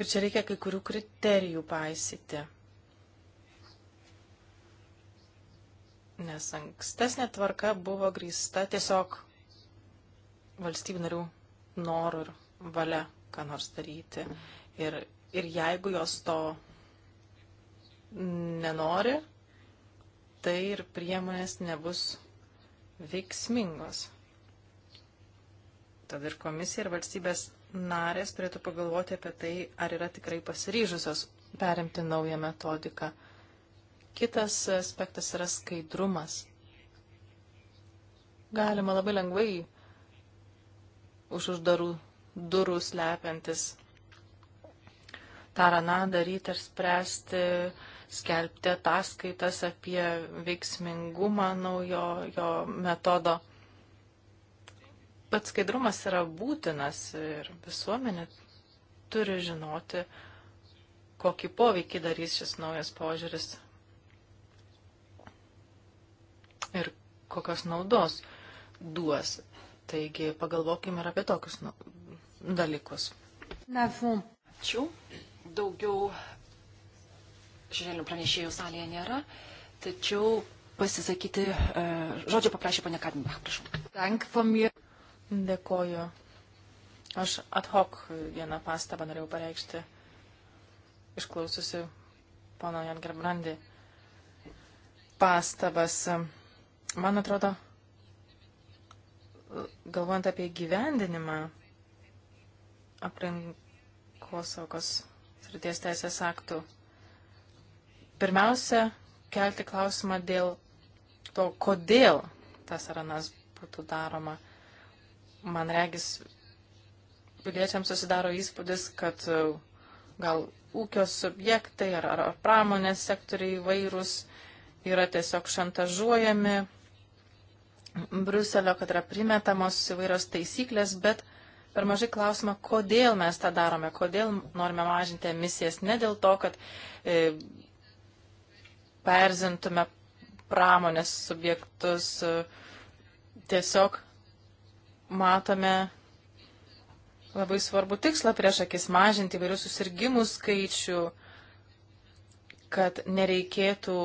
Ir čia reikia kai kurių kriterijų paisyti. Nes ankstesnė tvarka buvo grįsta tiesiog valstybių narių norų ir valia, ką nors daryti. Ir, ir jeigu jos to nenori, tai ir priemonės nebus veiksmingos. Tad ir komisija ir valstybės narės turėtų pagalvoti apie tai, ar yra tikrai pasiryžusios perimti naują metodiką. Kitas aspektas yra skaidrumas. Galima labai lengvai už uždarų durų slepiantis taraną daryti ar spręsti skelbti ataskaitas apie veiksmingumą naujojo metodo. Pats skaidrumas yra būtinas ir visuomenė turi žinoti, kokį poveikį darys šis naujas požiūris ir kokios naudos duos. Taigi pagalvokime ir apie tokius nu, dalykus. Ačiū. Daugiau šešėlinių pranešėjų salėje nėra, tačiau pasisakyti e, žodžio paprašė ponia Kadmba. Prašau. Dėkoju. Aš ad hoc vieną pastabą norėjau pareikšti, išklausiusi pono Jan Gerbrandi pastabas. Man atrodo, galvojant apie gyvendinimą aplinkosaugos srities teisės aktų, Pirmiausia, kelti klausimą dėl to, kodėl tas ar anas būtų daroma. Man regis, piliečiams susidaro įspūdis, kad e, gal ūkio subjektai ar, ar, ar pramonės sektoriai vairūs yra tiesiog šantažuojami Bruselio, kad yra primetamos įvairios taisyklės, bet per mažai klausimą, kodėl mes tą darome, kodėl norime mažinti emisijas. Ne dėl to, kad e, perzintume pramonės subjektus, e, tiesiog matome labai svarbu tikslą prieš akis mažinti įvairių susirgymų skaičių, kad nereikėtų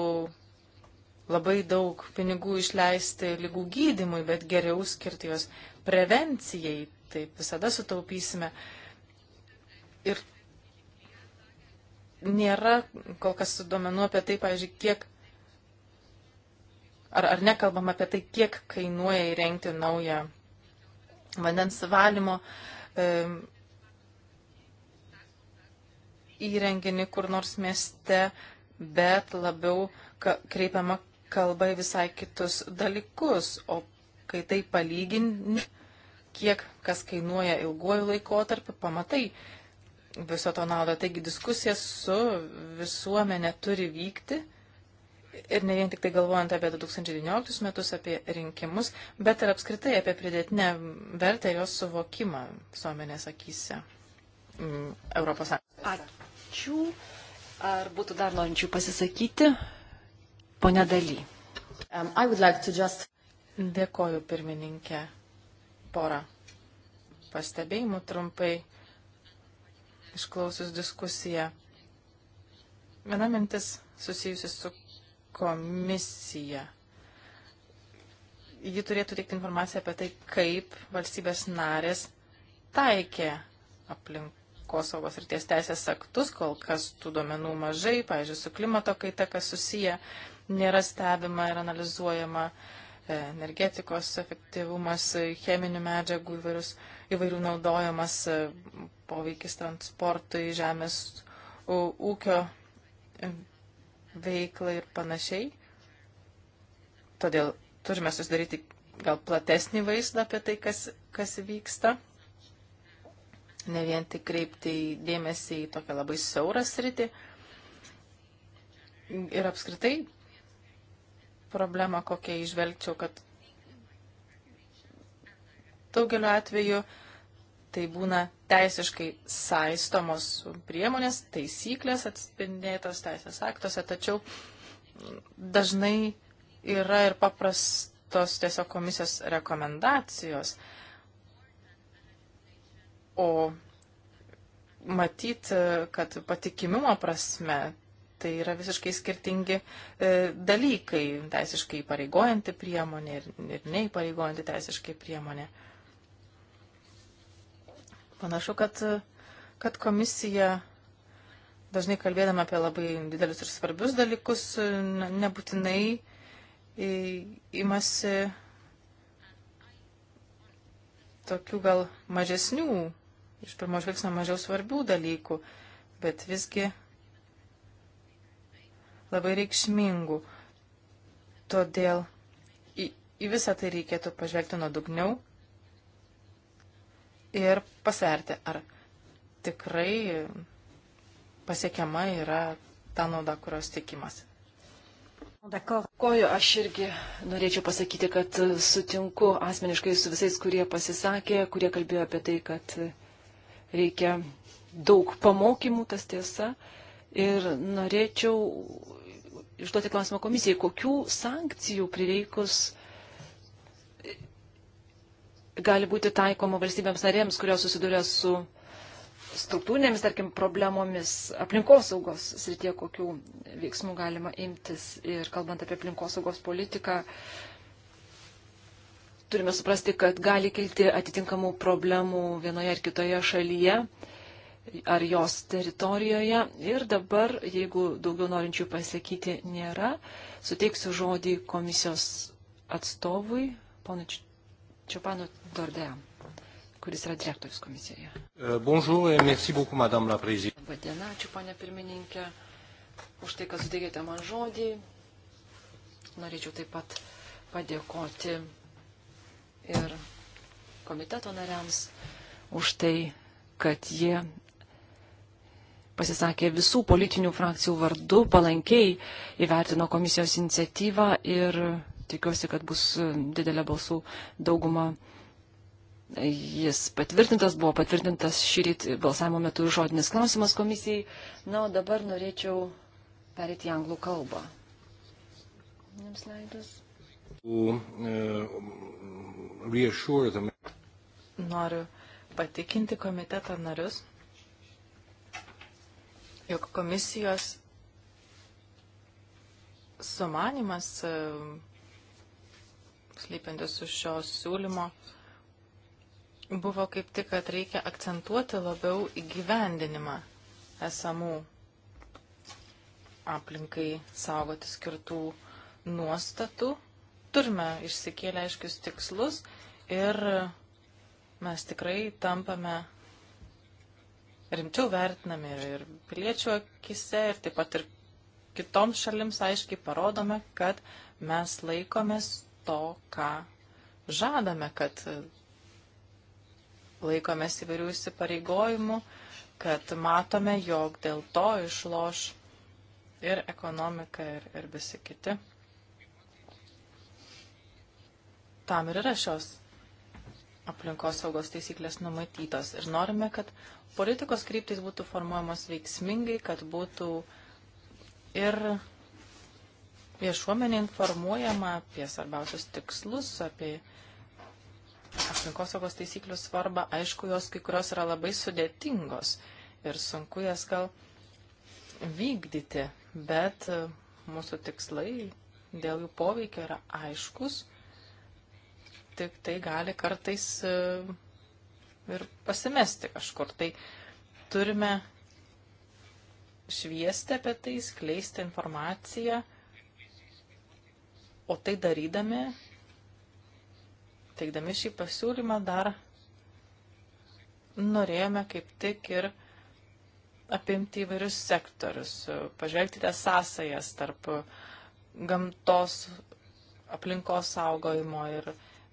labai daug pinigų išleisti lygų gydimui, bet geriau skirti juos prevencijai, taip visada sutaupysime. Ir nėra kol kas duomenų apie tai, pavyzdžiui, kiek ar, ar nekalbam apie tai, kiek kainuoja įrengti naują vandens valymo e, įrenginį kur nors mieste, bet labiau ka, kreipiama kalba į visai kitus dalykus, o kai tai palyginti, kiek kas kainuoja ilguoju laikotarpiu, pamatai, viso to naudą. Taigi diskusija su visuomenė turi vykti ir ne vien tik tai galvojant apie 2019 metus, apie rinkimus, bet ir apskritai apie pridėtinę vertę jos suvokimą visuomenės akise mm, Europos Sąjungos. Ačiū. Ar būtų dar norinčių pasisakyti? Pone Daly. Um, like just... Dėkoju pirmininkė. Porą pastebėjimų trumpai išklausus diskusiją. Viena mintis susijusi su komisija. Ji turėtų teikti informaciją apie tai, kaip valstybės narės taikė aplinkosaugos ir ties teisės aktus, kol kas tų duomenų mažai, pavyzdžiui, su klimato kaita, kas susiję, nėra stebima ir analizuojama e, energetikos efektyvumas, cheminių medžiagų įvairius įvairių naudojamas e, poveikis transportui, žemės ūkio e, veiklai ir panašiai. Todėl turime susidaryti gal platesnį vaizdą apie tai, kas, kas vyksta. Ne vien tik kreipti dėmesį į tokią labai siaurą sritį. Ir apskritai problemą, kokią išvelgčiau, kad daugeliu atveju tai būna teisiškai saistomos priemonės, taisyklės atspindėtos teisės aktuose, tačiau dažnai yra ir paprastos tiesiog komisijos rekomendacijos. O matyt, kad patikimimo prasme tai yra visiškai skirtingi e, dalykai, teisiškai pareigojanti priemonė ir, ir neįpareigojanti teisiškai priemonė. E, Panašu, kad, kad komisija dažnai kalbėdama apie labai didelius ir svarbius dalykus, nebūtinai imasi tokių gal mažesnių, iš pirmo žvilgsnio mažiau svarbių dalykų, bet visgi labai reikšmingų. Todėl į, į visą tai reikėtų pažvelgti nuodugniau ir pasverti, ar tikrai pasiekiama yra ta nauda, kurios tikimasi. Koju, aš irgi norėčiau pasakyti, kad sutinku asmeniškai su visais, kurie pasisakė, kurie kalbėjo apie tai, kad reikia daug pamokymų, tas tiesa. Ir norėčiau išduoti klausimą komisijai, kokių sankcijų prireikus gali būti taikoma valstybėms narėms, kurios susiduria su struktūrinėmis, tarkim, problemomis aplinkosaugos srityje, kokių veiksmų galima imtis. Ir kalbant apie aplinkosaugos politiką, turime suprasti, kad gali kilti atitinkamų problemų vienoje ar kitoje šalyje ar jos teritorijoje. Ir dabar, jeigu daugiau norinčių pasakyti nėra, suteiksiu žodį komisijos atstovui, ponui Čiopano Tordea, kuris yra direktorius komisijoje. Euh, bonjour et merci beaucoup, madame la présidente. Labadiena, ačiū, ponė pirmininkė, už tai, kad sudėgėte man žodį. Norėčiau taip pat padėkoti ir komiteto nariams už tai, kad jie pasisakė visų politinių frakcijų vardu, palankiai įvertino komisijos iniciatyvą ir tikiuosi, kad bus e, didelė balsų dauguma. Jis patvirtintas, buvo patvirtintas šį rytį balsavimo metu žodinis klausimas komisijai. Na, o dabar norėčiau perėti į anglų kalbą. Jums leidus. E, Noriu patikinti komiteto narius, jog komisijos sumanimas uh, slypintis už šios siūlymo, buvo kaip tik, kad reikia akcentuoti labiau įgyvendinimą esamų aplinkai saugoti skirtų nuostatų. Turime išsikėlę aiškius tikslus ir mes tikrai tampame rimčiau vertinami ir, ir piliečių akise, ir taip pat ir kitoms šalims aiškiai parodome, kad mes laikomės to, ką žadame, kad laikomės įvairių įsipareigojimų, kad matome, jog dėl to išloš ir ekonomika, ir, ir visi kiti. Tam ir yra šios aplinkos saugos taisyklės numatytos. Ir norime, kad politikos kryptis būtų formuojamos veiksmingai, kad būtų ir viešuomenė informuojama apie svarbiausius tikslus, apie aplinkosaugos taisyklių svarbą. Aišku, jos kai kurios yra labai sudėtingos ir sunku jas gal vykdyti, bet mūsų tikslai dėl jų poveikio yra aiškus. Tik tai gali kartais e, ir pasimesti kažkur. Tai turime šviesti apie tai, skleisti informaciją O tai darydami, teikdami šį pasiūlymą, dar norėjome kaip tik ir apimti įvairius sektorius, pažvelgti tas sąsajas tarp gamtos aplinkos saugojimo ir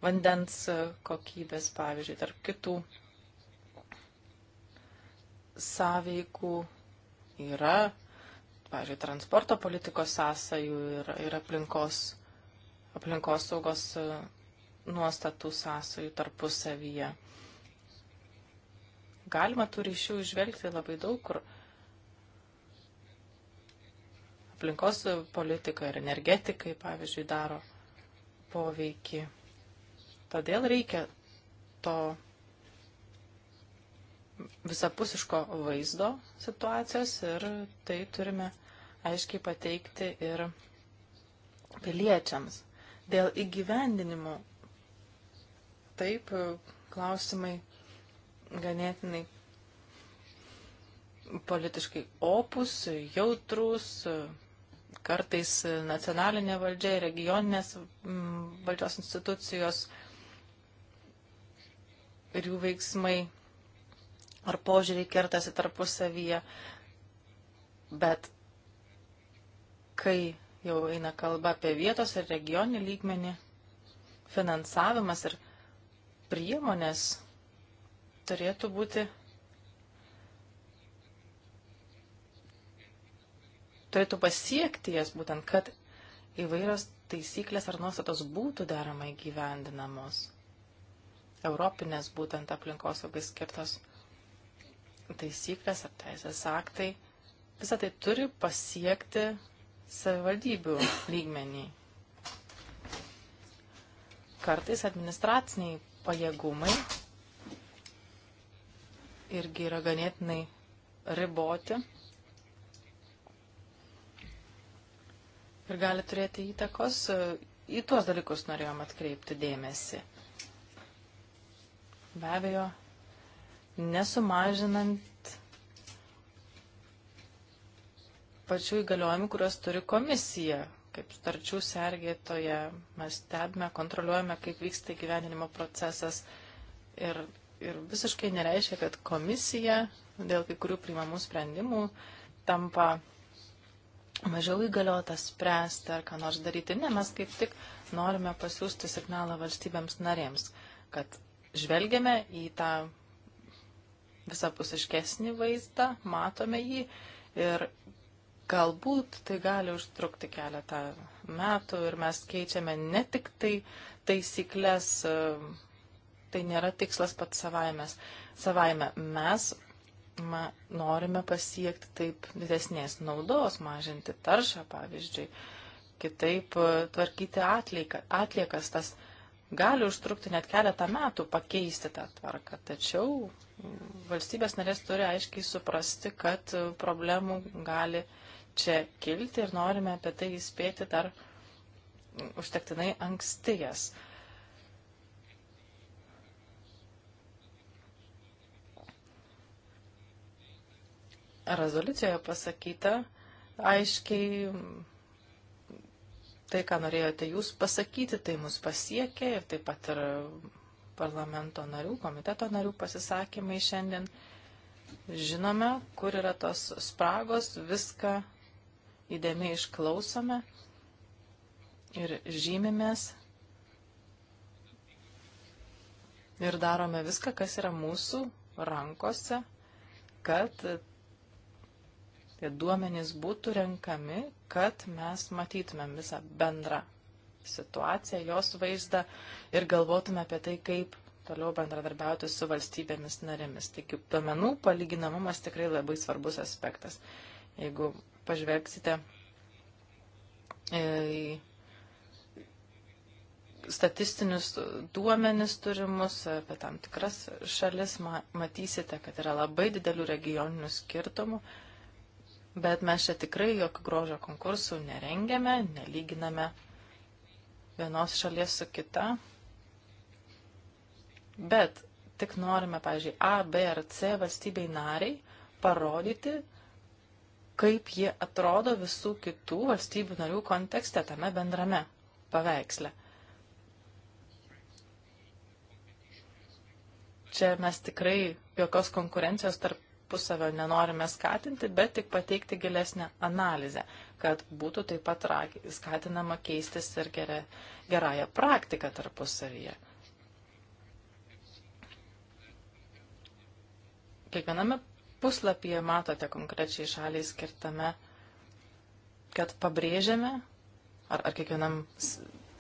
vandens kokybės, pavyzdžiui, tarp kitų sąveikų yra, pavyzdžiui, transporto politikos sąsajų ir, ir aplinkos aplinkos saugos e, nuostatų sąsojų tarpusavyje. Galima tų ryšių išvelgti labai daug kur. Aplinkos politika ir energetikai, pavyzdžiui, daro poveikį. Todėl reikia to visapusiško vaizdo situacijos ir tai turime aiškiai pateikti ir piliečiams. Dėl įgyvendinimo taip klausimai ganėtinai politiškai opus, jautrus, kartais nacionalinė valdžia ir regioninės mm, valdžios institucijos ir jų veiksmai ar požiūriai kertasi tarpusavyje, bet kai jau eina kalba apie vietos ir regioninį lygmenį, finansavimas ir priemonės turėtų būti. turėtų pasiekti jas būtent, kad įvairios taisyklės ar nuostatos būtų deramai gyvendinamos. Europinės būtent aplinkosaugai skirtos taisyklės ar teisės aktai. Visą tai turi pasiekti savivaldybių lygmenį. Kartais administraciniai pajėgumai irgi yra ganėtinai riboti ir gali turėti įtakos. Į tuos dalykus norėjom atkreipti dėmesį. Be abejo, nesumažinant pačių įgaliojimų, kuriuos turi komisija. Kaip starčių sergėtoje mes stebime, kontroliuojame, kaip vyksta gyvenimo procesas. Ir, ir visiškai nereiškia, kad komisija dėl kai kurių priimamų sprendimų tampa mažiau įgaliota spręsti ar ką nors daryti. Ne, mes kaip tik norime pasiūsti signalą valstybėms narėms, kad žvelgiame į tą visapusiškesnį vaizdą, matome jį ir Galbūt tai gali užtrukti keletą metų ir mes keičiame ne tik tai taisyklės, e, tai nėra tikslas pats savaimės. savaime. Mes ma, norime pasiekti taip didesnės naudos, mažinti taršą, pavyzdžiui, kitaip e, tvarkyti atlieka, atliekas. Tas gali užtrukti net keletą metų pakeisti tą tvarką, tačiau valstybės narės turi aiškiai suprasti, kad e, problemų gali būti čia kilti ir norime apie tai įspėti dar užtektinai anksti jas. Rezoliucijoje pasakyta aiškiai tai, ką norėjote jūs pasakyti, tai mus pasiekė ir taip pat ir parlamento narių, komiteto narių pasisakymai šiandien. Žinome, kur yra tos spragos, viską įdėmiai išklausome ir žymimės ir darome viską, kas yra mūsų rankose, kad tie duomenys būtų renkami, kad mes matytumėm visą bendrą situaciją, jos vaizdą ir galvotume apie tai, kaip toliau bendradarbiauti su valstybėmis narėmis. Taigi duomenų palyginamumas tikrai labai svarbus aspektas. Jeigu pažvelgsite e, į statistinius duomenis turimus apie tam tikras šalis, matysite, kad yra labai didelių regioninių skirtumų, bet mes čia tikrai jokių grožio konkursų nerengiame, nelyginame vienos šalies su kita. Bet tik norime, pavyzdžiui, A, B ar C valstybei nariai parodyti, kaip jie atrodo visų kitų valstybių narių kontekste tame bendrame paveiksle. Čia mes tikrai jokios konkurencijos tarpusavio nenorime skatinti, bet tik pateikti gilesnę analizę, kad būtų taip pat skatinama keistis ir geria, gerąją praktiką tarpusavyje. Kiekviename puslapyje matote konkrečiai šaliai skirtame, kad pabrėžiame, ar, ar kiekvienam,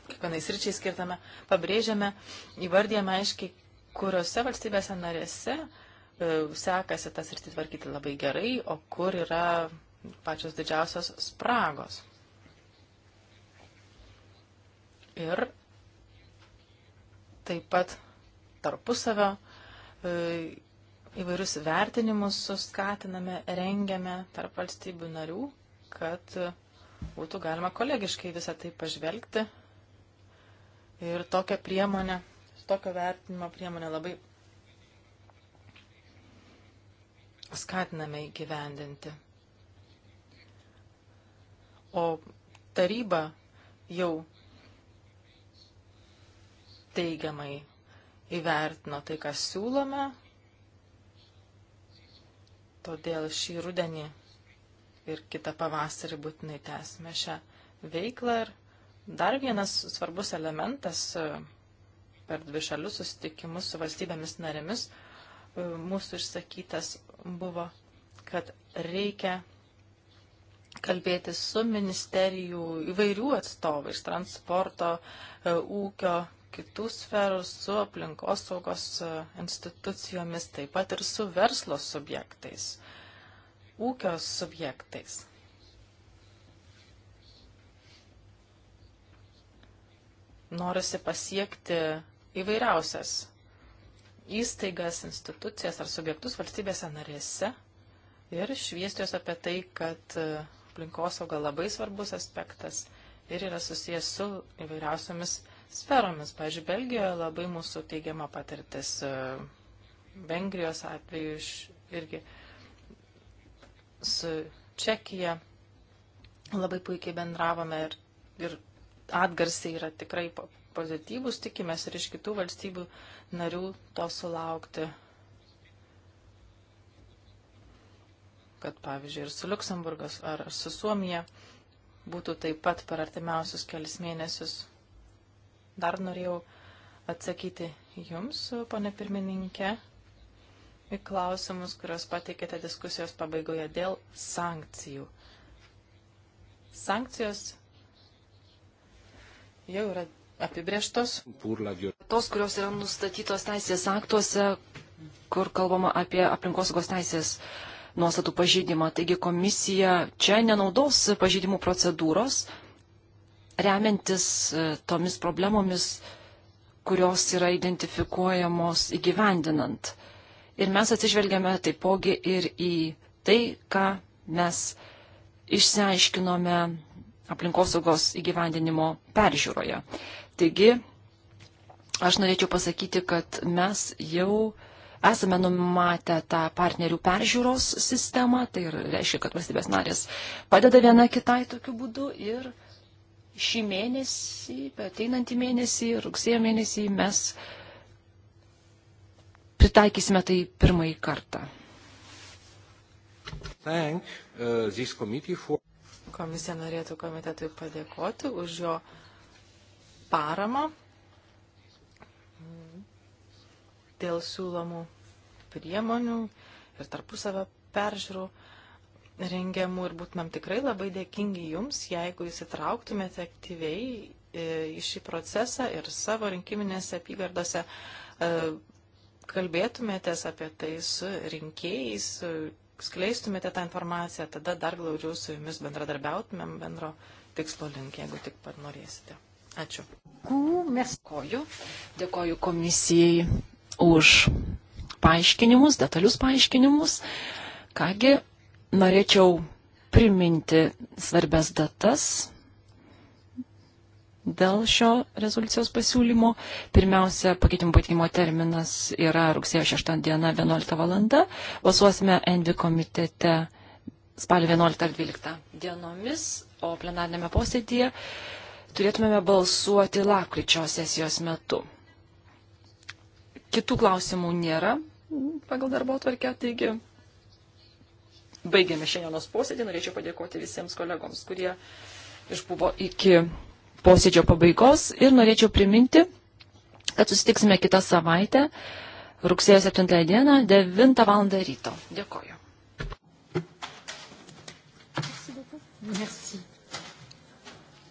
kiekvienai sričiai skirtame, pabrėžiame, įvardėme aiškiai, kuriuose valstybėse narėse e, sekasi tas ir tvarkyti labai gerai, o kur yra pačios didžiausios spragos. Ir taip pat tarpusavio e, įvairius vertinimus skatiname, rengiame tarp valstybių narių, kad būtų galima kolegiškai visą tai pažvelgti. Ir tokią priemonę, tokio vertinimo priemonę labai skatiname įgyvendinti. O taryba jau teigiamai įvertino tai, ką siūlome, Todėl šį rudenį ir kitą pavasarį būtinai tęsime šią veiklą. Ir dar vienas svarbus elementas e, per dvišalius susitikimus su valstybėmis narėmis e, mūsų išsakytas buvo, kad reikia kalbėti su ministerijų įvairių atstovais - transporto, e, ūkio, kitų sferų, su aplinkosaugos e, institucijomis, taip pat ir su verslo subjektais, ūkio subjektais. Norisi pasiekti įvairiausias įstaigas, institucijas ar subjektus valstybėse narėse ir šviesti juos apie tai, kad e, aplinkosauga labai svarbus aspektas ir yra susijęs su įvairiausiamis sferomis. Pavyzdžiui, Belgijoje labai mūsų teigiama patirtis, e, Vengrijos atveju iš, irgi su Čekija labai puikiai bendravome ir, ir atgarsiai yra tikrai pozityvus, tikimės ir iš kitų valstybių narių to sulaukti. Kad pavyzdžiui ir su Luksemburgas ar su Suomija būtų taip pat per artimiausius kelias mėnesius dar norėjau atsakyti jums, ponė pirmininkė, į klausimus, kuriuos pateikėte diskusijos pabaigoje dėl sankcijų. Sankcijos jau yra apibrieštos. Tos, kurios yra nustatytos teisės aktuose, kur kalbama apie aplinkosaugos teisės nuostatų pažydimą. Taigi komisija čia nenaudos pažydimų procedūros, remiantis e, tomis problemomis, kurios yra identifikuojamos įgyvendinant. Ir mes atsižvelgiame taipogi ir į tai, ką mes išsiaiškinome aplinkosaugos įgyvendinimo peržiūroje. Taigi, aš norėčiau pasakyti, kad mes jau esame numatę tą partnerių peržiūros sistemą, tai reiškia, kad valstybės narės padeda viena kitai tokiu būdu ir šį mėnesį, ateinantį mėnesį, rugsėjo mėnesį mes pritaikysime tai pirmąjį kartą. Thank, uh, for... Komisija norėtų komitetui padėkoti už jo paramą dėl siūlomų priemonių ir tarpusavę peržiūrų rengiamų ir būtumėm tikrai labai dėkingi Jums, jeigu įsitrauktumėte aktyviai e, į šį procesą ir savo rinkiminėse apygardose e, kalbėtumėtės apie tai su rinkėjais, e, skleistumėte tą informaciją, tada dar glaudžiau su Jumis bendradarbiautumėm bendro tikslo link, jeigu tik pat norėsite. Ačiū. Dėkoju. Dėkoju komisijai už paaiškinimus, detalius paaiškinimus. Kągi, Norėčiau priminti svarbias datas dėl šio rezoliucijos pasiūlymo. Pirmiausia, pakeitimų patikimo terminas yra rugsėjo 6 diena 11 valanda. Balsuosime Envi komitete spalio 11 ar 12 dienomis, o plenarnėme posėdėje turėtumėme balsuoti lapkričio sesijos metu. Kitų klausimų nėra pagal darbo tvarkę, taigi baigiame šiandienos posėdį. Norėčiau padėkoti visiems kolegoms, kurie išbuvo iki posėdžio pabaigos. Ir norėčiau priminti, kad susitiksime kitą savaitę, rugsėjo 7 dieną, 9 val. ryto. Dėkoju. Merci.